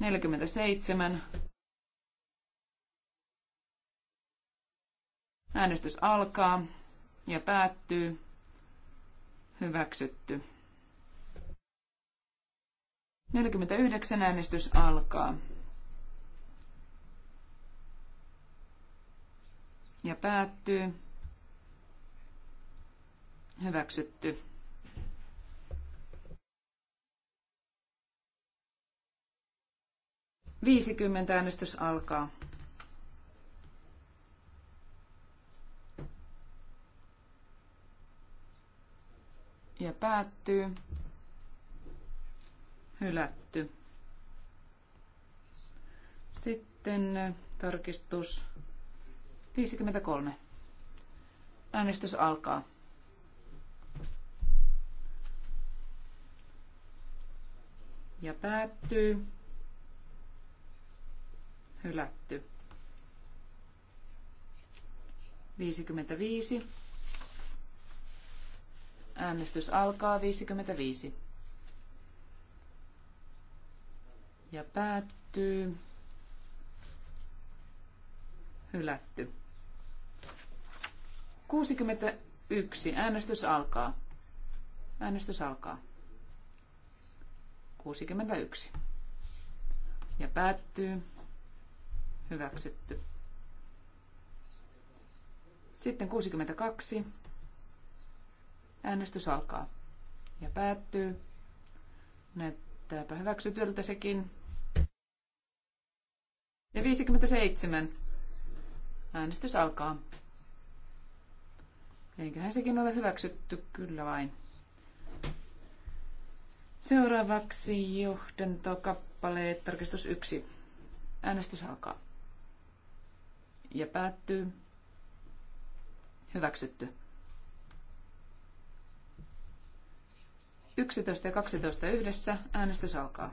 47. Äänestys alkaa ja päättyy. Hyväksytty. 49 äänestys alkaa. Ja päättyy. Hyväksytty. 50 äänestys alkaa. Ja päättyy. Hylätty. Sitten tarkistus 53. Äänestys alkaa. Ja päättyy hylätty. 55. Äänestys alkaa 55. Ja päättyy. Hylätty. 61. Äänestys alkaa. Äänestys alkaa. 61. Ja päättyy hyväksytty. Sitten 62. Äänestys alkaa ja päättyy. Näyttääpä hyväksytyltä sekin. Ja 57. Äänestys alkaa. Eiköhän sekin ole hyväksytty, kyllä vain. Seuraavaksi johdantokappaleet, tarkistus 1. Äänestys alkaa ja päättyy. Hyväksytty. 11 ja 12 yhdessä. Äänestys alkaa.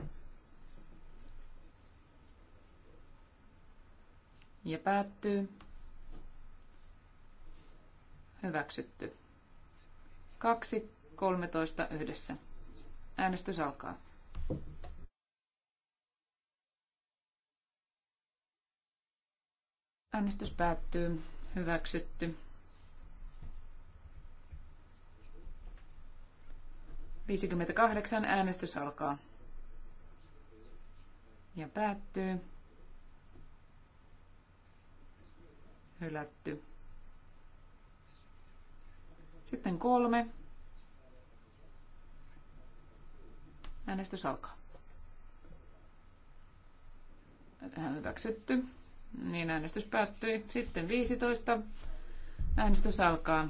Ja päättyy. Hyväksytty. 2, 13 yhdessä. Äänestys alkaa. Äänestys päättyy. Hyväksytty. 58 äänestys alkaa. Ja päättyy. Hylätty. Sitten kolme. Äänestys alkaa. hyväksytty. Niin äänestys päättyi. Sitten 15. Äänestys alkaa.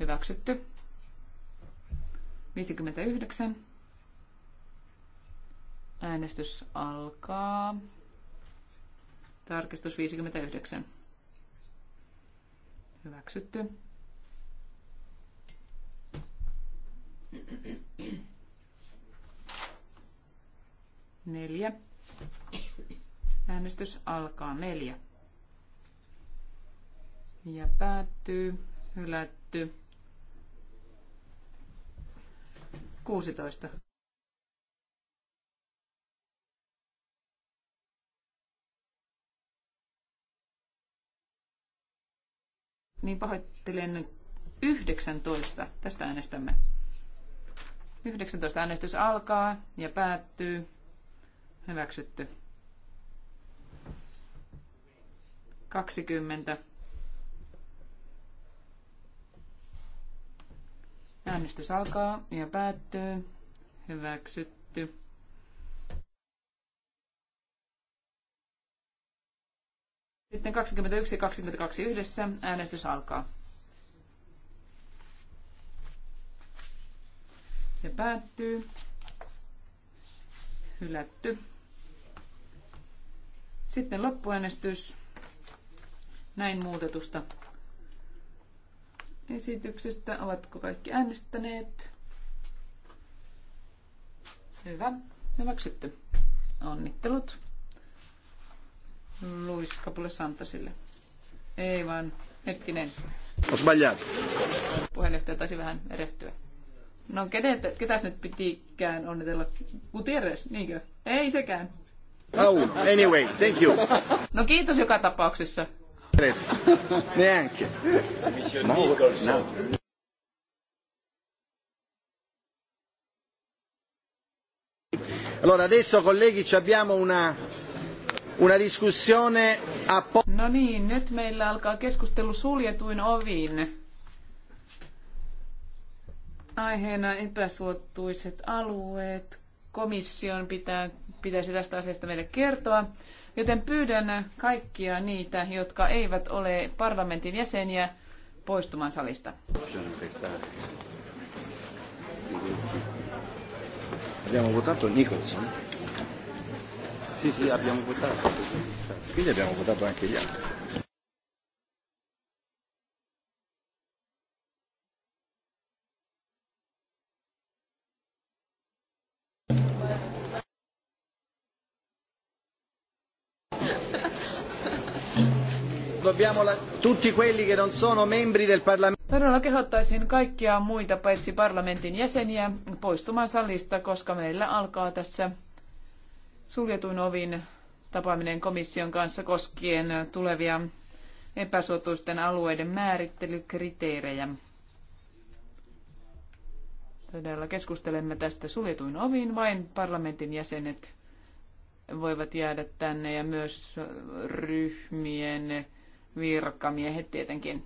Hyväksytty. 59. Äänestys alkaa. Tarkistus 59. Hyväksytty. Neljä. Äänestys alkaa neljä. Ja päättyy. Hylätty. 16. Niin pahoittelen 19. Tästä äänestämme. 19 äänestys alkaa ja päättyy. Hyväksytty. 20. Äänestys alkaa ja päättyy. Hyväksytty. Sitten 21 ja 22 yhdessä. Äänestys alkaa. Ja päättyy. Hylätty. Sitten loppuäänestys näin muutetusta esityksestä. Ovatko kaikki äänestäneet? Hyvä. Hyväksytty. Onnittelut. Luis Kapule Santasille. Ei vaan, hetkinen. On Puheenjohtaja taisi vähän erehtyä. No kenet, ketäs nyt pitikään onnitella? Gutierrez, niinkö? Ei sekään. Oh, anyway, thank you. No kiitos joka tapauksessa. Neanche. No, no. Allora adesso colleghi ci abbiamo una, una discussione a po- No niin, nyt meillä alkaa keskustelu suljetuin oviin. Aiheena epäsuotuiset alueet, komission pitää, pitäisi tästä asiasta meille kertoa. Joten pyydän kaikkia niitä, jotka eivät ole parlamentin jäseniä, poistumaan salista. Abbiamo votato Nicholson? Sì, sì, abbiamo votato. Quindi abbiamo votato anche gli altri. dobbiamo la... tutti quelli che non sono membri del Parlamento. Todella kehottaisin kaikkia muita paitsi parlamentin jäseniä poistumaan salista, koska meillä alkaa tässä suljetuin ovin tapaaminen komission kanssa koskien tulevia epäsuotuisten alueiden määrittelykriteerejä. Todella keskustelemme tästä suljetuin ovin, vain parlamentin jäsenet voivat jäädä tänne ja myös ryhmien virkamiehet tietenkin.